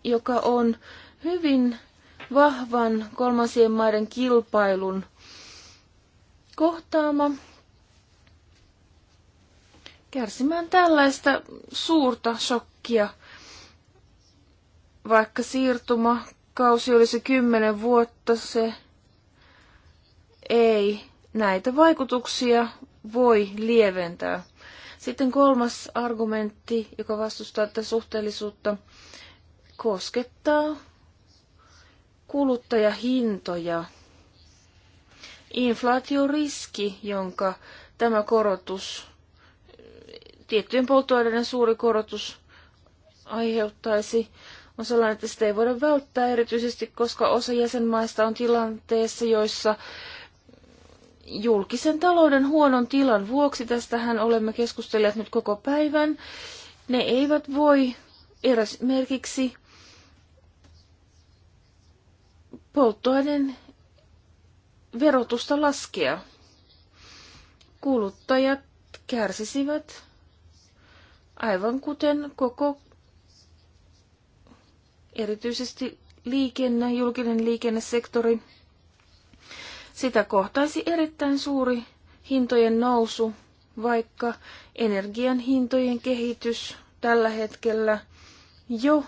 joka on hyvin vahvan kolmansien maiden kilpailun kohtaama kärsimään tällaista suurta shokkia, vaikka kausi olisi kymmenen vuotta, se ei näitä vaikutuksia voi lieventää. Sitten kolmas argumentti, joka vastustaa tätä suhteellisuutta, koskettaa kuluttajahintoja. Inflaatioriski, jonka tämä korotus tiettyjen polttoaineiden suuri korotus aiheuttaisi, on sellainen, että sitä ei voida välttää erityisesti, koska osa jäsenmaista on tilanteessa, joissa julkisen talouden huonon tilan vuoksi, tästähän olemme keskustelleet nyt koko päivän, ne eivät voi esimerkiksi polttoaineen verotusta laskea. Kuluttajat kärsisivät aivan kuten koko erityisesti liikenne, julkinen liikennesektori, sitä kohtaisi erittäin suuri hintojen nousu, vaikka energian hintojen kehitys tällä hetkellä jo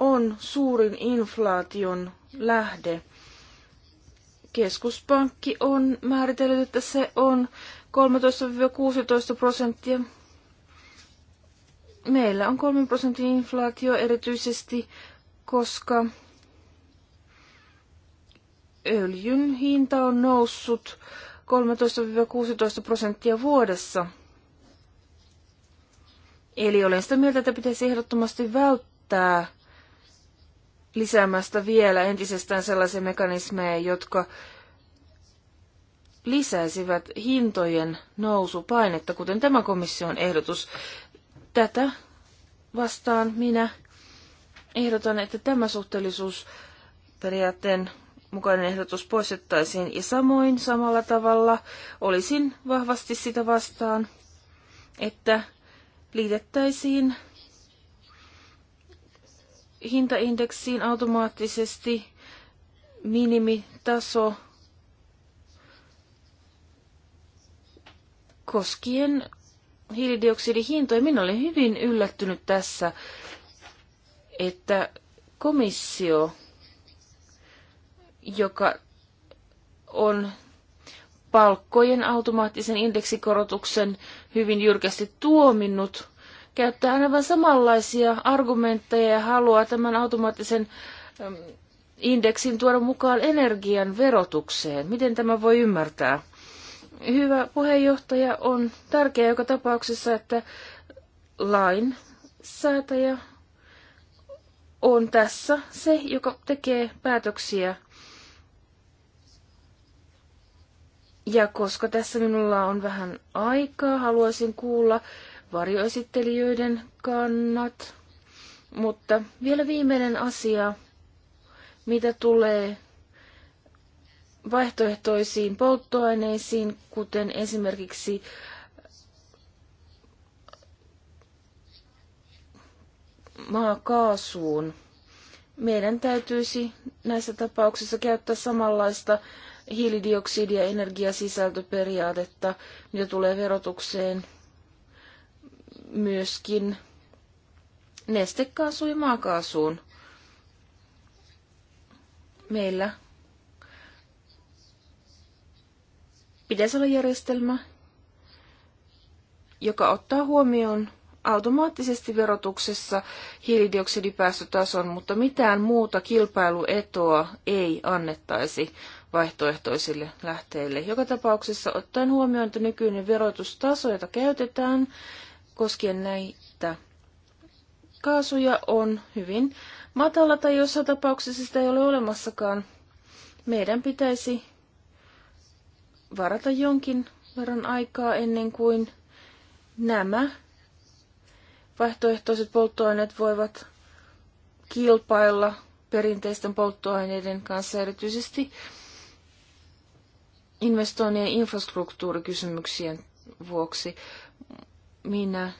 on suurin inflaation lähde. Keskuspankki on määritellyt, että se on 13-16 prosenttia meillä on 3 prosentin inflaatio erityisesti, koska öljyn hinta on noussut 13-16 prosenttia vuodessa. Eli olen sitä mieltä, että pitäisi ehdottomasti välttää lisäämästä vielä entisestään sellaisia mekanismeja, jotka lisäisivät hintojen nousupainetta, kuten tämä komission ehdotus tätä vastaan minä ehdotan, että tämä suhteellisuusperiaatteen mukainen ehdotus poistettaisiin ja samoin samalla tavalla olisin vahvasti sitä vastaan, että liitettäisiin hintaindeksiin automaattisesti minimitaso koskien hintoja. Minä olen hyvin yllättynyt tässä, että komissio, joka on palkkojen automaattisen indeksikorotuksen hyvin jyrkästi tuominnut, käyttää aina vain samanlaisia argumentteja ja haluaa tämän automaattisen indeksin tuoda mukaan energian verotukseen. Miten tämä voi ymmärtää? hyvä puheenjohtaja, on tärkeää joka tapauksessa, että lain säätäjä on tässä se, joka tekee päätöksiä. Ja koska tässä minulla on vähän aikaa, haluaisin kuulla varjoesittelijöiden kannat. Mutta vielä viimeinen asia, mitä tulee vaihtoehtoisiin polttoaineisiin, kuten esimerkiksi maakaasuun. Meidän täytyisi näissä tapauksissa käyttää samanlaista hiilidioksidi- ja energiasisältöperiaatetta, mitä tulee verotukseen myöskin nestekaasuun ja maakaasuun. Meillä pitäisi olla järjestelmä, joka ottaa huomioon automaattisesti verotuksessa hiilidioksidipäästötason, mutta mitään muuta kilpailuetoa ei annettaisi vaihtoehtoisille lähteille. Joka tapauksessa ottaen huomioon, että nykyinen verotustaso, jota käytetään koskien näitä kaasuja, on hyvin matala tai jossain tapauksessa sitä ei ole olemassakaan. Meidän pitäisi varata jonkin verran aikaa ennen kuin nämä vaihtoehtoiset polttoaineet voivat kilpailla perinteisten polttoaineiden kanssa erityisesti investoinnien infrastruktuurikysymyksien vuoksi. Minä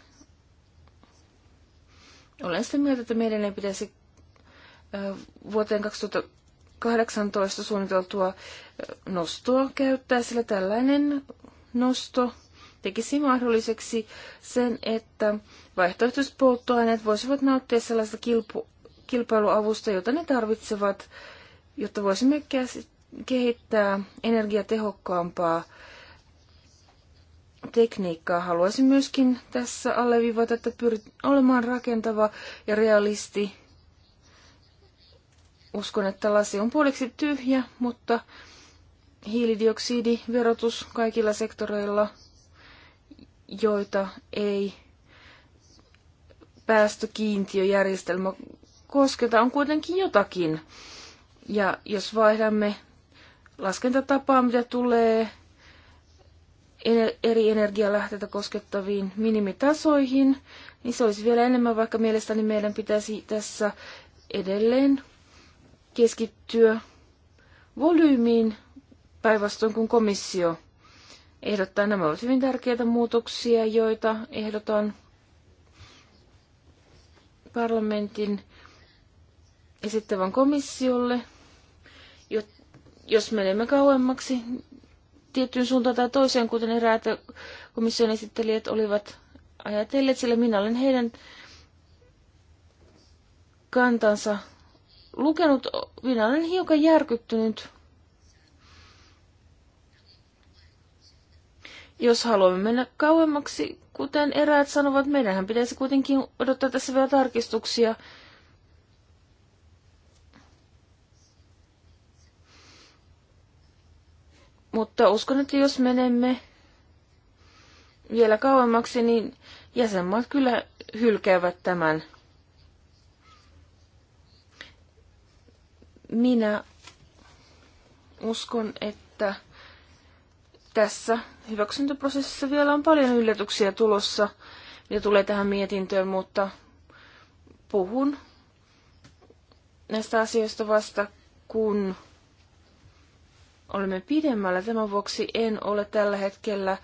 olen sitä mieltä, että meidän ei pitäisi vuoteen 2000 18 suunniteltua nostoa käyttää, sillä tällainen nosto tekisi mahdolliseksi sen, että vaihtoehtoiset polttoaineet voisivat nauttia sellaista kilpu- kilpailuavusta, jota ne tarvitsevat, jotta voisimme kehittää energiatehokkaampaa tekniikkaa. Haluaisin myöskin tässä alleviivata, että pyrit olemaan rakentava ja realisti uskon, että lasi on puoliksi tyhjä, mutta hiilidioksidiverotus kaikilla sektoreilla, joita ei päästökiintiöjärjestelmä kosketa, on kuitenkin jotakin. Ja jos vaihdamme laskentatapaa, mitä tulee eri energialähteitä koskettaviin minimitasoihin, niin se olisi vielä enemmän, vaikka mielestäni meidän pitäisi tässä edelleen keskittyä volyymiin päinvastoin kuin komissio ehdottaa. Nämä ovat hyvin tärkeitä muutoksia, joita ehdotan parlamentin esittävän komissiolle, jos menemme kauemmaksi tiettyyn suuntaan tai toiseen, kuten eräät komission esittelijät olivat ajatelleet, sillä minä olen heidän kantansa lukenut, minä olen hiukan järkyttynyt. Jos haluamme mennä kauemmaksi, kuten eräät sanovat, meidänhän pitäisi kuitenkin odottaa tässä vielä tarkistuksia. Mutta uskon, että jos menemme vielä kauemmaksi, niin jäsenmaat kyllä hylkäävät tämän Minä uskon, että tässä hyväksyntöprosessissa vielä on paljon yllätyksiä tulossa ja tulee tähän mietintöön, mutta puhun näistä asioista vasta, kun olemme pidemmällä. Tämän vuoksi en ole tällä hetkellä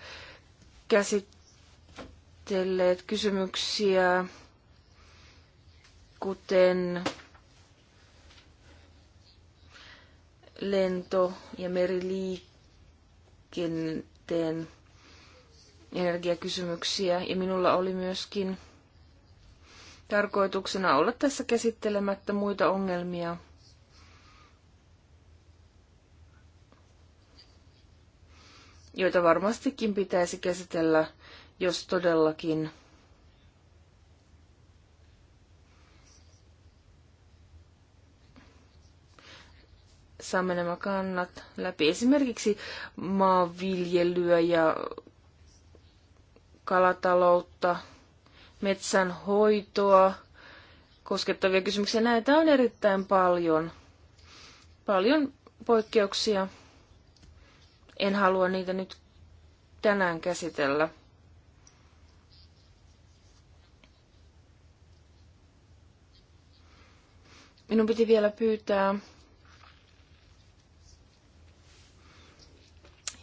käsitelleet kysymyksiä, kuten lento- ja meriliikenteen energiakysymyksiä. Ja minulla oli myöskin tarkoituksena olla tässä käsittelemättä muita ongelmia. joita varmastikin pitäisi käsitellä, jos todellakin saamme nämä kannat läpi. Esimerkiksi maanviljelyä ja kalataloutta, metsänhoitoa koskettavia kysymyksiä. Näitä on erittäin paljon. Paljon poikkeuksia. En halua niitä nyt tänään käsitellä. Minun piti vielä pyytää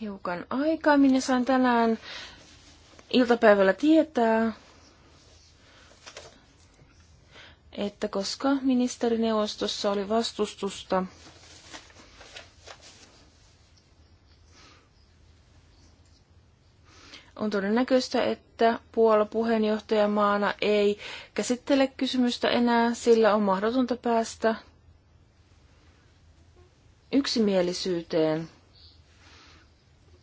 hiukan aikaa, ja saan tänään iltapäivällä tietää, että koska ministerineuvostossa oli vastustusta on todennäköistä, että Puola puheenjohtajamaana ei käsittele kysymystä enää, sillä on mahdotonta päästä yksimielisyyteen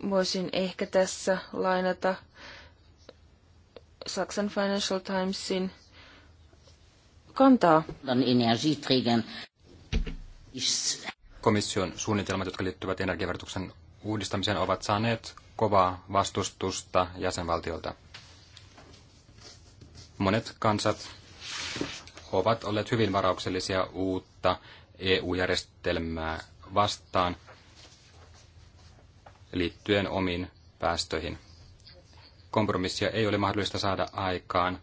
Voisin ehkä tässä lainata Saksan Financial Timesin kantaa. Komission suunnitelmat, jotka liittyvät energiaverotuksen uudistamiseen, ovat saaneet kovaa vastustusta jäsenvaltiolta. Monet kansat ovat olleet hyvin varauksellisia uutta EU-järjestelmää vastaan – liittyen omiin päästöihin. Kompromissia ei ole mahdollista saada aikaan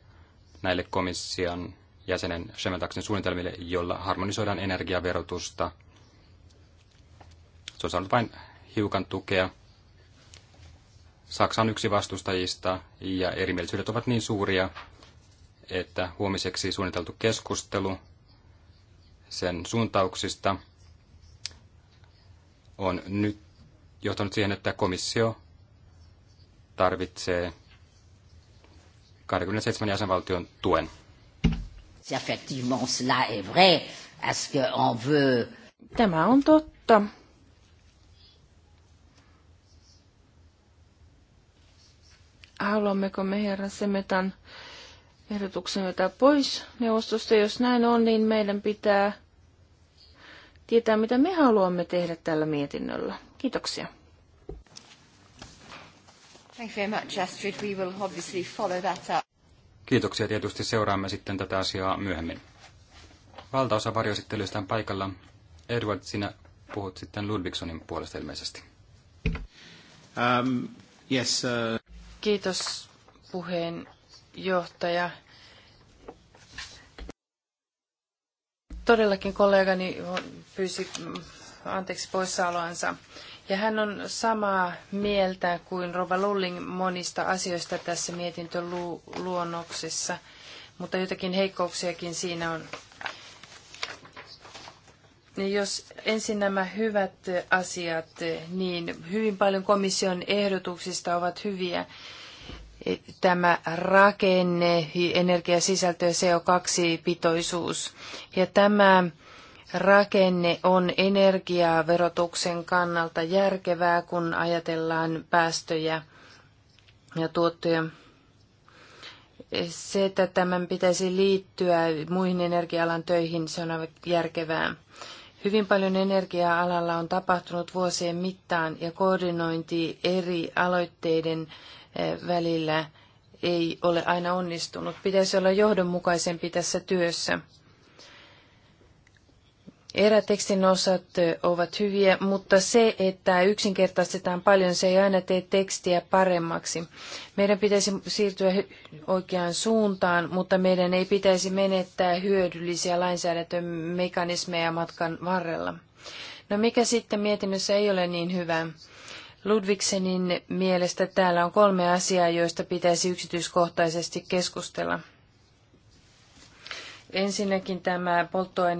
näille komission jäsenen Shemetaksen suunnitelmille, jolla harmonisoidaan energiaverotusta. Se on saanut vain hiukan tukea. Saksa on yksi vastustajista ja erimielisyydet ovat niin suuria, että huomiseksi suunniteltu keskustelu sen suuntauksista on nyt johtanut siihen, että komissio tarvitsee 27 jäsenvaltion tuen. Tämä on totta. Haluammeko me herra Semetan ehdotuksen vetää pois neuvostosta? Jos näin on, niin meidän pitää tietää, mitä me haluamme tehdä tällä mietinnöllä. Kiitoksia. Thank you very much, Astrid. We will obviously follow that up. Kiitoksia. Tietysti seuraamme sitten tätä asiaa myöhemmin. Valtaosa varjoesittelyistä on paikalla. Edward, sinä puhut sitten Ludvigsonin puolesta ilmeisesti. Um, yes, uh... Kiitos puheenjohtaja. Todellakin kollegani pyysi mm, anteeksi poissaoloansa. Ja hän on samaa mieltä kuin Rova Lulling monista asioista tässä mietintöluonnoksessa, mutta jotakin heikkouksiakin siinä on. Jos ensin nämä hyvät asiat, niin hyvin paljon komission ehdotuksista ovat hyviä. Tämä rakenne, energiasisältö ja CO2-pitoisuus. Ja tämä rakenne on energiaverotuksen kannalta järkevää, kun ajatellaan päästöjä ja tuottoja. Se, että tämän pitäisi liittyä muihin energialan töihin, se on aivan järkevää. Hyvin paljon energia-alalla on tapahtunut vuosien mittaan ja koordinointi eri aloitteiden eh, välillä ei ole aina onnistunut. Pitäisi olla johdonmukaisempi tässä työssä. Erätekstin osat ovat hyviä, mutta se, että yksinkertaistetaan paljon, se ei aina tee tekstiä paremmaksi. Meidän pitäisi siirtyä oikeaan suuntaan, mutta meidän ei pitäisi menettää hyödyllisiä lainsäädäntömekanismeja matkan varrella. No mikä sitten mietinnössä ei ole niin hyvä? Ludvigsenin mielestä täällä on kolme asiaa, joista pitäisi yksityiskohtaisesti keskustella. Ensinnäkin tämä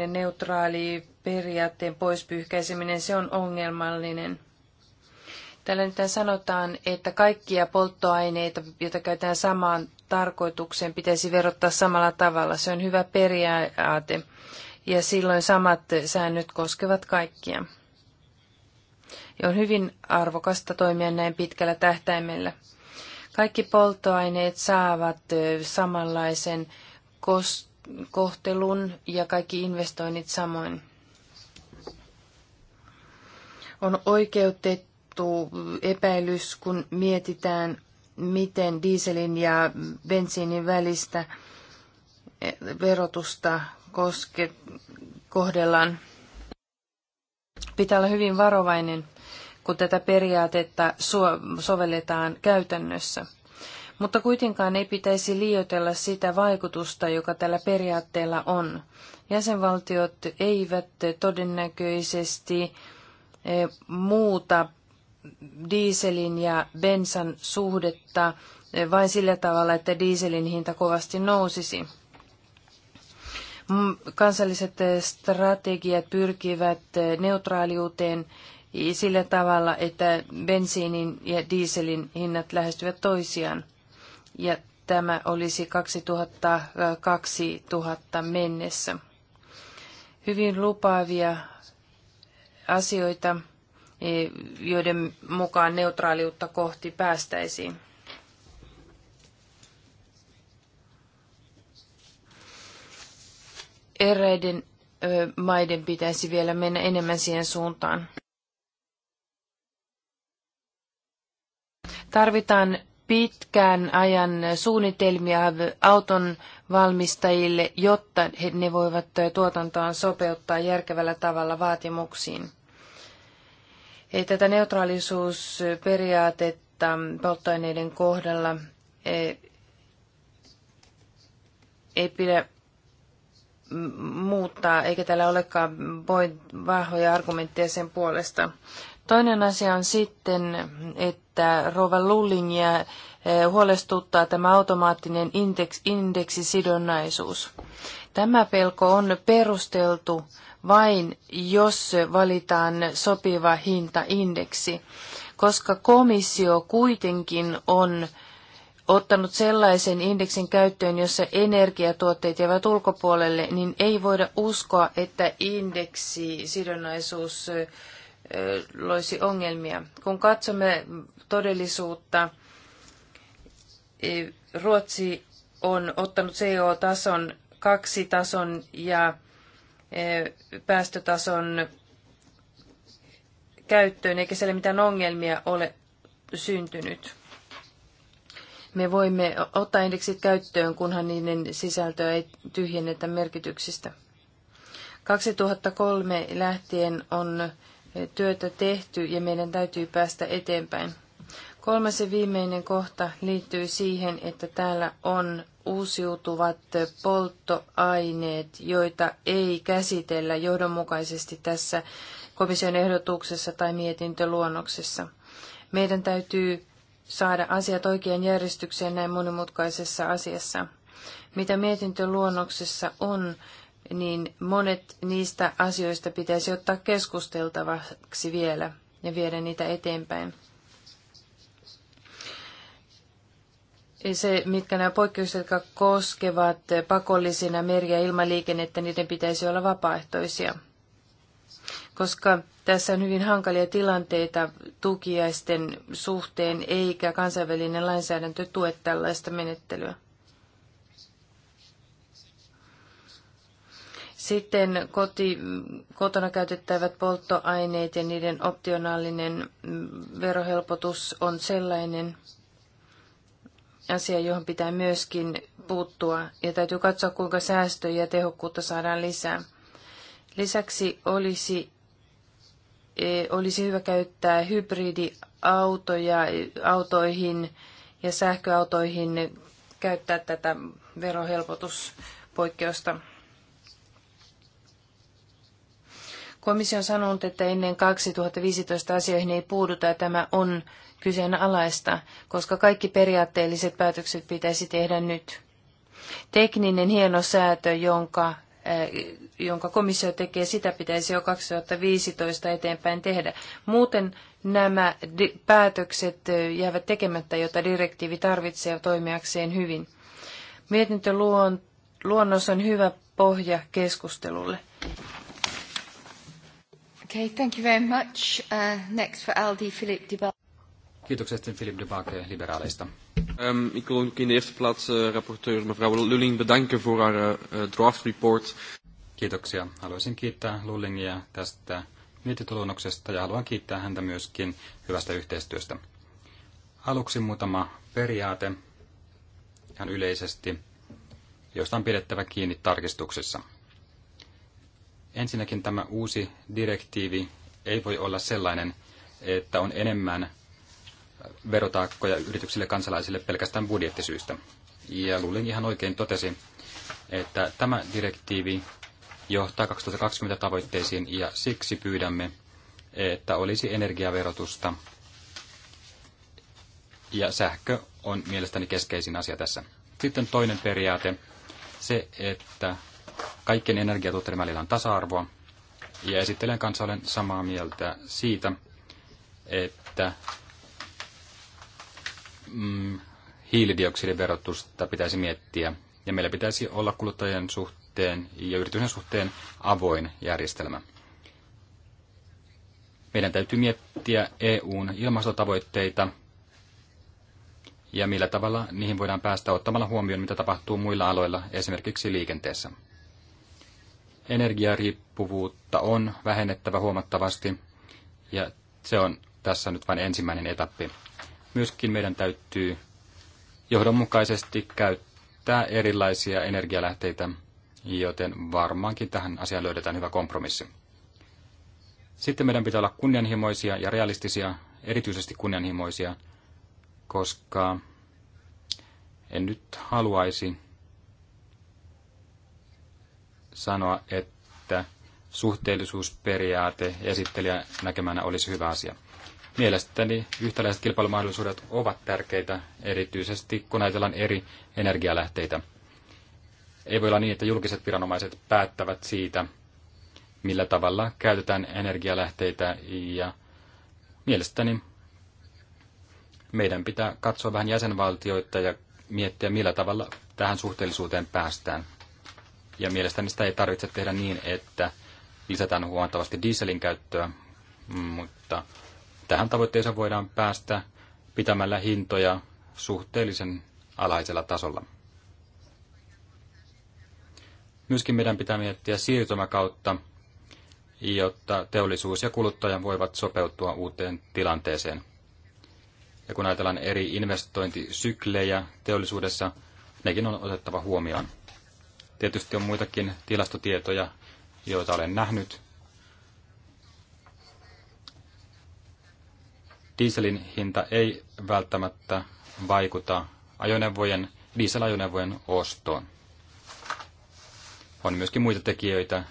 neutraali periaatteen poispyyhkäiseminen, se on ongelmallinen. Täällä nyt sanotaan, että kaikkia polttoaineita, joita käytetään samaan tarkoitukseen, pitäisi verottaa samalla tavalla. Se on hyvä periaate ja silloin samat säännöt koskevat kaikkia. Ja on hyvin arvokasta toimia näin pitkällä tähtäimellä. Kaikki polttoaineet saavat samanlaisen kohtelun ja kaikki investoinnit samoin. On oikeutettu epäilys, kun mietitään, miten dieselin ja bensiinin välistä verotusta koske, kohdellaan. Pitää olla hyvin varovainen, kun tätä periaatetta sovelletaan käytännössä. Mutta kuitenkaan ei pitäisi liioitella sitä vaikutusta, joka tällä periaatteella on. Jäsenvaltiot eivät todennäköisesti eh, muuta dieselin ja bensan suhdetta eh, vain sillä tavalla, että dieselin hinta kovasti nousisi. Mm, kansalliset eh, strategiat pyrkivät neutraaliuteen sillä tavalla, että bensiinin ja dieselin hinnat lähestyvät toisiaan ja tämä olisi 2000 mennessä. Hyvin lupaavia asioita, e, joiden mukaan neutraaliutta kohti päästäisiin. Eräiden maiden pitäisi vielä mennä enemmän siihen suuntaan. Tarvitaan pitkän ajan suunnitelmia auton valmistajille, jotta he, ne voivat tuotantoaan sopeuttaa järkevällä tavalla vaatimuksiin. Tätä neutraalisuusperiaatetta polttoaineiden kohdalla e, ei pidä muuttaa, eikä täällä olekaan voi vahvoja argumentteja sen puolesta. Toinen asia on sitten, että että Rova Lullingia eh, huolestuttaa tämä automaattinen indeks, indeksisidonnaisuus. Tämä pelko on perusteltu vain, jos valitaan sopiva hintaindeksi, koska komissio kuitenkin on ottanut sellaisen indeksin käyttöön, jossa energiatuotteet jäävät ulkopuolelle, niin ei voida uskoa, että indeksisidonnaisuus sidonnaisuus eh, loisi ongelmia. Kun katsomme todellisuutta, Ruotsi on ottanut CO-tason kaksi tason ja päästötason käyttöön, eikä siellä mitään ongelmia ole syntynyt. Me voimme ottaa indeksit käyttöön, kunhan niiden sisältöä ei tyhjennetä merkityksistä. 2003 lähtien on työtä tehty ja meidän täytyy päästä eteenpäin. Kolmas ja viimeinen kohta liittyy siihen, että täällä on uusiutuvat polttoaineet, joita ei käsitellä johdonmukaisesti tässä komission ehdotuksessa tai mietintöluonnoksessa. Meidän täytyy saada asiat oikean järjestykseen näin monimutkaisessa asiassa. Mitä mietintöluonnoksessa on, niin monet niistä asioista pitäisi ottaa keskusteltavaksi vielä ja viedä niitä eteenpäin. Se, mitkä nämä poikkeukset, jotka koskevat pakollisina meri- ja ilmaliikennettä, niiden pitäisi olla vapaaehtoisia. Koska tässä on hyvin hankalia tilanteita tukiaisten suhteen, eikä kansainvälinen lainsäädäntö tue tällaista menettelyä. Sitten koti, kotona käytettävät polttoaineet ja niiden optionaalinen mm, verohelpotus on sellainen asia, johon pitää myöskin puuttua ja täytyy katsoa, kuinka säästöjä ja tehokkuutta saadaan lisää. Lisäksi olisi, e, olisi hyvä käyttää hybridiautoja autoihin ja sähköautoihin käyttää tätä verohelpotuspoikkeusta. Komissio on sanonut, että ennen 2015 asioihin ei puuduta ja tämä on kyseenalaista, koska kaikki periaatteelliset päätökset pitäisi tehdä nyt. Tekninen hieno säätö, jonka, eh, jonka komissio tekee, sitä pitäisi jo 2015 eteenpäin tehdä. Muuten nämä päätökset eh, jäävät tekemättä, jota direktiivi tarvitsee toimijakseen hyvin. Mietintöluonnos on hyvä pohja keskustelulle. Okay, thank you very much. Uh, next for Aldi, Philip de Kiitokset sitten Philip de Baake liberaaleista. Um, ik wil ook in de eerste plaats uh, rapporteur mevrouw Lulling bedanken voor haar uh, draft report. Kiitoksia. Haluaisin kiittää Lullingia tästä mietintöluonnoksesta ja haluan kiittää häntä myöskin hyvästä yhteistyöstä. Aluksi muutama periaate ihan yleisesti, josta on pidettävä kiinni tarkistuksissa. Ensinnäkin tämä uusi direktiivi ei voi olla sellainen, että on enemmän verotaakkoja yrityksille kansalaisille pelkästään budjettisyistä. Ja Lullin ihan oikein totesi, että tämä direktiivi johtaa 2020 tavoitteisiin ja siksi pyydämme, että olisi energiaverotusta. Ja sähkö on mielestäni keskeisin asia tässä. Sitten toinen periaate, se, että kaikkien energiatuotteiden välillä on tasa-arvoa. Ja esittelen kanssa olen samaa mieltä siitä, että mm, verotusta pitäisi miettiä. Ja meillä pitäisi olla kuluttajien suhteen ja yritysten suhteen avoin järjestelmä. Meidän täytyy miettiä EUn ilmastotavoitteita ja millä tavalla niihin voidaan päästä ottamalla huomioon, mitä tapahtuu muilla aloilla, esimerkiksi liikenteessä energiariippuvuutta on vähennettävä huomattavasti ja se on tässä nyt vain ensimmäinen etappi. Myöskin meidän täytyy johdonmukaisesti käyttää erilaisia energialähteitä, joten varmaankin tähän asiaan löydetään hyvä kompromissi. Sitten meidän pitää olla kunnianhimoisia ja realistisia, erityisesti kunnianhimoisia, koska en nyt haluaisi, sanoa, että suhteellisuusperiaate esittelijä näkemänä olisi hyvä asia. Mielestäni yhtäläiset kilpailumahdollisuudet ovat tärkeitä, erityisesti kun ajatellaan eri energialähteitä. Ei voi olla niin, että julkiset viranomaiset päättävät siitä, millä tavalla käytetään energialähteitä ja mielestäni meidän pitää katsoa vähän jäsenvaltioita ja miettiä, millä tavalla tähän suhteellisuuteen päästään. Ja mielestäni sitä ei tarvitse tehdä niin, että lisätään huomattavasti dieselin käyttöä, mutta tähän tavoitteeseen voidaan päästä pitämällä hintoja suhteellisen alhaisella tasolla. Myöskin meidän pitää miettiä siirtymäkautta, jotta teollisuus ja kuluttaja voivat sopeutua uuteen tilanteeseen. Ja kun ajatellaan eri investointisyklejä teollisuudessa, nekin on otettava huomioon. Tietysti on muitakin tilastotietoja, joita olen nähnyt. Dieselin hinta ei välttämättä vaikuta ajoneuvojen, dieselajoneuvojen ostoon. On myöskin muita tekijöitä,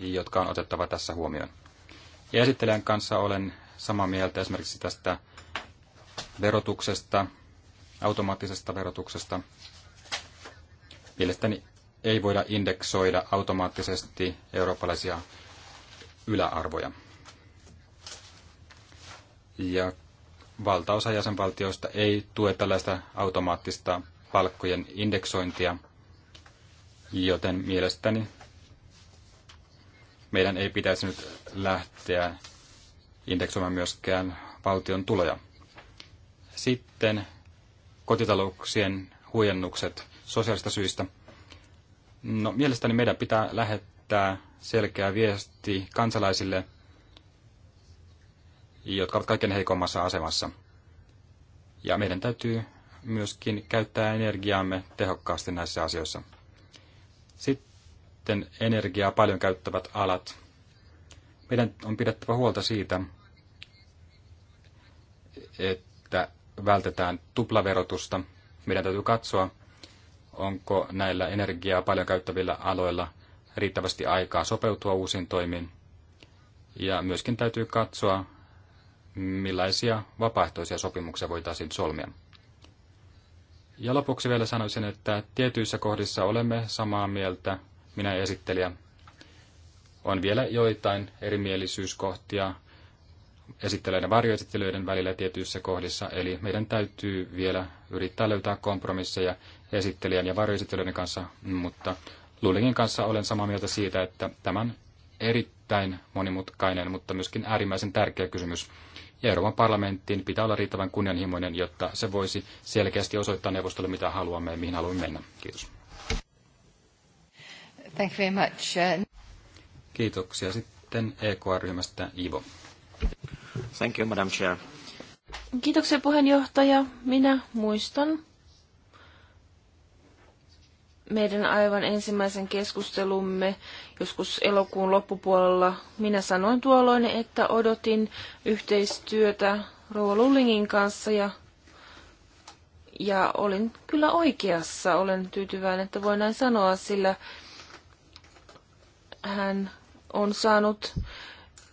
jotka on otettava tässä huomioon. Ja esittelijän kanssa olen samaa mieltä esimerkiksi tästä verotuksesta, automaattisesta verotuksesta. Mielestäni ei voida indeksoida automaattisesti eurooppalaisia yläarvoja. Ja valtaosa jäsenvaltioista ei tue tällaista automaattista palkkojen indeksointia, joten mielestäni meidän ei pitäisi nyt lähteä indeksoimaan myöskään valtion tuloja. Sitten kotitalouksien huijennukset sosiaalista syistä – No, mielestäni meidän pitää lähettää selkeä viesti kansalaisille, jotka ovat kaikkein heikommassa asemassa. Ja meidän täytyy myöskin käyttää energiaamme tehokkaasti näissä asioissa. Sitten energiaa paljon käyttävät alat. Meidän on pidettävä huolta siitä, että vältetään tuplaverotusta. Meidän täytyy katsoa, onko näillä energiaa paljon käyttävillä aloilla riittävästi aikaa sopeutua uusiin toimiin. Ja myöskin täytyy katsoa, millaisia vapaaehtoisia sopimuksia voitaisiin solmia. Ja lopuksi vielä sanoisin, että tietyissä kohdissa olemme samaa mieltä, minä ja esittelijä. On vielä joitain erimielisyyskohtia esittelijöiden ja varjoesittelijöiden välillä tietyissä kohdissa, eli meidän täytyy vielä yrittää löytää kompromisseja esittelijän ja varjoesittelijän kanssa, mutta Lulingin kanssa olen samaa mieltä siitä, että tämän erittäin monimutkainen, mutta myöskin äärimmäisen tärkeä kysymys. Euroopan parlamenttiin pitää olla riittävän kunnianhimoinen, jotta se voisi selkeästi osoittaa neuvostolle, mitä haluamme ja mihin haluamme mennä. Kiitos. Thank you very much. Kiitoksia. Sitten EKR-ryhmästä Ivo. Thank you, Madam Chair. Kiitoksia puheenjohtaja. Minä muistan meidän aivan ensimmäisen keskustelumme joskus elokuun loppupuolella minä sanoin tuolloin, että odotin yhteistyötä Rouva Lullingin kanssa ja, ja olin kyllä oikeassa. Olen tyytyväinen, että voin näin sanoa, sillä hän on saanut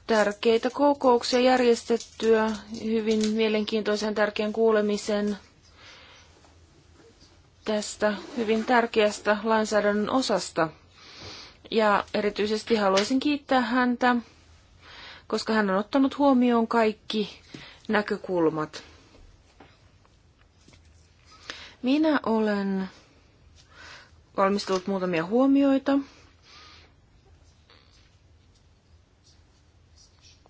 tärkeitä kokouksia järjestettyä, hyvin mielenkiintoisen tärkeän kuulemisen tästä hyvin tärkeästä lainsäädännön osasta. Ja erityisesti haluaisin kiittää häntä, koska hän on ottanut huomioon kaikki näkökulmat. Minä olen valmistellut muutamia huomioita.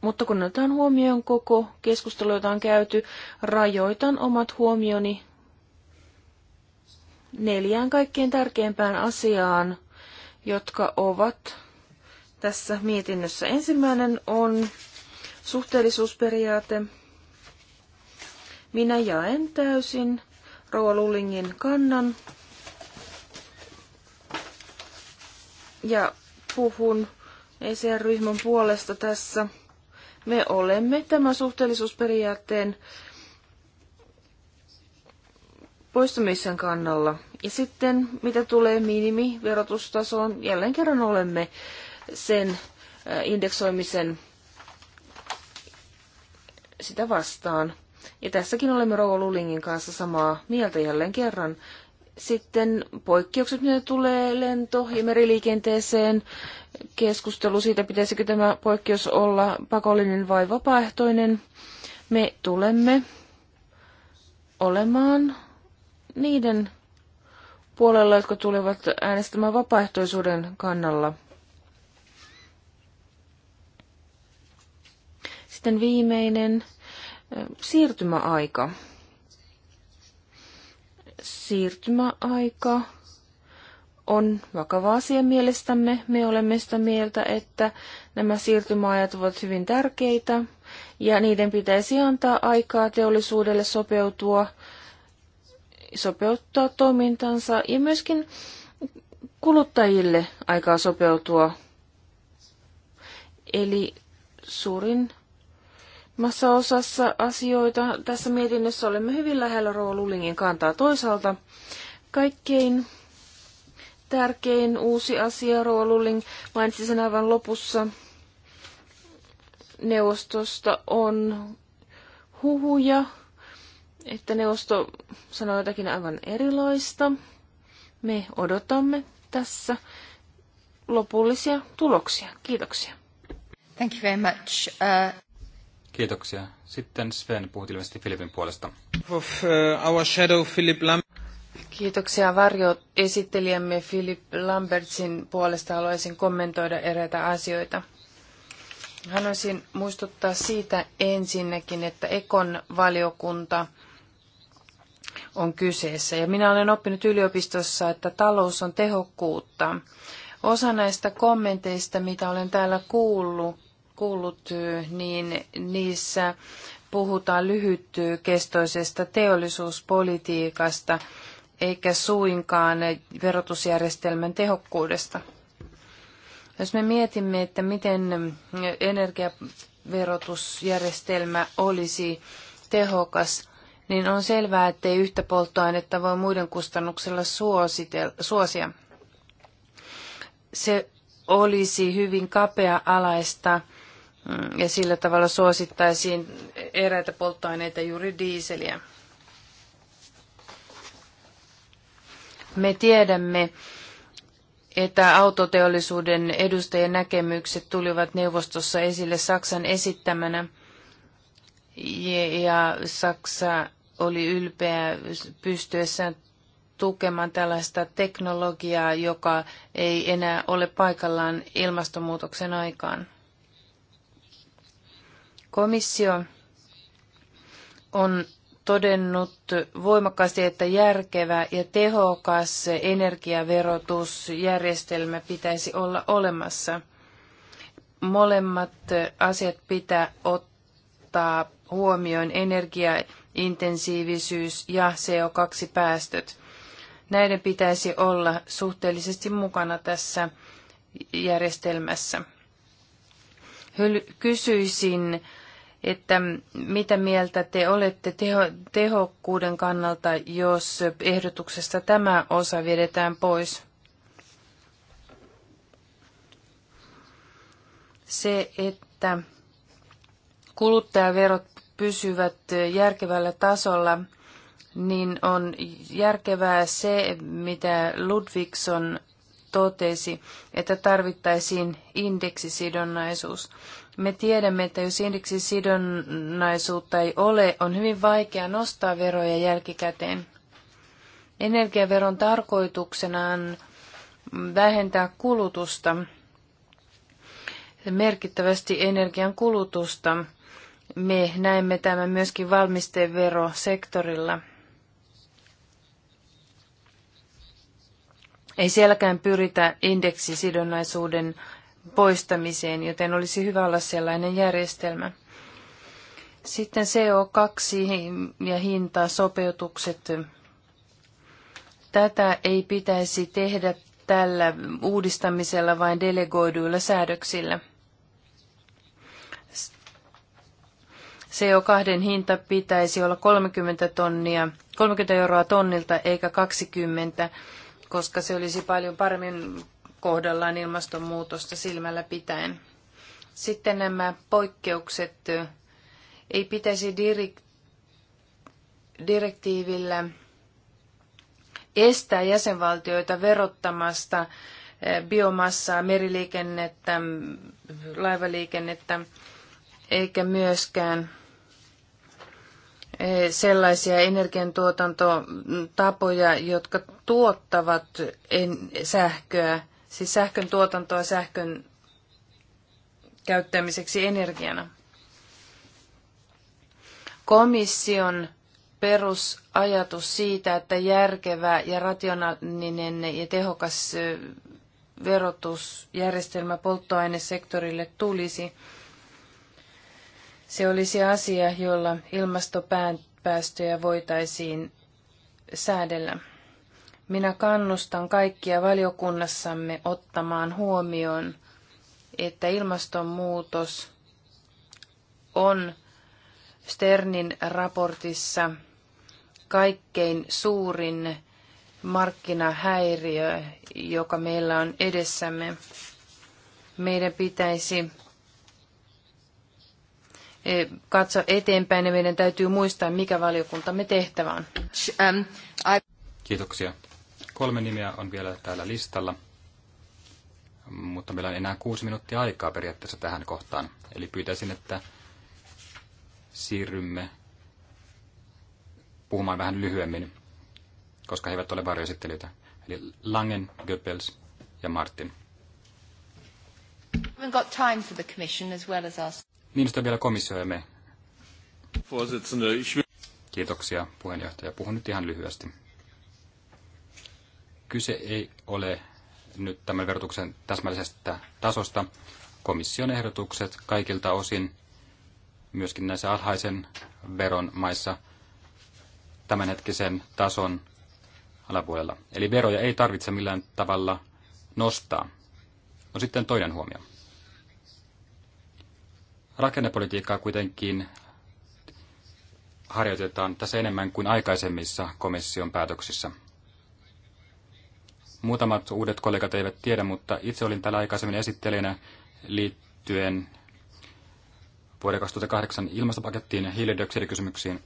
Mutta kun otetaan huomioon koko keskustelu, jota on käyty, rajoitan omat huomioni neljään kaikkein tärkeimpään asiaan, jotka ovat tässä mietinnössä. Ensimmäinen on suhteellisuusperiaate. Minä jaen täysin Roa Lullingin kannan ja puhun ECR-ryhmän puolesta tässä. Me olemme tämän suhteellisuusperiaatteen äh, poistumisen kannalla. Ja sitten mitä tulee minimiverotustasoon, jälleen kerran olemme sen äh, indeksoimisen sitä vastaan. Ja tässäkin olemme Rouva Lulingin kanssa samaa mieltä jälleen kerran. Sitten poikkeukset, mitä tulee lento- ja meriliikenteeseen, keskustelu siitä, pitäisikö tämä poikkeus olla pakollinen vai vapaaehtoinen. Me tulemme olemaan niiden puolella, jotka tulivat äänestämään vapaaehtoisuuden kannalla. Sitten viimeinen siirtymäaika. Siirtymäaika on vakava asia mielestämme. Me olemme sitä mieltä, että nämä siirtymäajat ovat hyvin tärkeitä ja niiden pitäisi antaa aikaa teollisuudelle sopeutua sopeuttaa toimintansa ja myöskin kuluttajille aikaa sopeutua. Eli suurin massa osassa asioita tässä mietinnössä olemme hyvin lähellä roolulingin kantaa toisaalta. Kaikkein tärkein uusi asia, rooluling, mainitsi sen aivan lopussa neuvostosta, on huhuja että neuvosto sanoo jotakin aivan erilaista. Me odotamme tässä lopullisia tuloksia. Kiitoksia. Thank you very much. Uh... Kiitoksia. Sitten Sven puhut ilmeisesti Filipin puolesta. Of, uh, our shadow, Philip Lam- Kiitoksia varjoesittelijämme Philip Lambertsin puolesta haluaisin kommentoida eräitä asioita. Haluaisin muistuttaa siitä ensinnäkin, että Ekon valiokunta – on kyseessä. Ja minä olen oppinut yliopistossa, että talous on tehokkuutta. Osa näistä kommenteista, mitä olen täällä kuullut, kuullut niin niissä puhutaan lyhytkestoisesta teollisuuspolitiikasta eikä suinkaan verotusjärjestelmän tehokkuudesta. Jos me mietimme, että miten energiaverotusjärjestelmä olisi tehokas, niin on selvää, ettei yhtä polttoainetta voi muiden kustannuksella suosia. Se olisi hyvin kapea-alaista mm, ja sillä tavalla suosittaisiin eräitä polttoaineita juuri diiseliä. Me tiedämme, että autoteollisuuden edustajien näkemykset tulivat neuvostossa esille Saksan esittämänä. Ja Saksa oli ylpeä pystyessään tukemaan tällaista teknologiaa, joka ei enää ole paikallaan ilmastonmuutoksen aikaan. Komissio on todennut voimakkaasti, että järkevä ja tehokas energiaverotusjärjestelmä pitäisi olla olemassa. Molemmat asiat pitää ottaa huomioon energia- intensiivisyys ja CO2-päästöt. Näiden pitäisi olla suhteellisesti mukana tässä järjestelmässä. Kysyisin, että mitä mieltä te olette teho, tehokkuuden kannalta, jos ehdotuksesta tämä osa vedetään pois? Se, että kuluttajaverot pysyvät järkevällä tasolla, niin on järkevää se, mitä Ludvigson totesi, että tarvittaisiin indeksisidonnaisuus. Me tiedämme, että jos indeksisidonnaisuutta ei ole, on hyvin vaikea nostaa veroja jälkikäteen. Energiaveron tarkoituksena on vähentää kulutusta, merkittävästi energian kulutusta. Me näemme tämän myöskin valmisteverosektorilla. Ei sielläkään pyritä indeksisidonnaisuuden poistamiseen, joten olisi hyvä olla sellainen järjestelmä. Sitten CO2 ja hinta sopeutukset. Tätä ei pitäisi tehdä tällä uudistamisella vain delegoiduilla säädöksillä. CO2 hinta pitäisi olla 30, tonnia, 30 euroa tonnilta eikä 20, koska se olisi paljon paremmin kohdallaan ilmastonmuutosta silmällä pitäen. Sitten nämä poikkeukset ei pitäisi direktiivillä estää jäsenvaltioita verottamasta eh, biomassaa, meriliikennettä, laivaliikennettä, eikä myöskään sellaisia energiantuotantotapoja, jotka tuottavat sähköä, siis sähkön tuotantoa sähkön käyttämiseksi energiana. Komission perusajatus siitä, että järkevä ja rationaalinen ja tehokas verotusjärjestelmä polttoainesektorille tulisi – se olisi asia, jolla ilmastopäästöjä voitaisiin säädellä. Minä kannustan kaikkia valiokunnassamme ottamaan huomioon, että ilmastonmuutos on Sternin raportissa kaikkein suurin markkinahäiriö, joka meillä on edessämme. Meidän pitäisi E, katso eteenpäin ja meidän täytyy muistaa, mikä valiokuntamme tehtävä on. Ähm, Kiitoksia. Kolme nimeä on vielä täällä listalla, mutta meillä on enää kuusi minuuttia aikaa periaatteessa tähän kohtaan. Eli pyytäisin, että siirrymme puhumaan vähän lyhyemmin, koska he eivät ole varjoesittelyitä. Eli Langen, Goebbels ja Martin. haven't got time for the commission as well as us. Minusta vielä me. Kiitoksia puheenjohtaja. Puhun nyt ihan lyhyesti. Kyse ei ole nyt tämän verotuksen täsmällisestä tasosta. Komission ehdotukset kaikilta osin, myöskin näissä alhaisen veron maissa, tämänhetkisen tason alapuolella. Eli veroja ei tarvitse millään tavalla nostaa. No sitten toinen huomio. Rakennepolitiikkaa kuitenkin harjoitetaan tässä enemmän kuin aikaisemmissa komission päätöksissä. Muutamat uudet kollegat eivät tiedä, mutta itse olin täällä aikaisemmin esittelijänä liittyen vuoden 2008 ilmastopakettiin ja hiilidioksidikysymyksiin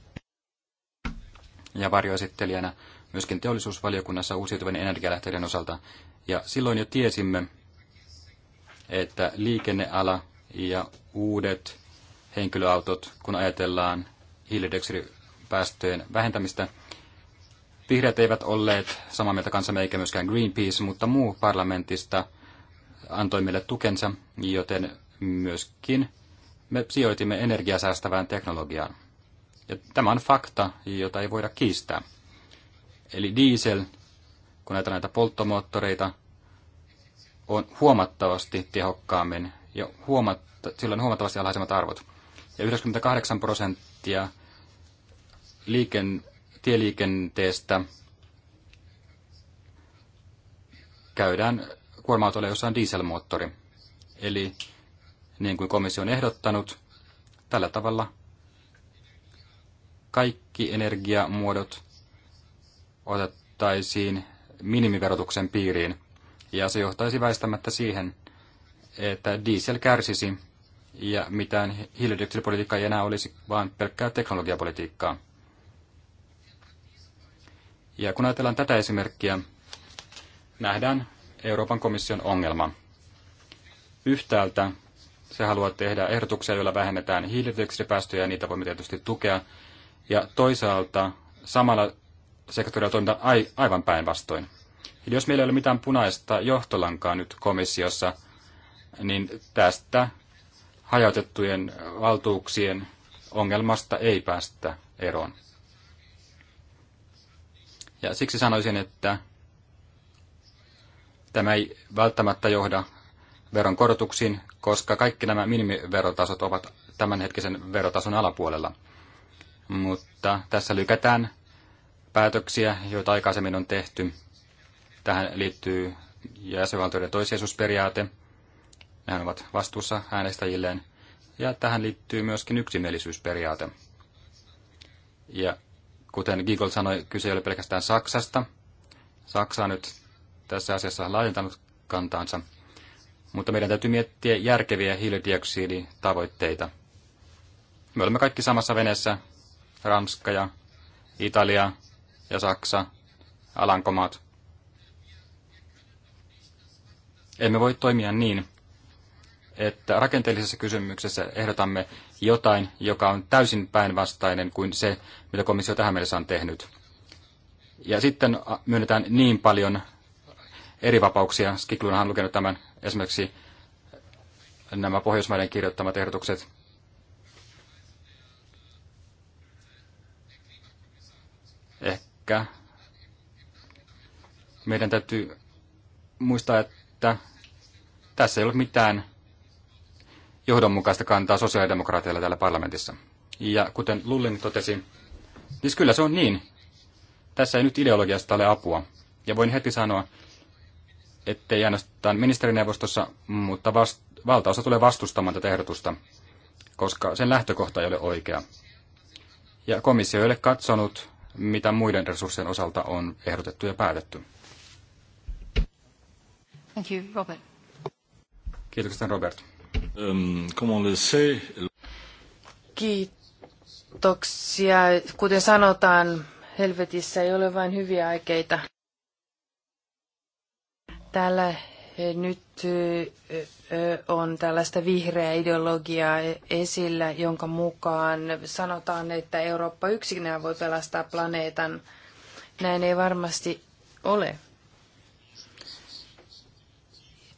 ja varjoesittelijänä myöskin teollisuusvaliokunnassa uusiutuvien energialähteiden osalta. Ja silloin jo tiesimme, että liikenneala ja uudet henkilöautot, kun ajatellaan hiilidioksidipäästöjen vähentämistä. Vihreät eivät olleet samaa mieltä kanssamme eikä myöskään Greenpeace, mutta muu parlamentista antoi meille tukensa, joten myöskin me sijoitimme energiasäästävään teknologiaan. Ja tämä on fakta, jota ei voida kiistää. Eli diesel, kun näitä näitä polttomoottoreita, on huomattavasti tehokkaammin ja huomatta, silloin huomattavasti alhaisemmat arvot. Ja 98 prosenttia liiken, tieliikenteestä käydään kuorma-autolla, jossa on dieselmoottori. Eli niin kuin komissio on ehdottanut, tällä tavalla kaikki energiamuodot otettaisiin minimiverotuksen piiriin, ja se johtaisi väistämättä siihen, että diesel kärsisi ja mitään hiilidioksidipolitiikkaa ei enää olisi, vaan pelkkää teknologiapolitiikkaa. Ja kun ajatellaan tätä esimerkkiä, nähdään Euroopan komission ongelma. Yhtäältä se haluaa tehdä ehdotuksia, joilla vähennetään hiilidioksidipäästöjä, ja niitä voimme tietysti tukea. Ja toisaalta samalla sektorilla toimitaan aivan päinvastoin. Eli jos meillä ei ole mitään punaista johtolankaa nyt komissiossa, niin tästä hajautettujen valtuuksien ongelmasta ei päästä eroon. Ja siksi sanoisin, että tämä ei välttämättä johda veron korotuksiin, koska kaikki nämä minimiverotasot ovat tämänhetkisen verotason alapuolella. Mutta tässä lykätään päätöksiä, joita aikaisemmin on tehty. Tähän liittyy jäsenvaltioiden toisiasusperiaate, Nämä ovat vastuussa äänestäjilleen. Ja tähän liittyy myöskin yksimielisyysperiaate. Ja kuten Gigol sanoi, kyse ei ole pelkästään Saksasta. Saksa on nyt tässä asiassa laajentanut kantaansa. Mutta meidän täytyy miettiä järkeviä hiilidioksiditavoitteita. Me olemme kaikki samassa veneessä. Ranska ja Italia ja Saksa, Alankomaat. Emme voi toimia niin, että rakenteellisessa kysymyksessä ehdotamme jotain, joka on täysin päinvastainen kuin se, mitä komissio tähän mennessä on tehnyt. Ja sitten myönnetään niin paljon eri vapauksia. Skiklunhan on lukenut tämän esimerkiksi nämä Pohjoismaiden kirjoittamat ehdotukset. Ehkä meidän täytyy muistaa, että tässä ei ollut mitään johdonmukaista kantaa sosiaalidemokraateilla täällä parlamentissa. Ja kuten Lullin totesi, siis kyllä se on niin. Tässä ei nyt ideologiasta ole apua. Ja voin heti sanoa, ettei ainoastaan ministerineuvostossa, mutta vast, valtaosa tulee vastustamaan tätä ehdotusta, koska sen lähtökohta ei ole oikea. Ja komissio ei ole katsonut, mitä muiden resurssien osalta on ehdotettu ja päätetty. Thank you, Robert. Kiitoksia, Robert. Ähm, Kiitoksia. Kuten sanotaan, helvetissä ei ole vain hyviä aikeita. Täällä eh, nyt eh, eh, on tällaista vihreää ideologiaa esillä, jonka mukaan sanotaan, että Eurooppa yksinään voi pelastaa planeetan. Näin ei varmasti ole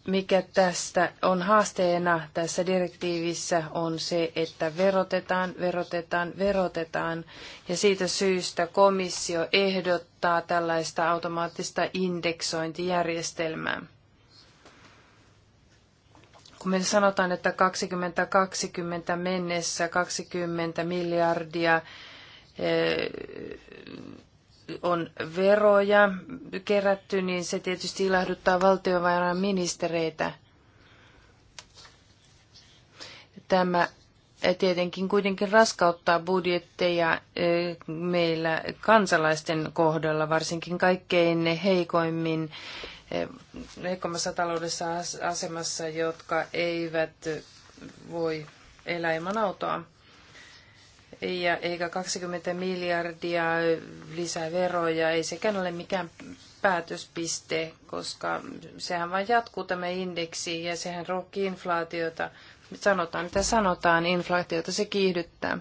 mikä tästä on haasteena tässä direktiivissä, on se, että verotetaan, verotetaan, verotetaan. Ja siitä syystä komissio ehdottaa tällaista automaattista indeksointijärjestelmää. Kun me sanotaan, että 2020 mennessä 20 miljardia eh, on veroja kerätty, niin se tietysti ilahduttaa valtiovarainministereitä. Tämä tietenkin kuitenkin raskauttaa budjetteja e, meillä kansalaisten kohdalla, varsinkin kaikkein heikoimmin e, heikommassa taloudessa asemassa, jotka eivät voi elää ilman autoa ja eikä 20 miljardia lisää veroja, ei sekään ole mikään päätöspiste, koska sehän vain jatkuu tämä indeksi ja sehän ruokkii inflaatiota. Sanotaan, mitä sanotaan, inflaatiota se kiihdyttää.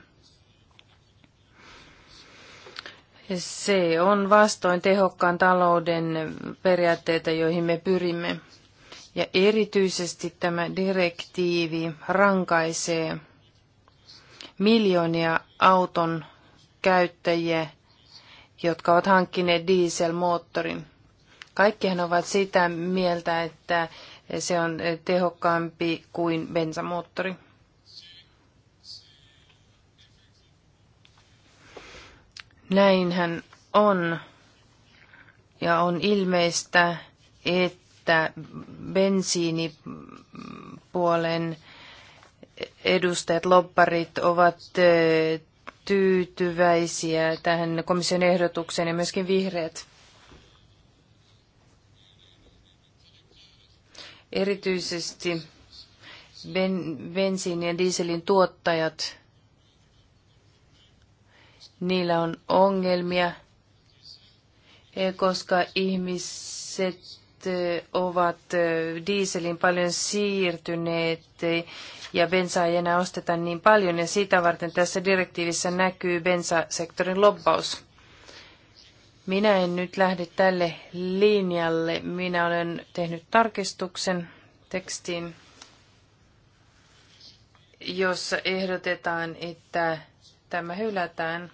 Se on vastoin tehokkaan talouden periaatteita, joihin me pyrimme. Ja erityisesti tämä direktiivi rankaisee miljoonia auton käyttäjiä, jotka ovat hankkineet dieselmoottorin. Kaikkihan ovat sitä mieltä, että se on tehokkaampi kuin bensamoottori. Näinhän on. Ja on ilmeistä, että bensiinipuolen edustajat, lobbarit ovat tyytyväisiä tähän komission ehdotukseen ja myöskin vihreät. Erityisesti ben, bensiin ja dieselin tuottajat, niillä on ongelmia, e, koska ihmiset ovat dieselin paljon siirtyneet ja bensaa ei enää osteta niin paljon ja sitä varten tässä direktiivissä näkyy bensasektorin lobbaus. Minä en nyt lähde tälle linjalle. Minä olen tehnyt tarkistuksen tekstiin, jossa ehdotetaan, että tämä hylätään.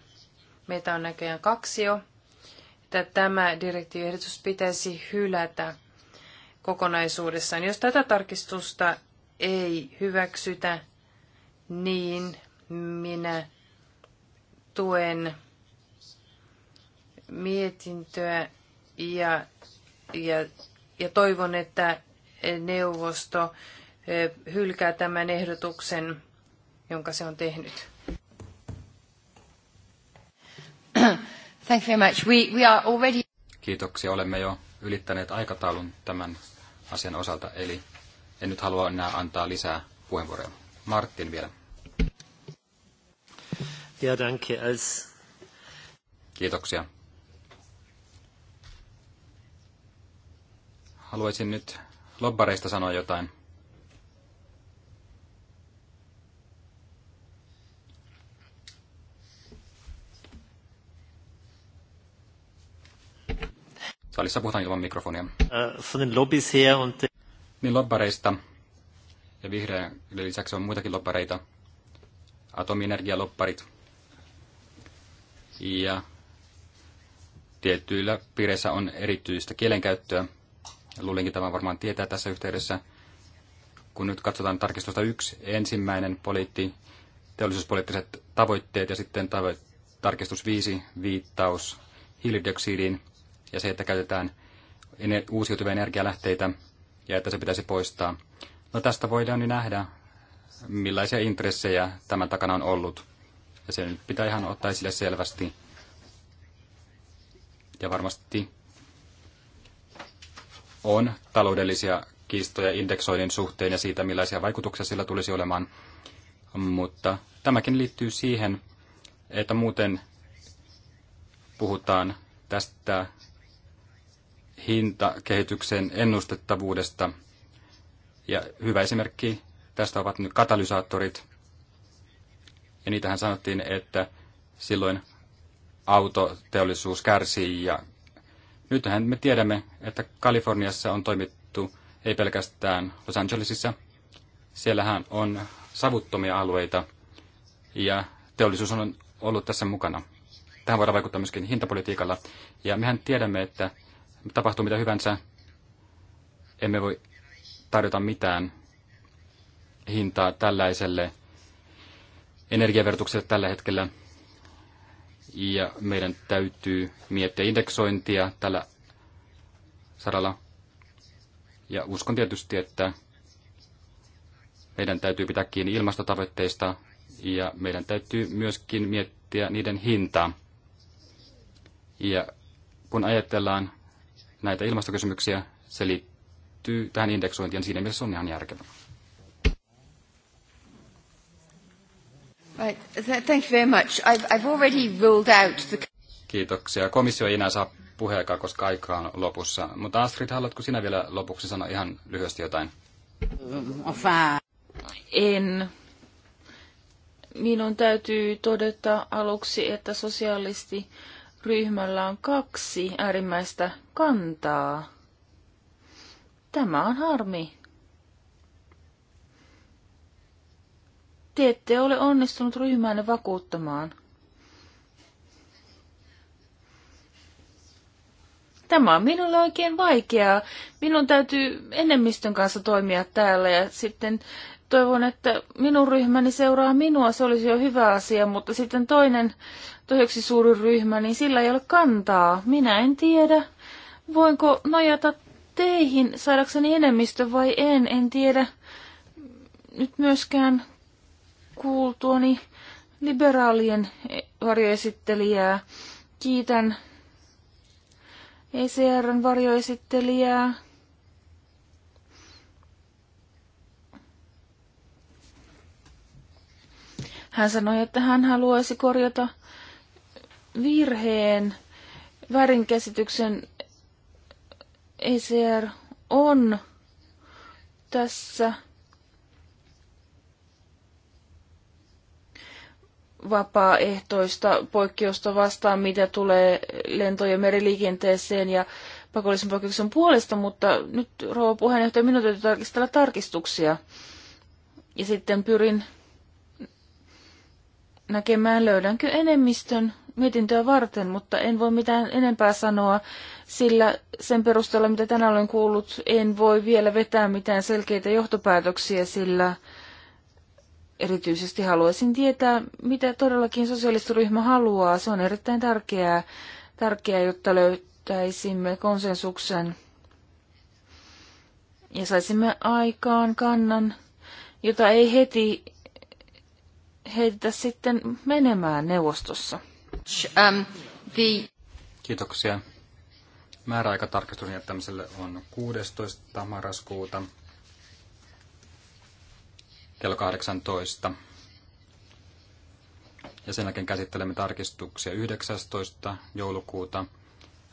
Meitä on näköjään kaksi jo että tämä direktiiviehdotus pitäisi hylätä kokonaisuudessaan. Jos tätä tarkistusta ei hyväksytä, niin minä tuen mietintöä ja, ja, ja toivon, että neuvosto hylkää tämän ehdotuksen, jonka se on tehnyt. Thank you very much. We, we are already... Kiitoksia. Olemme jo ylittäneet aikataulun tämän asian osalta, eli en nyt halua enää antaa lisää puheenvuoroja. Martin vielä. Ja, danke. Als... Kiitoksia. Haluaisin nyt lobbareista sanoa jotain. Salissa puhutaan ilman mikrofonia. Äh, niin lobbareista ja vihreän lisäksi on muitakin lobbareita. Atomienergialopparit. Ja tietyillä piireissä on erityistä kielenkäyttöä. Luulinkin tämän varmaan tietää tässä yhteydessä. Kun nyt katsotaan tarkistusta yksi, ensimmäinen poliitti, teollisuuspoliittiset tavoitteet ja sitten tarkistus 5, viittaus hiilidioksidiin ja se, että käytetään uusiutuvia energialähteitä ja että se pitäisi poistaa. No tästä voidaan niin nähdä, millaisia intressejä tämän takana on ollut. Ja se nyt pitää ihan ottaa esille selvästi. Ja varmasti on taloudellisia kiistoja indeksoinnin suhteen ja siitä, millaisia vaikutuksia sillä tulisi olemaan. Mutta tämäkin liittyy siihen, että muuten puhutaan tästä hintakehityksen ennustettavuudesta. Ja hyvä esimerkki tästä ovat nyt katalysaattorit. Ja niitähän sanottiin, että silloin autoteollisuus kärsii. Ja nythän me tiedämme, että Kaliforniassa on toimittu ei pelkästään Los Angelesissa. Siellähän on savuttomia alueita ja teollisuus on ollut tässä mukana. Tähän voidaan vaikuttaa myöskin hintapolitiikalla. Ja mehän tiedämme, että tapahtuu mitä hyvänsä, emme voi tarjota mitään hintaa tällaiselle energiaverotukselle tällä hetkellä. Ja meidän täytyy miettiä indeksointia tällä saralla. Ja uskon tietysti, että meidän täytyy pitää kiinni ilmastotavoitteista ja meidän täytyy myöskin miettiä niiden hintaa. Ja kun ajatellaan näitä ilmastokysymyksiä. Se liittyy tähän indeksointiin, siinä mielessä on ihan järkevä. Right. Thank you very much. I've, I've already ruled out the... Kiitoksia. Komissio ei enää saa puheaikaa, koska aika on lopussa. Mutta Astrid, haluatko sinä vielä lopuksi sanoa ihan lyhyesti jotain? En. Minun täytyy todeta aluksi, että sosiaalisti ryhmällä on kaksi äärimmäistä kantaa. Tämä on harmi. Te ette ole onnistunut ryhmäänne vakuuttamaan. Tämä on minulle oikein vaikeaa. Minun täytyy enemmistön kanssa toimia täällä ja sitten toivon, että minun ryhmäni seuraa minua. Se olisi jo hyvä asia, mutta sitten toinen vaihtoehdoksi suuri ryhmä, niin sillä ei ole kantaa. Minä en tiedä, voinko nojata teihin saadakseni enemmistö vai en. En tiedä nyt myöskään kuultuani liberaalien varjoesittelijää. Kiitän ECRn varjoesittelijää. Hän sanoi, että hän haluaisi korjata virheen, väärinkäsityksen ECR on tässä vapaaehtoista poikkeusta vastaan, mitä tulee lento- ja meriliikenteeseen ja pakollisen poikkeuksen puolesta, mutta nyt rouva puheenjohtaja, minun täytyy tarkistella tarkistuksia. Ja sitten pyrin näkemään, löydänkö enemmistön mietintöä varten, mutta en voi mitään enempää sanoa, sillä sen perusteella, mitä tänään olen kuullut, en voi vielä vetää mitään selkeitä johtopäätöksiä, sillä erityisesti haluaisin tietää, mitä todellakin sosialistiryhmä haluaa. Se on erittäin tärkeää, tärkeää jotta löytäisimme konsensuksen ja saisimme aikaan kannan, jota ei heti heitä sitten menemään neuvostossa. Um, Kiitoksia. Määräaika tarkastuksen jättämiselle on 16. marraskuuta kello 18. Ja sen jälkeen käsittelemme tarkistuksia 19. joulukuuta.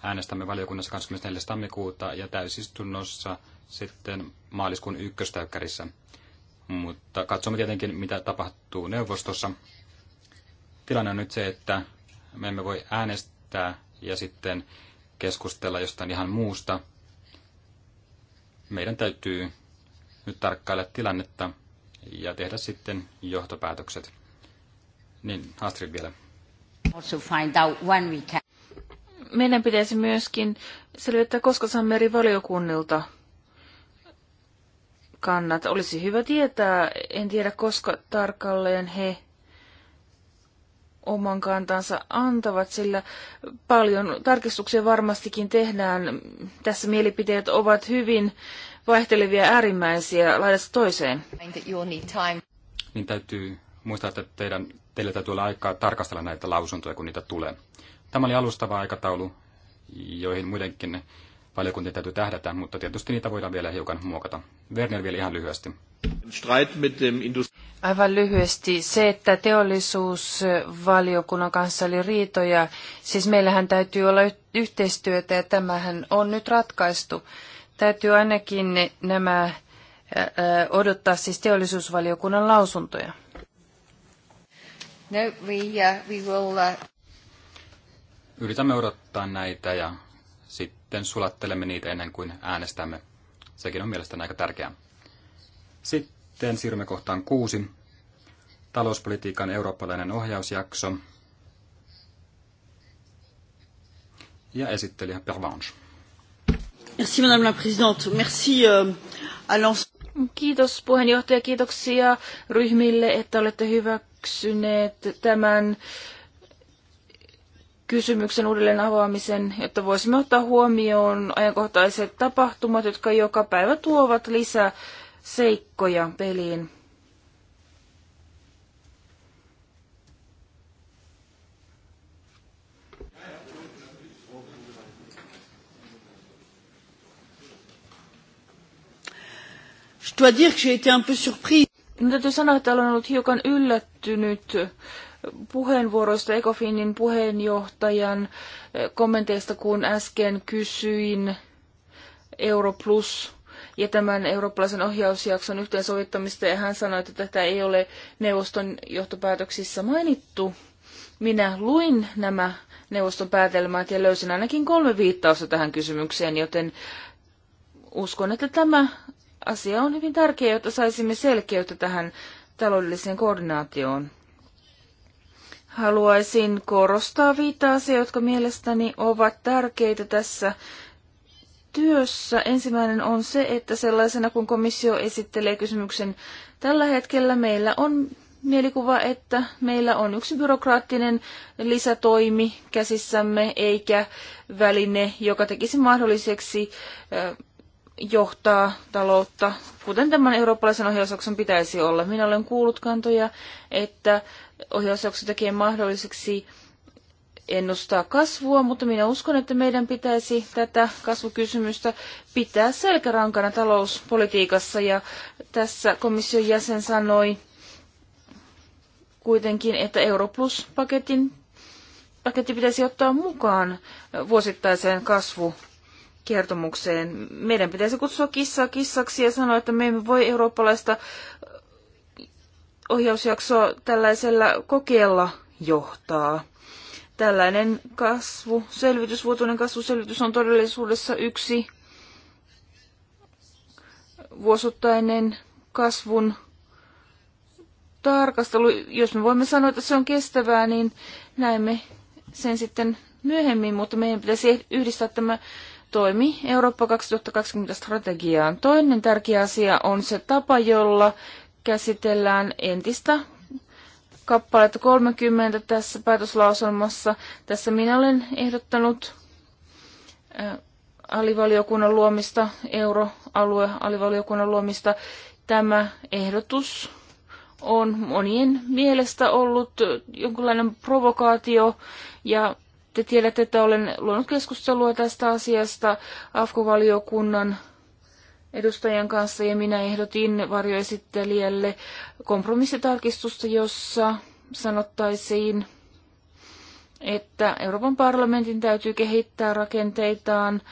Äänestämme valiokunnassa 24. tammikuuta ja täysistunnossa sitten maaliskuun ykköstäykkärissä. Mutta katsomme tietenkin, mitä tapahtuu neuvostossa. Tilanne on nyt se, että me emme voi äänestää ja sitten keskustella jostain ihan muusta. Meidän täytyy nyt tarkkailla tilannetta ja tehdä sitten johtopäätökset. Niin, Astrid vielä. Also find out when we can. Meidän pitäisi myöskin selvittää, koska saamme eri valiokunnilta kannat. Olisi hyvä tietää, en tiedä koska tarkalleen he oman kantansa antavat, sillä paljon tarkistuksia varmastikin tehdään. Tässä mielipiteet ovat hyvin vaihtelevia äärimmäisiä laidasta toiseen. Niin täytyy muistaa, että teidän, teillä täytyy olla aikaa tarkastella näitä lausuntoja, kun niitä tulee. Tämä oli alustava aikataulu, joihin muidenkin valiokuntien täytyy tähdätä, mutta tietysti niitä voidaan vielä hiukan muokata. Werner vielä ihan lyhyesti. Aivan lyhyesti. Se, että teollisuusvaliokunnan kanssa oli riitoja, siis meillähän täytyy olla yhteistyötä ja tämähän on nyt ratkaistu. Täytyy ainakin nämä odottaa siis teollisuusvaliokunnan lausuntoja. No, we, uh, we will, uh... Yritämme odottaa näitä ja sitten sulattelemme niitä ennen kuin äänestämme. Sekin on mielestäni aika tärkeää. Sitten siirrymme kohtaan kuusi. Talouspolitiikan eurooppalainen ohjausjakso. Ja esittelijä Pervanche. Merci Madame la Présidente. Merci euh, à l'ensemble. Kiitos puheenjohtaja, kiitoksia ryhmille, että olette hyväksyneet tämän kysymyksen uudelleen avaamisen, jotta voisimme ottaa huomioon ajankohtaiset tapahtumat, jotka joka päivä tuovat lisää seikkoja peliin. Je dois dire que j'ai été un peu surprise. Täytyy sanoa, että olen ollut hiukan yllättynyt puheenvuoroista Ecofinin puheenjohtajan kommenteista, kun äsken kysyin Europlus ja tämän eurooppalaisen ohjausjakson yhteensovittamista, ja hän sanoi, että tätä ei ole neuvoston johtopäätöksissä mainittu. Minä luin nämä neuvoston päätelmät ja löysin ainakin kolme viittausta tähän kysymykseen, joten uskon, että tämä asia on hyvin tärkeä, jotta saisimme selkeyttä tähän taloudelliseen koordinaatioon haluaisin korostaa viittä asiaa, jotka mielestäni ovat tärkeitä tässä työssä. Ensimmäinen on se, että sellaisena kun komissio esittelee kysymyksen tällä hetkellä, meillä on mielikuva, että meillä on yksi byrokraattinen lisätoimi käsissämme, eikä väline, joka tekisi mahdolliseksi johtaa taloutta, kuten tämän eurooppalaisen ohjausjakson pitäisi olla. Minä olen kuullut kantoja, että ohjausjakso tekee mahdolliseksi ennustaa kasvua, mutta minä uskon, että meidän pitäisi tätä kasvukysymystä pitää selkärankana talouspolitiikassa. Ja tässä komission jäsen sanoi kuitenkin, että Europlus-paketin paketti pitäisi ottaa mukaan vuosittaiseen kasvukertomukseen. Meidän pitäisi kutsua kissaa kissaksi ja sanoa, että me emme voi eurooppalaista ohjausjakso tällaisella kokeella johtaa. Tällainen kasvu selvitys, vuotuinen kasvuselvitys on todellisuudessa yksi vuosittainen kasvun tarkastelu. Jos me voimme sanoa, että se on kestävää, niin näemme sen sitten myöhemmin, mutta meidän pitäisi yhdistää tämä toimi Eurooppa 2020 strategiaan. Toinen tärkeä asia on se tapa, jolla käsitellään entistä kappaletta 30 tässä päätöslauselmassa. Tässä minä olen ehdottanut alivaliokunnan luomista, euroalue alivaliokunnan luomista. Tämä ehdotus on monien mielestä ollut jonkinlainen provokaatio ja te tiedätte, että olen luonut keskustelua tästä asiasta AFKO-valiokunnan edustajan kanssa ja minä ehdotin varjoesittelijälle kompromissitarkistusta, jossa sanottaisiin, että Euroopan parlamentin täytyy kehittää rakenteitaan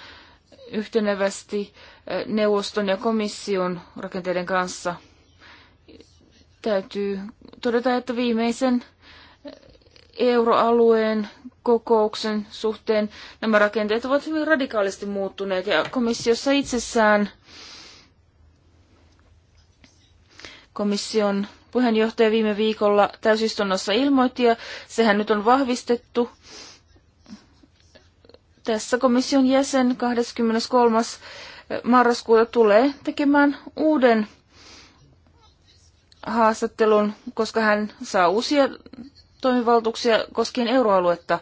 yhtenevästi eh, neuvoston ja komission rakenteiden kanssa. Täytyy todeta, että viimeisen eh, euroalueen kokouksen suhteen nämä rakenteet ovat hyvin radikaalisti muuttuneet ja komissiossa itsessään komission puheenjohtaja viime viikolla täysistunnossa ilmoitti, ja sehän nyt on vahvistettu. Tässä komission jäsen 23. marraskuuta tulee tekemään uuden haastattelun, koska hän saa uusia toimivaltuuksia koskien euroaluetta.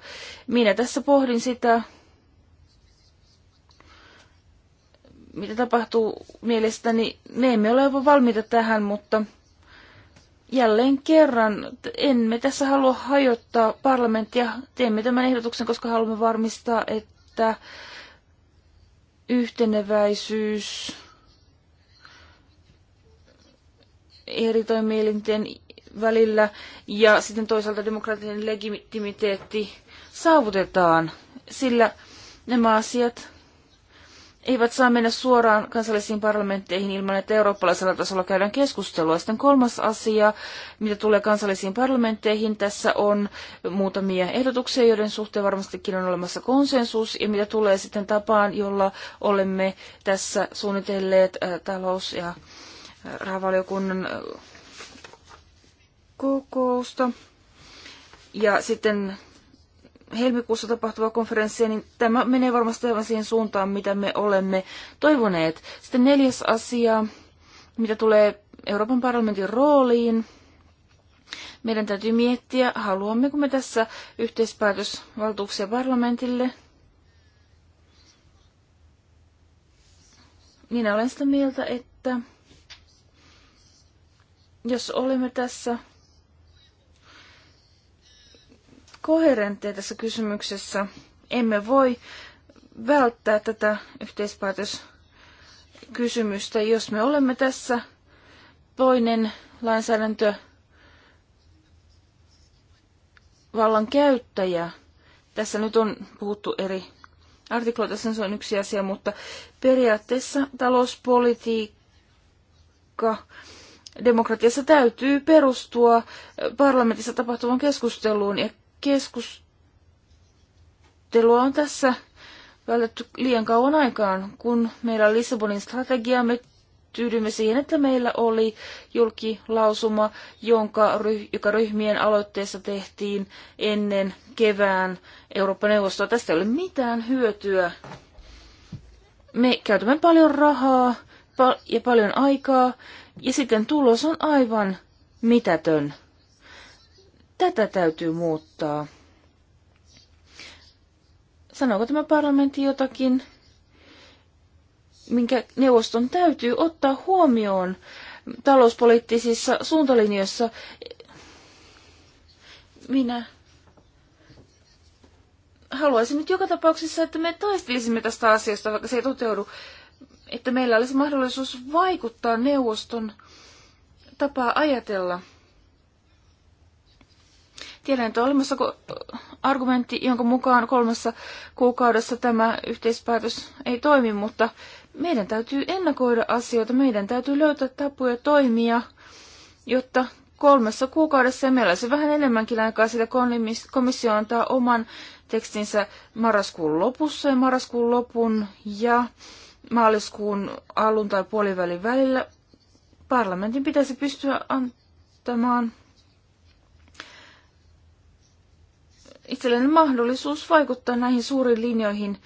Minä tässä pohdin sitä, mitä tapahtuu mielestäni, me emme ole aivan valmiita tähän, mutta jälleen kerran emme tässä halua hajottaa parlamenttia. Teemme tämän ehdotuksen, koska haluamme varmistaa, että yhteneväisyys eri toimielinten välillä ja sitten toisaalta demokraattinen legitimiteetti saavutetaan, sillä nämä asiat eivät saa mennä suoraan kansallisiin parlamentteihin ilman, että eurooppalaisella tasolla käydään keskustelua. Sitten kolmas asia, mitä tulee kansallisiin parlamentteihin, tässä on muutamia ehdotuksia, joiden suhteen varmastikin on olemassa konsensus, ja mitä tulee sitten tapaan, jolla olemme tässä suunnitelleet äh, talous- ja äh, rahavaliokunnan äh, kokousta. Ja sitten helmikuussa tapahtuva konferenssi, niin tämä menee varmasti aivan siihen suuntaan, mitä me olemme toivoneet. Sitten neljäs asia, mitä tulee Euroopan parlamentin rooliin. Meidän täytyy miettiä, haluammeko me tässä yhteispäätösvaltuuksia parlamentille. Minä olen sitä mieltä, että jos olemme tässä koherentteja tässä kysymyksessä. Emme voi välttää tätä yhteispäätöskysymystä, jos me olemme tässä toinen lainsäädäntö vallan käyttäjä. Tässä nyt on puhuttu eri artikloita, se on yksi asia, mutta periaatteessa talouspolitiikka demokratiassa täytyy perustua parlamentissa tapahtuvan keskusteluun ja keskustelua on tässä vältetty liian kauan aikaan. Kun meillä on Lissabonin strategia, me tyydymme siihen, että meillä oli julkilausuma, jonka, joka ryhmien aloitteessa tehtiin ennen kevään Euroopan neuvostoa Tästä ei ole mitään hyötyä. Me käytämme paljon rahaa ja paljon aikaa, ja sitten tulos on aivan mitätön. Tätä täytyy muuttaa. Sanooko tämä parlamentti jotakin, minkä neuvoston täytyy ottaa huomioon talouspoliittisissa suuntalinjoissa? Minä haluaisin nyt joka tapauksessa, että me taistelisimme tästä asiasta, vaikka se ei toteudu, että meillä olisi mahdollisuus vaikuttaa neuvoston tapaa ajatella – Tiedän, että on olemassa argumentti, jonka mukaan kolmessa kuukaudessa tämä yhteispäätös ei toimi, mutta meidän täytyy ennakoida asioita, meidän täytyy löytää tapoja toimia, jotta kolmessa kuukaudessa, ja meillä se vähän enemmänkin aikaa, sitä komissio antaa oman tekstinsä marraskuun lopussa ja marraskuun lopun ja maaliskuun alun tai puolivälin välillä. Parlamentin pitäisi pystyä antamaan itselleni mahdollisuus vaikuttaa näihin suuriin linjoihin.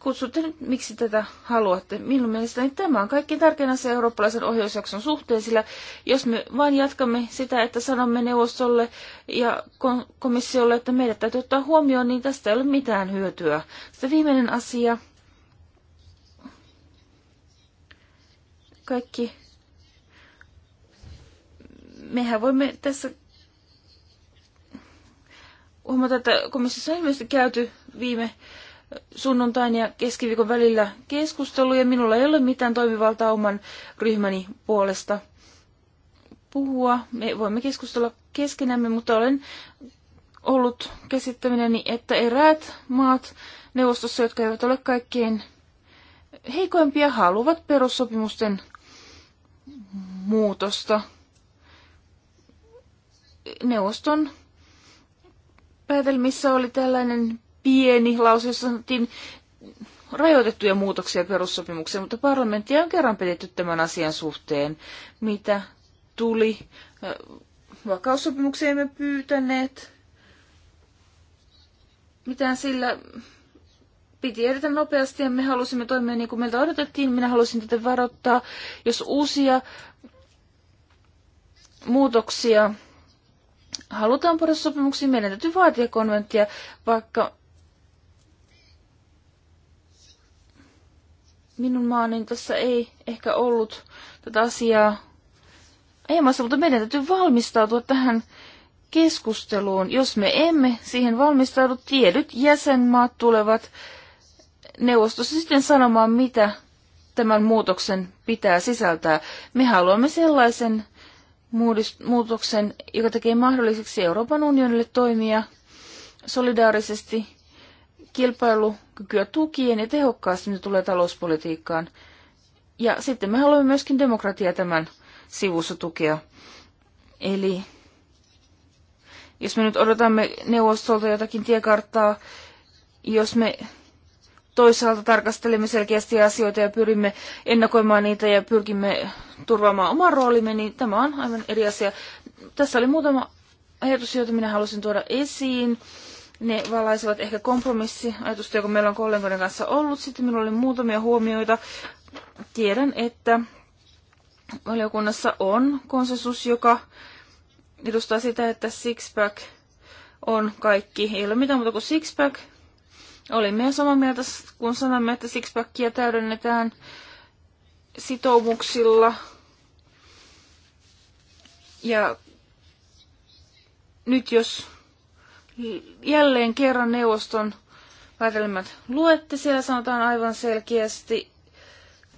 Kutsutte nyt, miksi tätä haluatte. Minun mielestäni tämä on kaikkein tärkein asia eurooppalaisen ohjausjakson suhteen, sillä jos me vain jatkamme sitä, että sanomme neuvostolle ja komissiolle, että meidät täytyy ottaa huomioon, niin tästä ei ole mitään hyötyä. Sitten viimeinen asia. Kaikki mehän voimme tässä huomata, että komissiossa on ilmeisesti käyty viime sunnuntain ja keskiviikon välillä keskustelu, ja minulla ei ole mitään toimivaltaa oman ryhmäni puolesta puhua. Me voimme keskustella keskenämme, mutta olen ollut käsittäminen, että eräät maat neuvostossa, jotka eivät ole kaikkein heikoimpia, haluavat perussopimusten muutosta. Neuvoston päätelmissä oli tällainen pieni lause, jossa sanottiin rajoitettuja muutoksia perussopimukseen, mutta parlamenttia on kerran pidetty tämän asian suhteen, mitä tuli. Vakaussopimuksia emme pyytäneet mitään sillä piti edetä nopeasti ja me halusimme toimia niin kuin meiltä odotettiin. Minä halusin tätä varoittaa, jos uusia muutoksia halutaan perussopimuksiin, meidän täytyy vaatia konventtia, vaikka minun maani tässä ei ehkä ollut tätä asiaa ajamassa, mutta meidän täytyy valmistautua tähän keskusteluun. Jos me emme siihen valmistaudu, tiedyt jäsenmaat tulevat neuvostossa sitten sanomaan, mitä tämän muutoksen pitää sisältää. Me haluamme sellaisen muutoksen, joka tekee mahdolliseksi Euroopan unionille toimia solidaarisesti kilpailukykyä tukien ja tehokkaasti, mitä tulee talouspolitiikkaan. Ja sitten me haluamme myöskin demokratiaa tämän sivussa tukea. Eli jos me nyt odotamme neuvostolta jotakin tiekarttaa, jos me toisaalta tarkastelemme selkeästi asioita ja pyrimme ennakoimaan niitä ja pyrkimme turvaamaan oman roolimme, niin tämä on aivan eri asia. Tässä oli muutama ajatus, joita minä halusin tuoda esiin. Ne valaisivat ehkä kompromissiajatusta, joka meillä on kollegoiden kanssa ollut. Sitten minulla oli muutamia huomioita. Tiedän, että valiokunnassa on konsensus, joka edustaa sitä, että sixpack on kaikki. Ei ole mitään muuta kuin sixpack, Olimme jo samaa mieltä, kun sanoimme, että sixpackia täydennetään sitoumuksilla. Ja nyt jos jälleen kerran neuvoston päätelmät luette, siellä sanotaan aivan selkeästi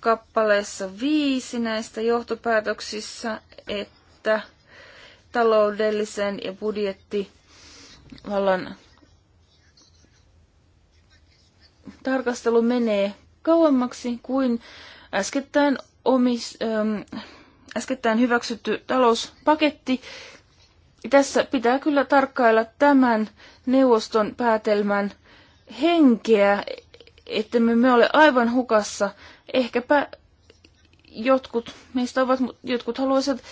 kappaleessa viisi näistä johtopäätöksissä, että taloudellisen ja budjettivallan tarkastelu menee kauemmaksi kuin äskettäin, omis, äm, äskettäin hyväksytty talouspaketti. Tässä pitää kyllä tarkkailla tämän neuvoston päätelmän henkeä, että me, me ole aivan hukassa. Ehkäpä jotkut meistä ovat, jotkut haluaisivat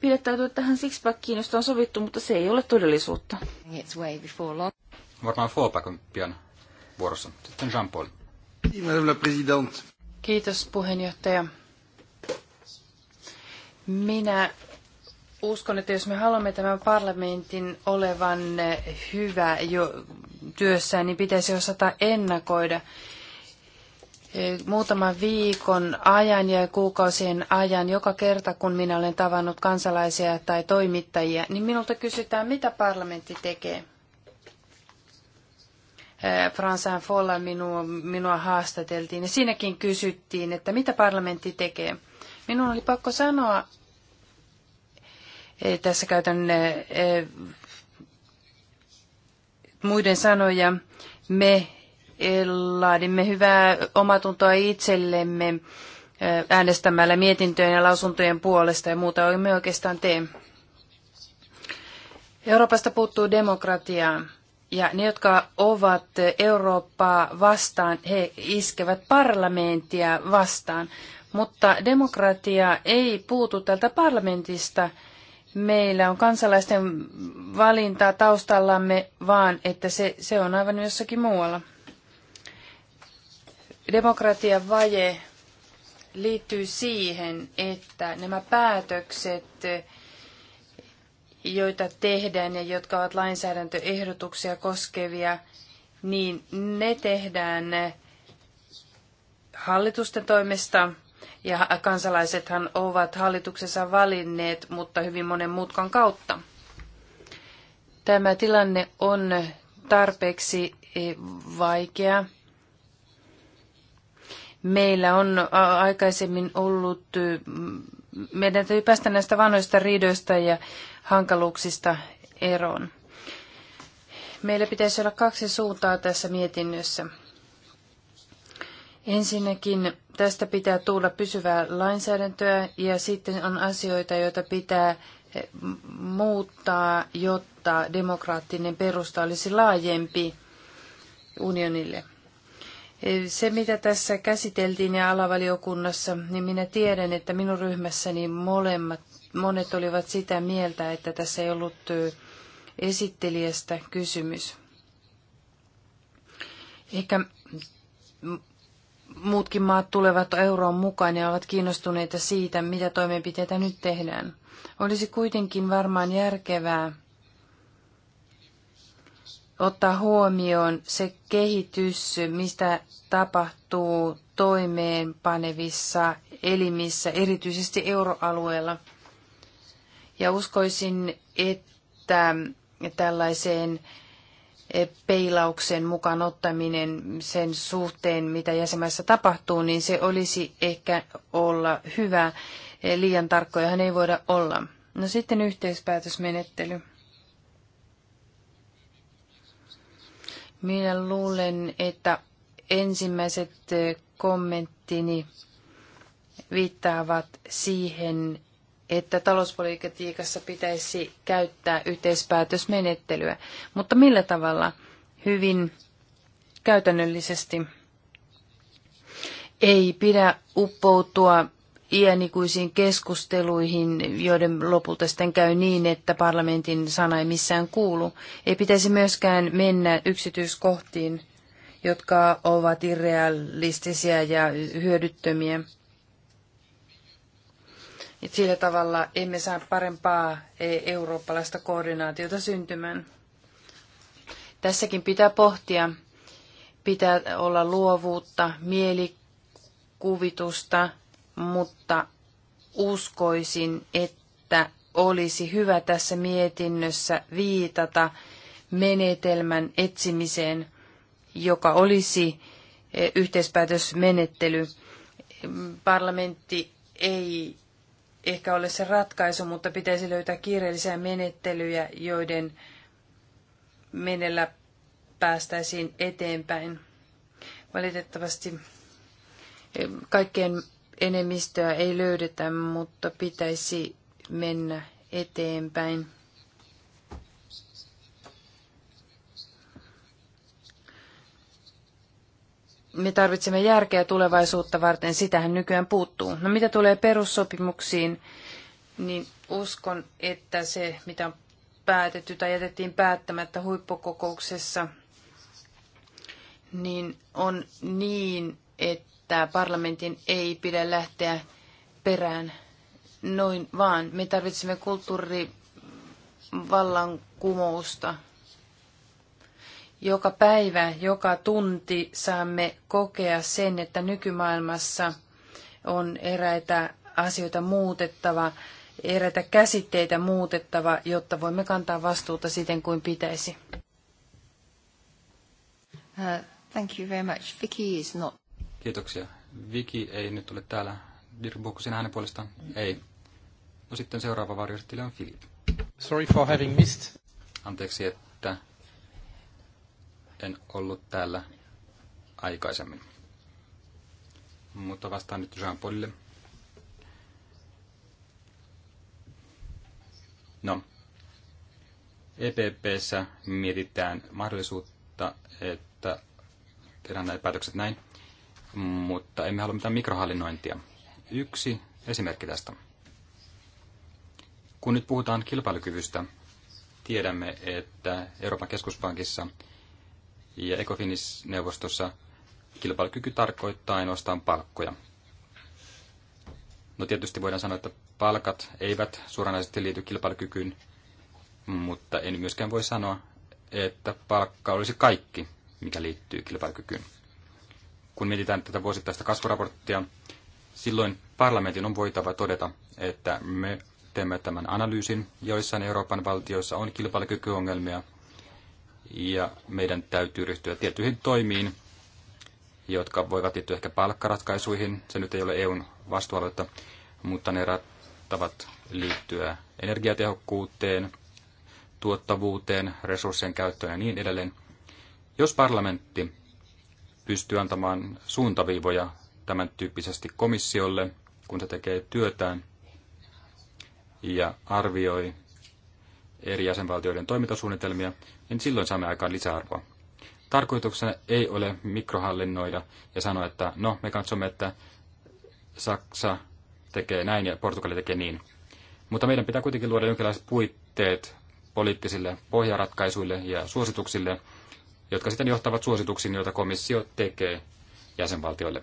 pidättäytyä tähän sixpackiin, josta on sovittu, mutta se ei ole todellisuutta. Varmaan fallback on pian vuorossa. Sitten Jean-Paul. Kiitos puheenjohtaja. Minä uskon, että jos me haluamme tämän parlamentin olevan hyvä jo työssään, niin pitäisi osata ennakoida muutaman viikon ajan ja kuukausien ajan, joka kerta kun minä olen tavannut kansalaisia tai toimittajia, niin minulta kysytään, mitä parlamentti tekee. Eh, Fransan Folla minua, minua haastateltiin ja siinäkin kysyttiin, että mitä parlamentti tekee. Minun oli pakko sanoa, eh, tässä käytän eh, muiden sanoja, me laadimme hyvää omatuntoa itsellemme äänestämällä mietintöjen ja lausuntojen puolesta ja muuta emme oikeastaan tee. Euroopasta puuttuu demokratiaa. Ja ne, jotka ovat Eurooppaa vastaan, he iskevät parlamenttia vastaan. Mutta demokratia ei puutu tältä parlamentista. Meillä on kansalaisten valintaa taustallamme, vaan että se, se on aivan jossakin muualla. Demokratian vaje liittyy siihen, että nämä päätökset joita tehdään ja jotka ovat lainsäädäntöehdotuksia koskevia, niin ne tehdään hallitusten toimesta. Ja kansalaisethan ovat hallituksessa valinneet, mutta hyvin monen mutkan kautta. Tämä tilanne on tarpeeksi eh, vaikea. Meillä on aikaisemmin ollut mm, meidän täytyy päästä näistä vanhoista riidoista ja hankaluuksista eroon. Meillä pitäisi olla kaksi suuntaa tässä mietinnössä. Ensinnäkin tästä pitää tulla pysyvää lainsäädäntöä ja sitten on asioita, joita pitää eh, muuttaa, jotta demokraattinen perusta olisi laajempi unionille. Se, mitä tässä käsiteltiin ja alavaliokunnassa, niin minä tiedän, että minun ryhmässäni molemmat, monet olivat sitä mieltä, että tässä ei ollut esittelijästä kysymys. Ehkä muutkin maat tulevat euroon mukaan ja ovat kiinnostuneita siitä, mitä toimenpiteitä nyt tehdään. Olisi kuitenkin varmaan järkevää ottaa huomioon se kehitys, mistä tapahtuu toimeenpanevissa elimissä, erityisesti euroalueella. Ja uskoisin, että tällaiseen peilauksen mukaan ottaminen sen suhteen, mitä jäsenmaissa tapahtuu, niin se olisi ehkä olla hyvä. Liian tarkkojahan ei voida olla. No sitten yhteispäätösmenettely. Minä luulen, että ensimmäiset kommenttini viittaavat siihen, että talouspolitiikassa pitäisi käyttää yhteispäätösmenettelyä. Mutta millä tavalla? Hyvin käytännöllisesti. Ei pidä uppoutua iänikuisiin keskusteluihin, joiden lopulta sitten käy niin, että parlamentin sana ei missään kuulu. Ei pitäisi myöskään mennä yksityiskohtiin, jotka ovat irrealistisia ja hyödyttömiä. Et sillä tavalla emme saa parempaa e- eurooppalaista koordinaatiota syntymään. Tässäkin pitää pohtia, pitää olla luovuutta, mielikuvitusta, mutta uskoisin, että olisi hyvä tässä mietinnössä viitata menetelmän etsimiseen, joka olisi e, yhteispäätösmenettely. Parlamentti ei ehkä ole se ratkaisu, mutta pitäisi löytää kiireellisiä menettelyjä, joiden menellä päästäisiin eteenpäin. Valitettavasti e, kaikkeen enemmistöä ei löydetä, mutta pitäisi mennä eteenpäin. Me tarvitsemme järkeä tulevaisuutta varten, sitähän nykyään puuttuu. No mitä tulee perussopimuksiin, niin uskon, että se mitä on päätetty tai jätettiin päättämättä huippukokouksessa, niin on niin, että että parlamentin ei pidä lähteä perään noin vaan. Me tarvitsemme kulttuurivallankumousta. Joka päivä, joka tunti saamme kokea sen, että nykymaailmassa on eräitä asioita muutettava, eräitä käsitteitä muutettava, jotta voimme kantaa vastuuta siten kuin pitäisi. Uh, thank you very much. Vicky is not... Kiitoksia. Viki ei nyt ole täällä. Dirk sinä hänen puolestaan? Ei. No sitten seuraava varjostilja on Filip. Sorry for having missed. Anteeksi, että en ollut täällä aikaisemmin. Mutta vastaan nyt Jean Paulille. No, EPPssä mietitään mahdollisuutta, että tehdään nämä päätökset näin mutta emme halua mitään mikrohallinnointia. Yksi esimerkki tästä. Kun nyt puhutaan kilpailukyvystä, tiedämme, että Euroopan keskuspankissa ja Ecofinis-neuvostossa kilpailukyky tarkoittaa ainoastaan palkkoja. No tietysti voidaan sanoa, että palkat eivät suoranaisesti liity kilpailukykyyn, mutta en myöskään voi sanoa, että palkka olisi kaikki, mikä liittyy kilpailukykyyn kun mietitään tätä vuosittaista kasvuraporttia, silloin parlamentin on voitava todeta, että me teemme tämän analyysin. Joissain Euroopan valtioissa on kilpailukykyongelmia ja meidän täytyy ryhtyä tiettyihin toimiin, jotka voivat liittyä ehkä palkkaratkaisuihin. Se nyt ei ole EUn vastuualuetta, mutta ne rattavat liittyä energiatehokkuuteen, tuottavuuteen, resurssien käyttöön ja niin edelleen. Jos parlamentti pystyy antamaan suuntaviivoja tämän tyyppisesti komissiolle, kun se tekee työtään ja arvioi eri jäsenvaltioiden toimintasuunnitelmia, niin silloin saamme aikaan lisäarvoa. Tarkoituksena ei ole mikrohallinnoida ja sanoa, että no, me katsomme, että Saksa tekee näin ja Portugali tekee niin. Mutta meidän pitää kuitenkin luoda jonkinlaiset puitteet poliittisille pohjaratkaisuille ja suosituksille, jotka sitten johtavat suosituksiin, joita komissio tekee jäsenvaltioille.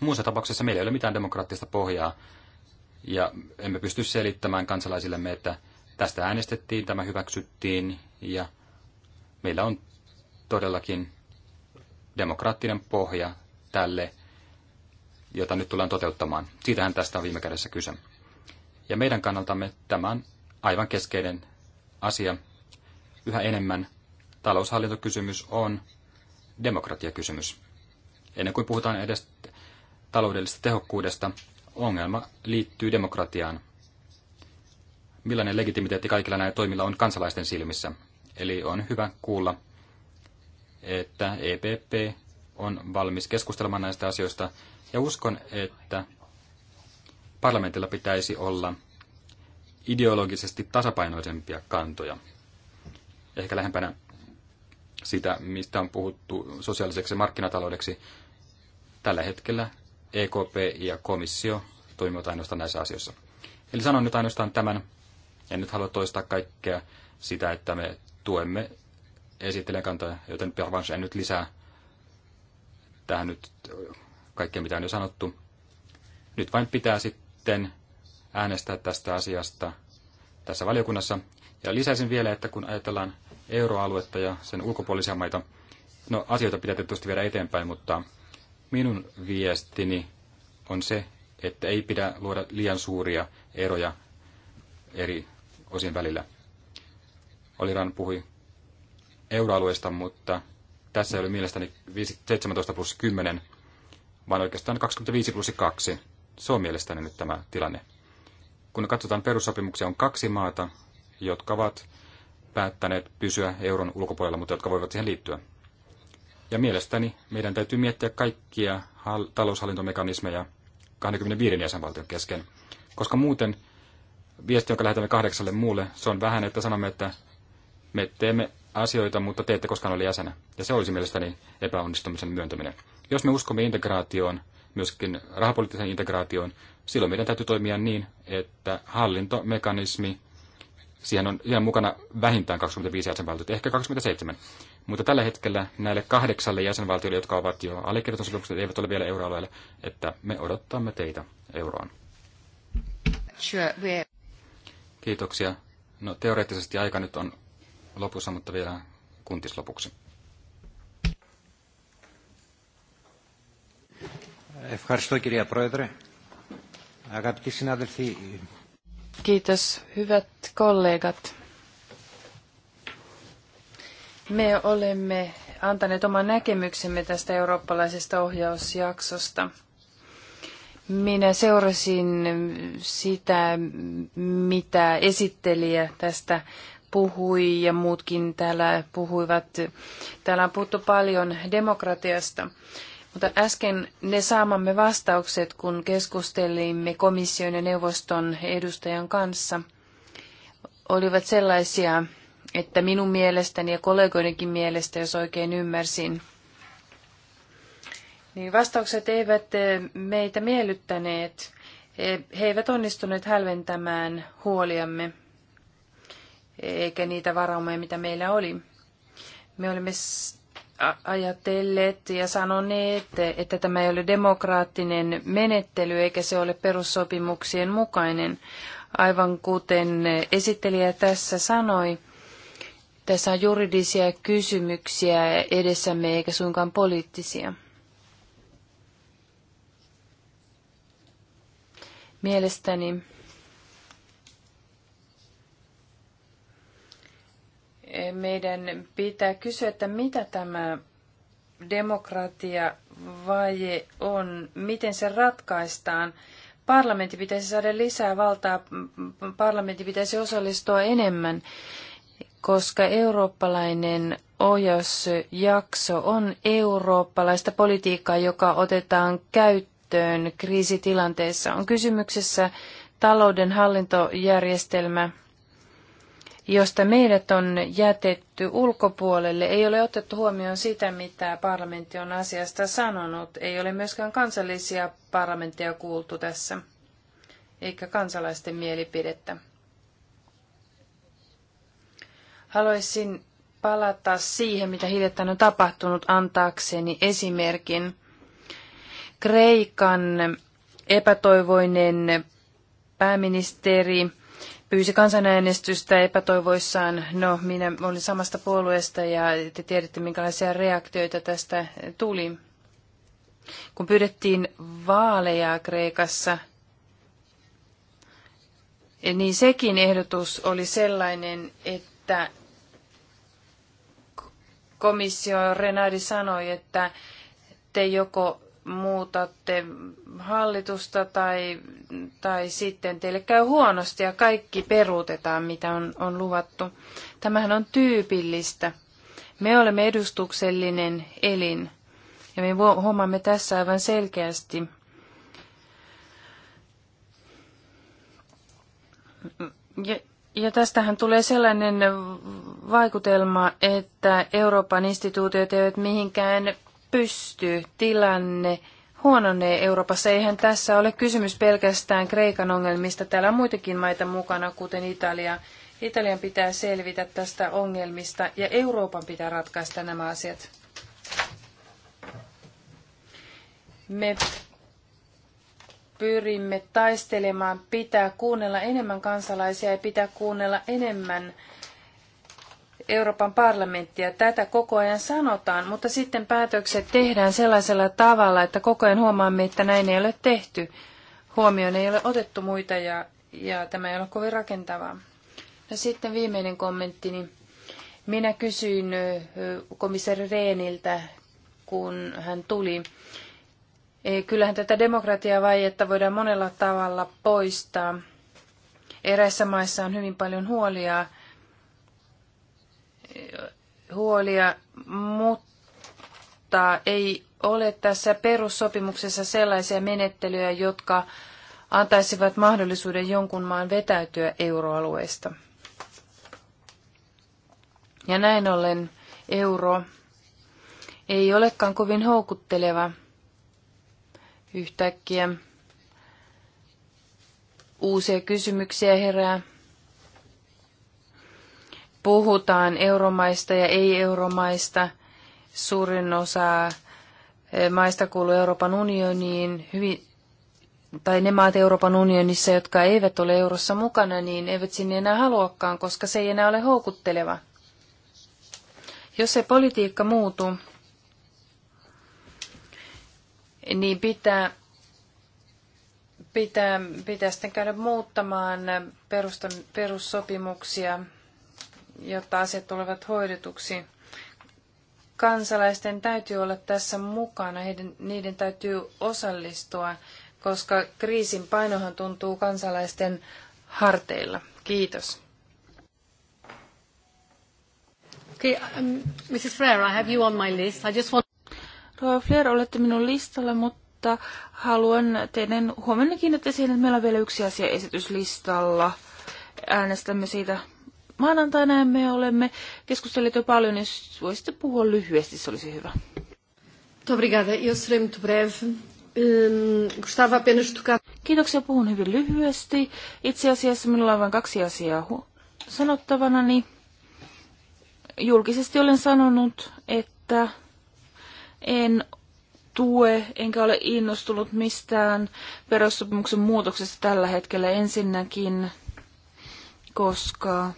Muussa tapauksessa meillä ei ole mitään demokraattista pohjaa, ja emme pysty selittämään kansalaisillemme, että tästä äänestettiin, tämä hyväksyttiin, ja meillä on todellakin demokraattinen pohja tälle, jota nyt tullaan toteuttamaan. Siitähän tästä on viime kädessä kyse. Ja meidän kannaltamme tämä on aivan keskeinen asia. Yhä enemmän taloushallintokysymys on demokratiakysymys. Ennen kuin puhutaan edes taloudellisesta tehokkuudesta, ongelma liittyy demokratiaan. Millainen legitimiteetti kaikilla näillä toimilla on kansalaisten silmissä? Eli on hyvä kuulla, että EPP on valmis keskustelemaan näistä asioista ja uskon, että parlamentilla pitäisi olla ideologisesti tasapainoisempia kantoja. Ehkä lähempänä sitä, mistä on puhuttu sosiaaliseksi markkinataloudeksi. Tällä hetkellä EKP ja komissio toimivat ainoastaan näissä asioissa. Eli sanon nyt ainoastaan tämän. En nyt halua toistaa kaikkea sitä, että me tuemme esittelen kantaa, joten Pervans en nyt lisää tähän nyt kaikkea, mitä on jo sanottu. Nyt vain pitää sitten äänestää tästä asiasta tässä valiokunnassa. Ja lisäisin vielä, että kun ajatellaan euroaluetta ja sen ulkopuolisia maita. No, asioita pitää tietysti viedä eteenpäin, mutta minun viestini on se, että ei pidä luoda liian suuria eroja eri osien välillä. Oliran puhui euroalueesta, mutta tässä ei ole mielestäni 17 plus 10, vaan oikeastaan 25 plus 2. Se on mielestäni nyt tämä tilanne. Kun katsotaan perussopimuksia, on kaksi maata, jotka ovat päättäneet pysyä euron ulkopuolella, mutta jotka voivat siihen liittyä. Ja mielestäni meidän täytyy miettiä kaikkia taloushallintomekanismeja 25 jäsenvaltion kesken, koska muuten viesti, jonka lähetämme kahdeksalle muulle, se on vähän, että sanomme, että me teemme asioita, mutta te ette koskaan ole jäsenä. Ja se olisi mielestäni epäonnistumisen myöntäminen. Jos me uskomme integraatioon, myöskin rahapoliittiseen integraatioon, silloin meidän täytyy toimia niin, että hallintomekanismi siihen on ihan mukana vähintään 25 jäsenvaltiota, ehkä 27. Mutta tällä hetkellä näille kahdeksalle jäsenvaltiolle, jotka ovat jo allekirjoitusopimukset, eivät ole vielä euroalueelle, että me odottamme teitä euroon. Kiitoksia. No teoreettisesti aika nyt on lopussa, mutta vielä kuntis lopuksi. Ευχαριστώ κυρία Πρόεδρε. Αγαπητοί συνάδελφοι, Kiitos, hyvät kollegat. Me olemme antaneet oman näkemyksemme tästä eurooppalaisesta ohjausjaksosta. Minä seurasin sitä, mitä esittelijä tästä puhui ja muutkin täällä puhuivat. Täällä on puhuttu paljon demokratiasta. Mutta äsken ne saamamme vastaukset, kun keskustelimme komission ja neuvoston edustajan kanssa, olivat sellaisia, että minun mielestäni ja kollegoidenkin mielestä, jos oikein ymmärsin, niin vastaukset eivät eh, meitä miellyttäneet. He eivät onnistuneet hälventämään huoliamme, eikä niitä varaumeja, mitä meillä oli. Me olemme ajatelleet ja sanoneet, että tämä ei ole demokraattinen menettely eikä se ole perussopimuksien mukainen. Aivan kuten esittelijä tässä sanoi, tässä on juridisia kysymyksiä edessämme eikä suinkaan poliittisia. Mielestäni meidän pitää kysyä, että mitä tämä demokratiavaje on, miten se ratkaistaan. Parlamentti pitäisi saada lisää valtaa, parlamentti pitäisi osallistua enemmän, koska eurooppalainen ohjausjakso on eurooppalaista politiikkaa, joka otetaan käyttöön kriisitilanteessa. On kysymyksessä talouden hallintojärjestelmä, josta meidät on jätetty ulkopuolelle. Ei ole otettu huomioon sitä, mitä parlamentti on asiasta sanonut. Ei ole myöskään kansallisia parlamentteja kuultu tässä, eikä kansalaisten mielipidettä. Haluaisin palata siihen, mitä hiljattain on tapahtunut, antaakseni esimerkin. Kreikan epätoivoinen pääministeri pyysi kansanäänestystä epätoivoissaan. No, minä olin samasta puolueesta ja te tiedätte, minkälaisia reaktioita tästä tuli. Kun pyydettiin vaaleja Kreikassa, niin sekin ehdotus oli sellainen, että komissio Renardi sanoi, että te joko muutatte hallitusta tai, tai sitten teille käy huonosti ja kaikki peruutetaan, mitä on, on luvattu. Tämähän on tyypillistä. Me olemme edustuksellinen elin ja me huomaamme tässä aivan selkeästi, ja, ja tästähän tulee sellainen vaikutelma, että Euroopan instituutiot eivät mihinkään pysty Tilanne huononee Euroopassa. Eihän tässä ole kysymys pelkästään Kreikan ongelmista. Täällä on muitakin maita mukana, kuten Italia. Italian pitää selvitä tästä ongelmista ja Euroopan pitää ratkaista nämä asiat. Me pyrimme taistelemaan, pitää kuunnella enemmän kansalaisia ja pitää kuunnella enemmän Euroopan parlamenttia. Tätä koko ajan sanotaan, mutta sitten päätökset tehdään sellaisella tavalla, että koko ajan huomaamme, että näin ei ole tehty. Huomioon ei ole otettu muita ja, ja tämä ei ole kovin rakentavaa. No sitten viimeinen kommenttini. Niin minä kysyin komissaari Reeniltä, kun hän tuli. E, kyllähän tätä demokratiavaietta voidaan monella tavalla poistaa. Eräissä maissa on hyvin paljon huolia huolia, mutta ei ole tässä perussopimuksessa sellaisia menettelyjä, jotka antaisivat mahdollisuuden jonkun maan vetäytyä euroalueesta. Ja näin ollen euro ei olekaan kovin houkutteleva yhtäkkiä. Uusia kysymyksiä herää puhutaan euromaista ja ei-euromaista. Suurin osa eh, maista kuuluu Euroopan unioniin, hyvin, tai ne maat Euroopan unionissa, jotka eivät ole eurossa mukana, niin eivät sinne enää haluakaan, koska se ei enää ole houkutteleva. Jos se politiikka muutu, niin pitää, pitää, pitää sitten käydä muuttamaan perustan, perussopimuksia jotta asiat tulevat hoidetuksi. Kansalaisten täytyy olla tässä mukana, heidän, niiden täytyy osallistua, koska kriisin painohan tuntuu kansalaisten harteilla. Kiitos. Okay, um, Mrs. Frere, I have you on my list. I just want... Rova Flair, olette minun listalla, mutta haluan teidän huomenna kiinnittää siihen, että meillä on vielä yksi asia esityslistalla. Äänestämme siitä maanantaina me olemme keskustelleet jo paljon, jos niin voisitte puhua lyhyesti, se olisi hyvä. Obrigada, eu serei muito breve. Gustavo apenas tocar... Kiitoksia, puhun hyvin lyhyesti. Itse asiassa minulla on vain kaksi asiaa sanottavana, niin julkisesti olen sanonut, että en tue enkä ole innostunut mistään perussopimuksen muutoksesta tällä hetkellä ensinnäkin, koska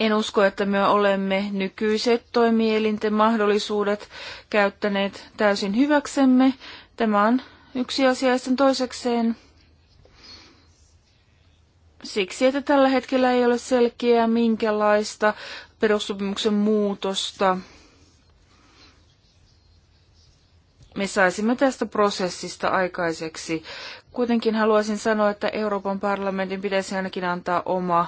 en usko, että me olemme nykyiset toimielinten mahdollisuudet käyttäneet täysin hyväksemme. Tämä on yksi asia ja toisekseen siksi, että tällä hetkellä ei ole selkeää minkälaista perussopimuksen muutosta me saisimme tästä prosessista aikaiseksi. Kuitenkin haluaisin sanoa, että Euroopan parlamentin pitäisi ainakin antaa oma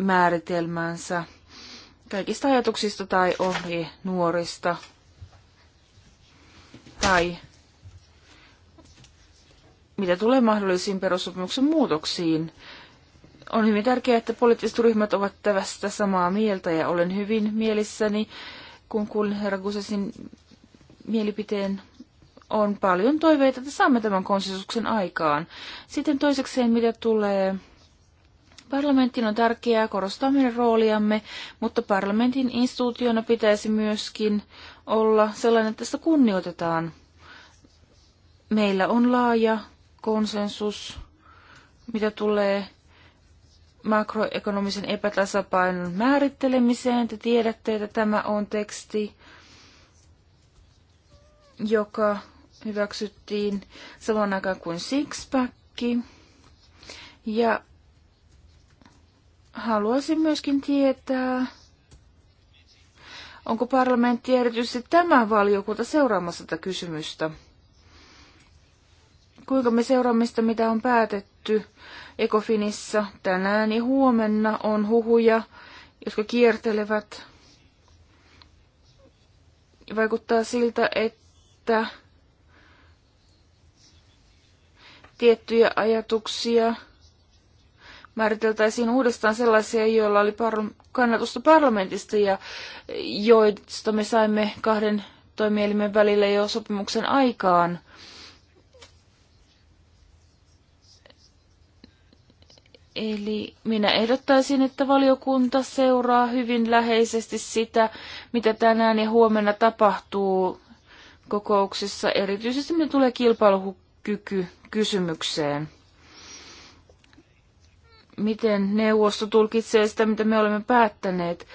määritelmänsä kaikista ajatuksista tai ohje nuorista tai mitä tulee mahdollisiin perussopimuksen muutoksiin. On hyvin tärkeää, että poliittiset ryhmät ovat tästä samaa mieltä ja olen hyvin mielissäni, kun kuulin herra Gusesin mielipiteen on paljon toiveita, että saamme tämän konsensuksen aikaan. Sitten toisekseen, mitä tulee Parlamentin on tärkeää korostaa meidän rooliamme, mutta parlamentin instituutiona pitäisi myöskin olla sellainen, että sitä kunnioitetaan. Meillä on laaja konsensus, mitä tulee makroekonomisen epätasapainon määrittelemiseen. Te tiedätte, että tämä on teksti, joka hyväksyttiin samaan aikaan kuin Sixpack. Ja haluaisin myöskin tietää, onko parlamentti erityisesti tämä valiokunta seuraamassa tätä kysymystä. Kuinka me seuraamme sitä, mitä on päätetty Ekofinissa tänään ja huomenna on huhuja, jotka kiertelevät. Vaikuttaa siltä, että tiettyjä ajatuksia – määriteltäisiin uudestaan sellaisia, joilla oli par- kannatusta parlamentista ja joista me saimme kahden toimielimen välillä jo sopimuksen aikaan. Eli minä ehdottaisin, että valiokunta seuraa hyvin läheisesti sitä, mitä tänään ja huomenna tapahtuu kokouksissa. Erityisesti mitä tulee kilpailukyky kysymykseen miten neuvosto tulkitsee sitä, mitä me olemme päättäneet.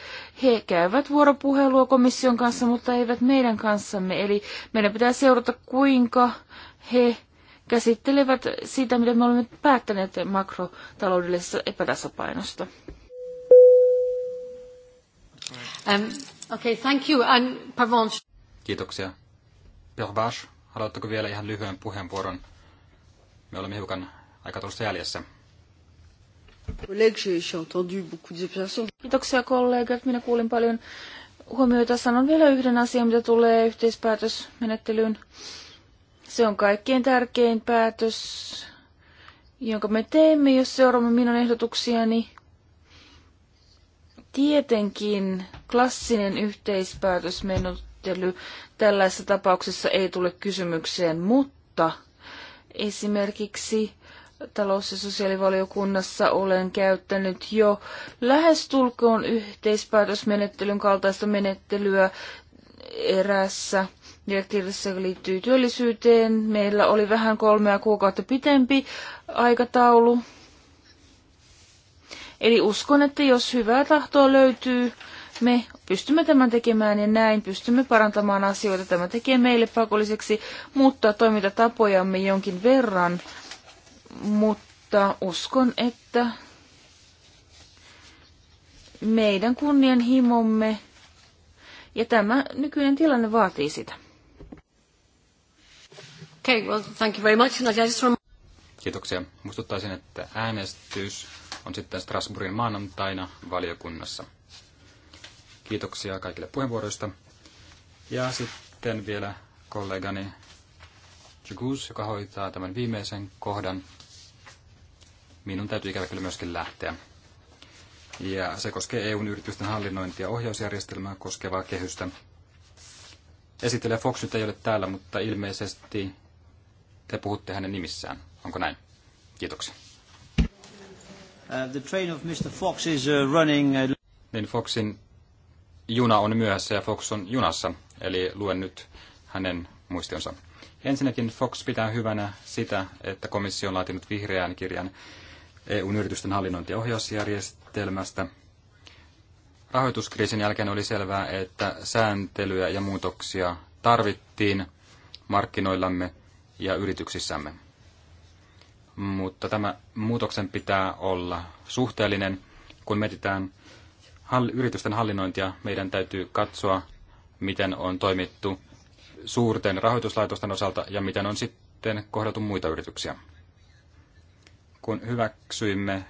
He käyvät vuoropuhelua komission kanssa, mutta eivät meidän kanssamme. Eli meidän pitää seurata, kuinka he käsittelevät sitä, mitä me olemme päättäneet makrotaloudellisesta epätasapainosta. Um, okay, thank you. And Pervanche. Kiitoksia. Pervanche, haluatteko vielä ihan lyhyen puheenvuoron? Me olemme hiukan aikataulusta jäljessä. Kiitoksia kollegat. Minä kuulin paljon huomioita. Sanon vielä yhden asian, mitä tulee yhteispäätösmenettelyyn. Se on kaikkein tärkein päätös, jonka me teemme, jos seuraamme minun ehdotuksiani. Tietenkin klassinen yhteispäätösmenettely tällaisessa tapauksessa ei tule kysymykseen, mutta esimerkiksi talous- ja sosiaalivaliokunnassa olen käyttänyt jo lähestulkoon yhteispäätösmenettelyn kaltaista menettelyä erässä direktiivissä, joka liittyy työllisyyteen. Meillä oli vähän kolmea kuukautta pitempi aikataulu. Eli uskon, että jos hyvää tahtoa löytyy, me pystymme tämän tekemään ja näin pystymme parantamaan asioita. Tämä tekee meille pakolliseksi muuttaa toimintatapojamme jonkin verran mutta uskon, että meidän kunnianhimomme ja tämä nykyinen tilanne vaatii sitä. Okay, well, thank you very much. And I just Kiitoksia. Muistuttaisin, että äänestys on sitten Strasbourgin maanantaina valiokunnassa. Kiitoksia kaikille puheenvuoroista. Ja sitten vielä kollegani Jugus, joka hoitaa tämän viimeisen kohdan minun täytyy ikävä kyllä myöskin lähteä. Ja se koskee EUn yritysten hallinnointia, ja ohjausjärjestelmää koskevaa kehystä. Esittelijä Fox nyt ei ole täällä, mutta ilmeisesti te puhutte hänen nimissään. Onko näin? Kiitoksia. Uh, the train of Mr. Fox is uh, running... Uh... Niin Foxin juna on myöhässä ja Fox on junassa, eli luen nyt hänen muistionsa. Ensinnäkin Fox pitää hyvänä sitä, että komissio on laatinut vihreän kirjan EUn yritysten hallinnointi- ja ohjausjärjestelmästä. Rahoituskriisin jälkeen oli selvää, että sääntelyä ja muutoksia tarvittiin markkinoillamme ja yrityksissämme. Mutta tämä muutoksen pitää olla suhteellinen. Kun mietitään yritysten hallinnointia, meidän täytyy katsoa, miten on toimittu suurten rahoituslaitosten osalta ja miten on sitten kohdattu muita yrityksiä kun hyväksyimme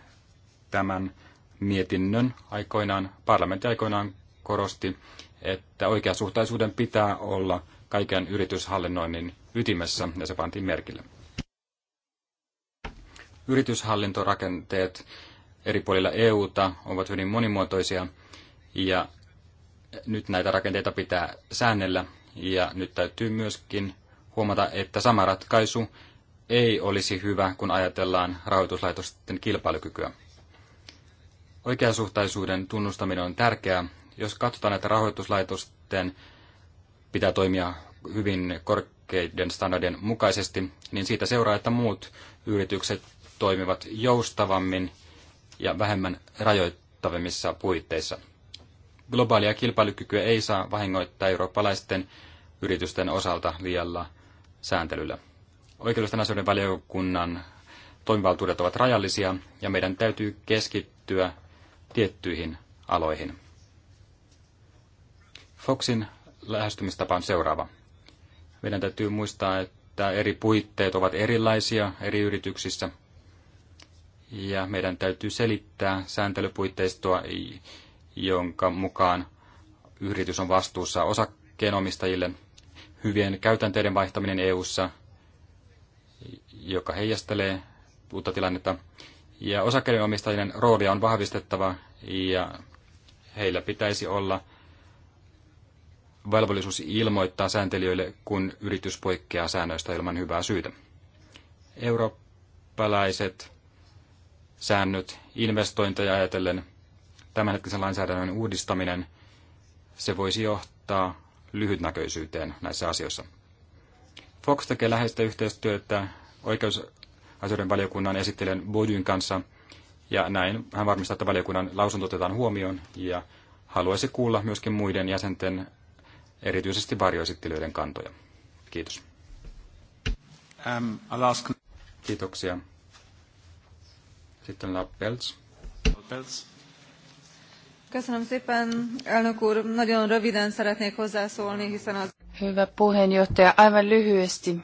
tämän mietinnön aikoinaan, parlamentti aikoinaan korosti, että oikeasuhtaisuuden pitää olla kaiken yrityshallinnoinnin ytimessä, ja se pantiin merkille. Yrityshallintorakenteet eri puolilla EUta ovat hyvin monimuotoisia, ja nyt näitä rakenteita pitää säännellä, ja nyt täytyy myöskin huomata, että sama ratkaisu ei olisi hyvä, kun ajatellaan rahoituslaitosten kilpailukykyä. Oikeasuhtaisuuden tunnustaminen on tärkeää. Jos katsotaan, että rahoituslaitosten pitää toimia hyvin korkeiden standardien mukaisesti, niin siitä seuraa, että muut yritykset toimivat joustavammin ja vähemmän rajoittavimmissa puitteissa. Globaalia kilpailukykyä ei saa vahingoittaa eurooppalaisten yritysten osalta liialla sääntelyllä oikeudellisten asioiden valiokunnan toimivaltuudet ovat rajallisia ja meidän täytyy keskittyä tiettyihin aloihin. Foxin lähestymistapa on seuraava. Meidän täytyy muistaa, että eri puitteet ovat erilaisia eri yrityksissä ja meidän täytyy selittää sääntelypuitteistoa, jonka mukaan yritys on vastuussa osakkeenomistajille. Hyvien käytänteiden vaihtaminen EU:ssa joka heijastelee uutta tilannetta. Ja osakkeenomistajien roolia on vahvistettava ja heillä pitäisi olla velvollisuus ilmoittaa sääntelijöille, kun yritys poikkeaa säännöistä ilman hyvää syytä. Eurooppalaiset säännöt investointeja ajatellen, tämänhetkisen lainsäädännön uudistaminen, se voisi johtaa lyhytnäköisyyteen näissä asioissa. Fox tekee läheistä yhteistyötä oikeusasioiden valiokunnan esittelijän Bodyn kanssa, ja näin hän varmistaa, että valiokunnan lausunto otetaan huomioon, ja haluaisi kuulla myöskin muiden jäsenten, erityisesti varjoesittelijöiden kantoja. Kiitos. Um, ask... Kiitoksia. Sitten Lappels. Lappels. Köszönöm szépen, elnök úr. Nagyon röviden szeretnék hozzászólni, hiszen az... Hyvä puheenjohtaja, aivan lyhyesti.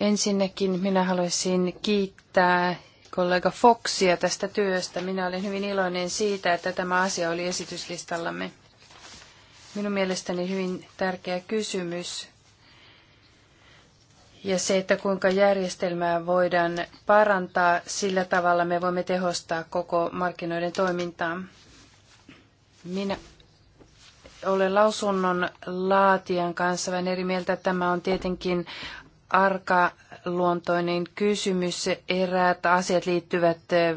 Ensinnäkin minä haluaisin kiittää kollega Foxia tästä työstä. Minä olen hyvin iloinen siitä, että tämä asia oli esityslistallamme. Minun mielestäni hyvin tärkeä kysymys. Ja se, että kuinka järjestelmää voidaan parantaa, sillä tavalla me voimme tehostaa koko markkinoiden toimintaa. Minä ole lausunnon laatijan kanssa vain eri mieltä. Tämä on tietenkin arka luontoinen kysymys. Eräät asiat liittyvät eh,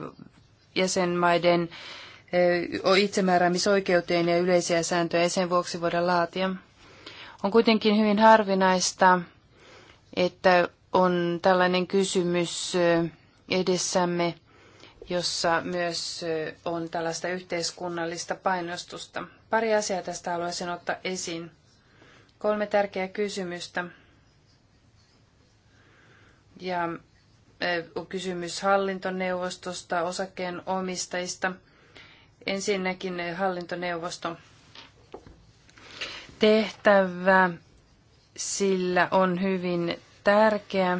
jäsenmaiden eh, itsemääräämisoikeuteen ja yleisiä sääntöjä, ja sen vuoksi voida laatia. On kuitenkin hyvin harvinaista, että on tällainen kysymys eh, edessämme, jossa myös on tällaista yhteiskunnallista painostusta. Pari asiaa tästä haluaisin ottaa esiin. Kolme tärkeää kysymystä. Ja e, kysymys hallintoneuvostosta, osakkeen omistajista. Ensinnäkin e, hallintoneuvosto tehtävä, sillä on hyvin tärkeä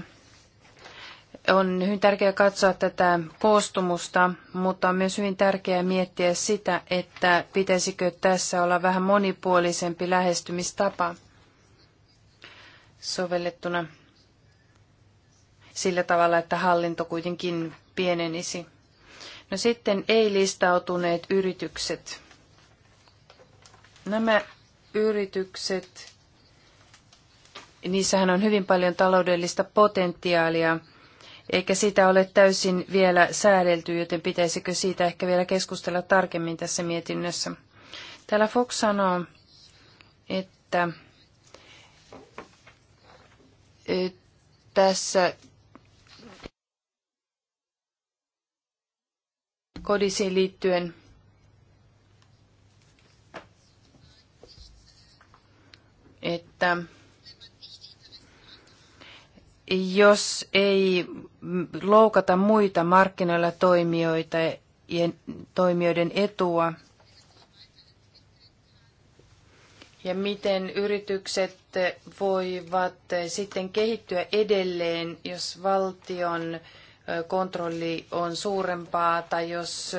on hyvin tärkeää katsoa tätä koostumusta, mutta on myös hyvin tärkeää miettiä sitä, että pitäisikö tässä olla vähän monipuolisempi lähestymistapa sovellettuna sillä tavalla, että hallinto kuitenkin pienenisi. No sitten ei-listautuneet yritykset. Nämä yritykset, niissähän on hyvin paljon taloudellista potentiaalia – eikä sitä ole täysin vielä säädelty, joten pitäisikö siitä ehkä vielä keskustella tarkemmin tässä mietinnössä. Täällä Fox sanoo, että tässä kodisiin liittyen että jos ei loukata muita markkinoilla toimijoita ja toimijoiden etua, ja miten yritykset voivat sitten kehittyä edelleen, jos valtion kontrolli on suurempaa tai jos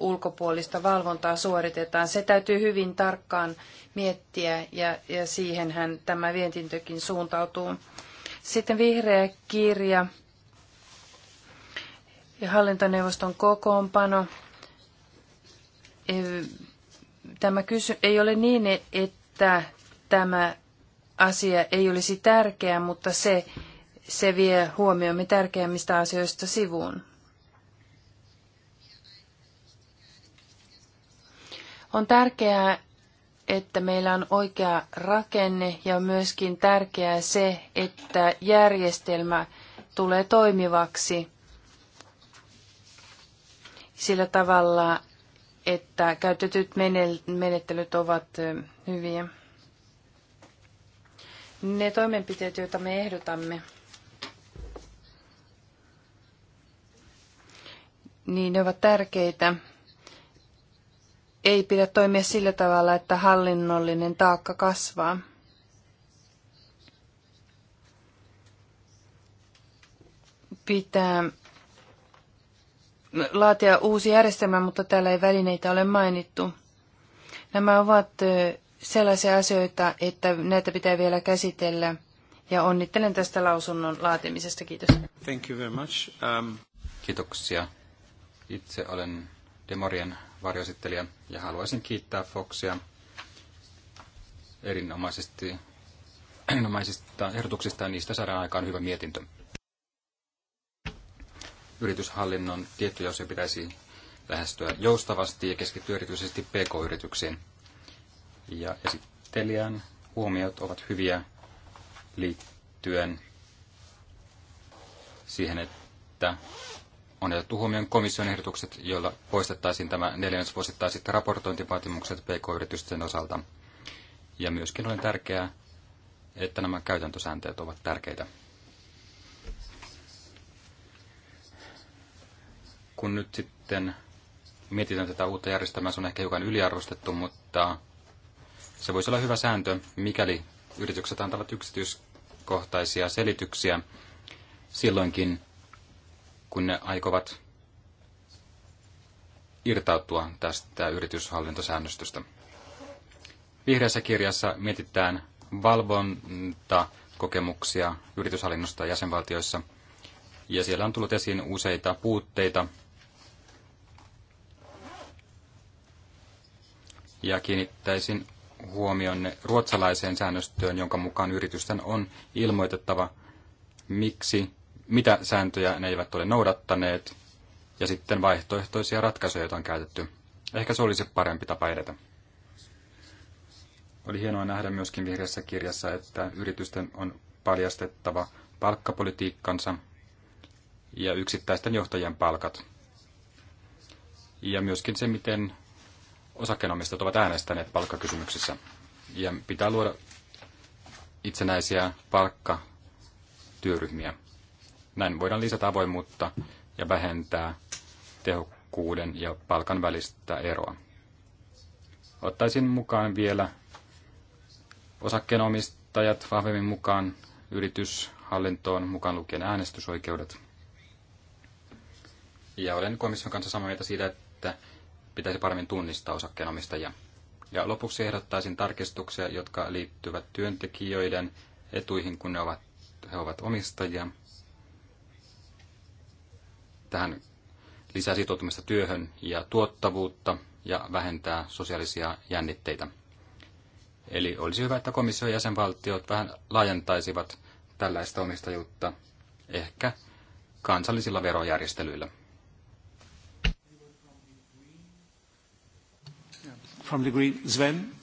ulkopuolista valvontaa suoritetaan. Se täytyy hyvin tarkkaan miettiä ja, ja siihenhän tämä vientintökin suuntautuu. Sitten vihreä kirja ja hallintoneuvoston kokoonpano. E, tämä kysy- ei ole niin, että tämä asia ei olisi tärkeä, mutta se, se vie huomiomme tärkeimmistä asioista sivuun. On tärkeää, että meillä on oikea rakenne ja myöskin tärkeää se, että järjestelmä tulee toimivaksi sillä tavalla, että käytetyt menettelyt ovat hyviä. Ne toimenpiteet, joita me ehdotamme, niin ne ovat tärkeitä ei pidä toimia sillä tavalla, että hallinnollinen taakka kasvaa. Pitää laatia uusi järjestelmä, mutta täällä ei välineitä ole mainittu. Nämä ovat sellaisia asioita, että näitä pitää vielä käsitellä. Ja onnittelen tästä lausunnon laatimisesta. Kiitos. Thank you very much. Um... Kiitoksia. Itse olen Demorien varjoesittelijä, ja haluaisin kiittää Foxia erinomaisesti, erinomaisista ehdotuksista, ja niistä saadaan aikaan hyvä mietintö. Yrityshallinnon tiettyjä osia pitäisi lähestyä joustavasti ja keskittyä erityisesti pk-yrityksiin. Ja esittelijän huomiot ovat hyviä liittyen siihen, että on otettu huomioon komission ehdotukset, joilla poistettaisiin tämä neljännesvuosittaiset raportointivaatimukset pk-yritysten osalta. Ja myöskin on tärkeää, että nämä käytäntösäänteet ovat tärkeitä. Kun nyt sitten mietitään tätä uutta järjestelmää, se on ehkä hiukan yliarvostettu, mutta se voisi olla hyvä sääntö, mikäli yritykset antavat yksityiskohtaisia selityksiä silloinkin, kun ne aikovat irtautua tästä yrityshallintosäännöstöstä. Vihreässä kirjassa mietitään valvontakokemuksia yrityshallinnosta jäsenvaltioissa, ja siellä on tullut esiin useita puutteita, ja kiinnittäisin huomionne ruotsalaiseen säännöstöön, jonka mukaan yritysten on ilmoitettava, miksi mitä sääntöjä ne eivät ole noudattaneet, ja sitten vaihtoehtoisia ratkaisuja, joita on käytetty. Ehkä se olisi parempi tapa edetä. Oli hienoa nähdä myöskin vihreässä kirjassa, että yritysten on paljastettava palkkapolitiikkansa ja yksittäisten johtajien palkat. Ja myöskin se, miten osakkeenomistajat ovat äänestäneet palkkakysymyksissä. Ja pitää luoda itsenäisiä palkkatyöryhmiä. Näin voidaan lisätä avoimuutta ja vähentää tehokkuuden ja palkan välistä eroa. Ottaisin mukaan vielä osakkeenomistajat vahvemmin mukaan yrityshallintoon, mukaan lukien äänestysoikeudet. Ja olen komission kanssa samaa mieltä siitä, että pitäisi paremmin tunnistaa osakkeenomistajia. Ja lopuksi ehdottaisin tarkistuksia, jotka liittyvät työntekijöiden etuihin, kun ne ovat, he ovat omistajia tähän lisää sitoutumista työhön ja tuottavuutta ja vähentää sosiaalisia jännitteitä. Eli olisi hyvä, että komission jäsenvaltiot vähän laajentaisivat tällaista omistajuutta ehkä kansallisilla verojärjestelyillä. From the green, Sven.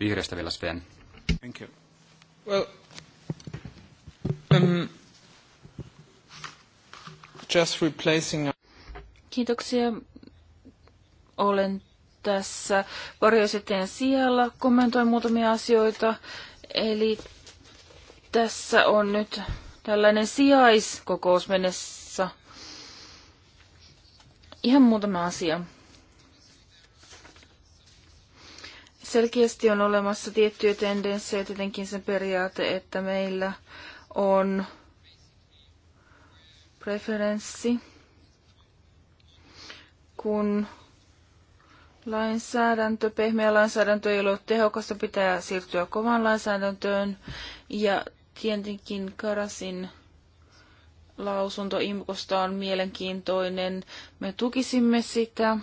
Vihreästä vielä Sven. Thank you. Well, um, just replacing... Kiitoksia. Olen tässä varjoisetteen sijalla. Kommentoin muutamia asioita. Eli tässä on nyt tällainen sijaiskokous mennessä. Ihan muutama asia. Selkeästi on olemassa tiettyjä tendenssejä, tietenkin sen periaate, että meillä on preferenssi, kun lainsäädäntö, pehmeä lainsäädäntö ei ole tehokasta, pitää siirtyä kovan lainsäädäntöön. Ja tietenkin Karasin lausunto Imkosta on mielenkiintoinen. Me tukisimme sitä.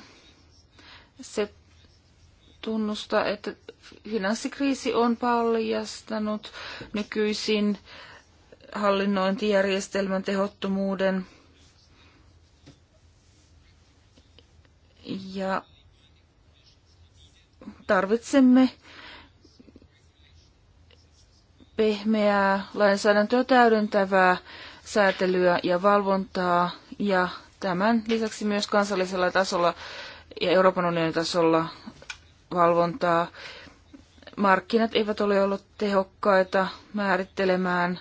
Se tunnustaa, että finanssikriisi on paljastanut nykyisin hallinnointijärjestelmän tehottomuuden ja tarvitsemme pehmeää lainsäädäntöä täydentävää säätelyä ja valvontaa ja tämän lisäksi myös kansallisella tasolla ja Euroopan unionin tasolla valvontaa. Markkinat eivät ole olleet tehokkaita määrittelemään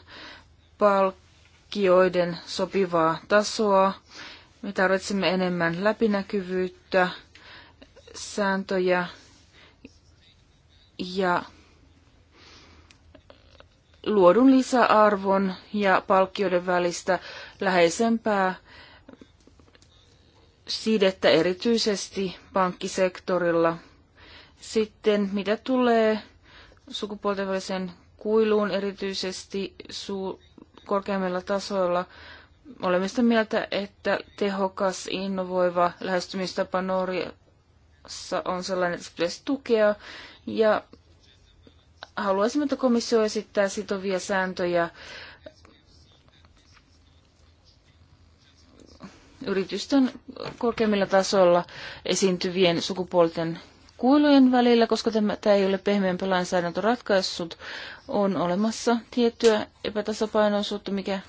palkkioiden sopivaa tasoa. Me tarvitsemme enemmän läpinäkyvyyttä, sääntöjä ja luodun lisäarvon ja palkkioiden välistä läheisempää sidettä erityisesti pankkisektorilla. Sitten mitä tulee sukupuolten välisen kuiluun erityisesti su- korkeammilla tasoilla. Olemme sitä mieltä, että tehokas, innovoiva lähestymistapa Norjassa on sellainen, että se pitäisi tukea. Ja haluaisimme, että komissio esittää sitovia sääntöjä yritysten korkeimmilla tasoilla esiintyvien sukupuolten kuilujen välillä, koska tämä, tämä ei ole pehmeämpi lainsäädäntö ratkaissut, on olemassa tiettyä epätasapainoisuutta, mikä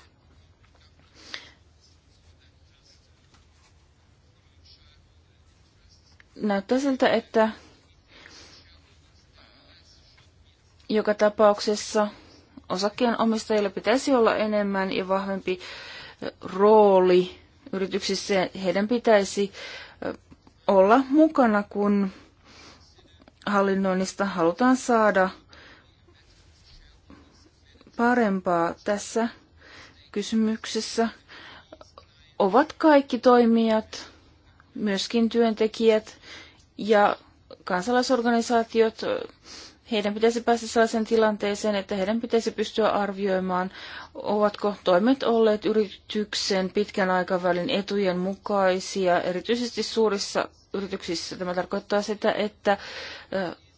näyttää siltä, että joka tapauksessa osakkeen omistajilla pitäisi olla enemmän ja vahvempi rooli yrityksissä. Heidän pitäisi olla mukana, kun hallinnoinnista halutaan saada parempaa tässä kysymyksessä, ovat kaikki toimijat, myöskin työntekijät ja kansalaisorganisaatiot. Heidän pitäisi päästä sellaiseen tilanteeseen, että heidän pitäisi pystyä arvioimaan, ovatko toimet olleet yrityksen pitkän aikavälin etujen mukaisia, erityisesti suurissa yrityksissä. Tämä tarkoittaa sitä, että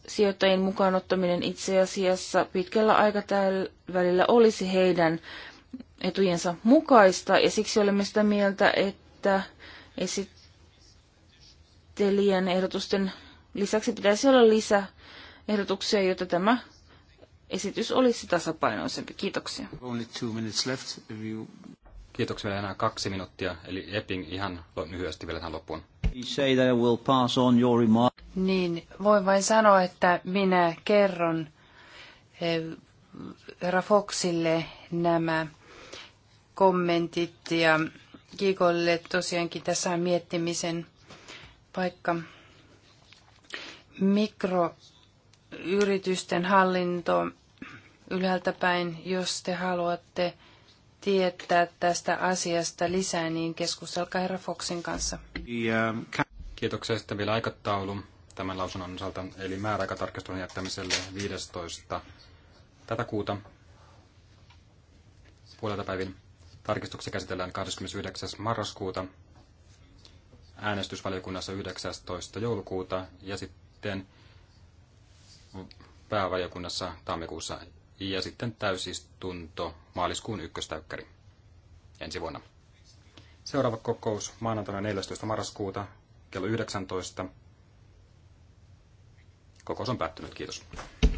sijoittajien mukaanottaminen itse asiassa pitkällä aikavälillä olisi heidän etujensa mukaista, ja siksi olemme sitä mieltä, että esittelijän ehdotusten lisäksi pitäisi olla lisäehdotuksia, jotta tämä esitys olisi tasapainoisempi. Kiitoksia. Only two minutes left. Kiitoksia vielä enää kaksi minuuttia, eli Epping ihan lyhyesti vielä tähän loppuun. Niin, voin vain sanoa, että minä kerron eh, herra Foxille nämä kommentit ja Kikolle tosiaankin tässä on miettimisen paikka. Mikroyritysten hallinto ylhäältä päin, jos te haluatte tietää tästä asiasta lisää, niin keskustelkaa herra Foxin kanssa. Kiitoksia sitten vielä aikataulu tämän lausunnon osalta, eli määräaikatarkastelun jättämiselle 15. tätä kuuta puolelta päivin. Tarkistuksia käsitellään 29. marraskuuta, äänestysvaliokunnassa 19. joulukuuta ja sitten päävaliokunnassa tammikuussa ja sitten täysistunto maaliskuun ykköstäykkäri ensi vuonna. Seuraava kokous maanantaina 14. marraskuuta kello 19. Kokous on päättynyt. Kiitos.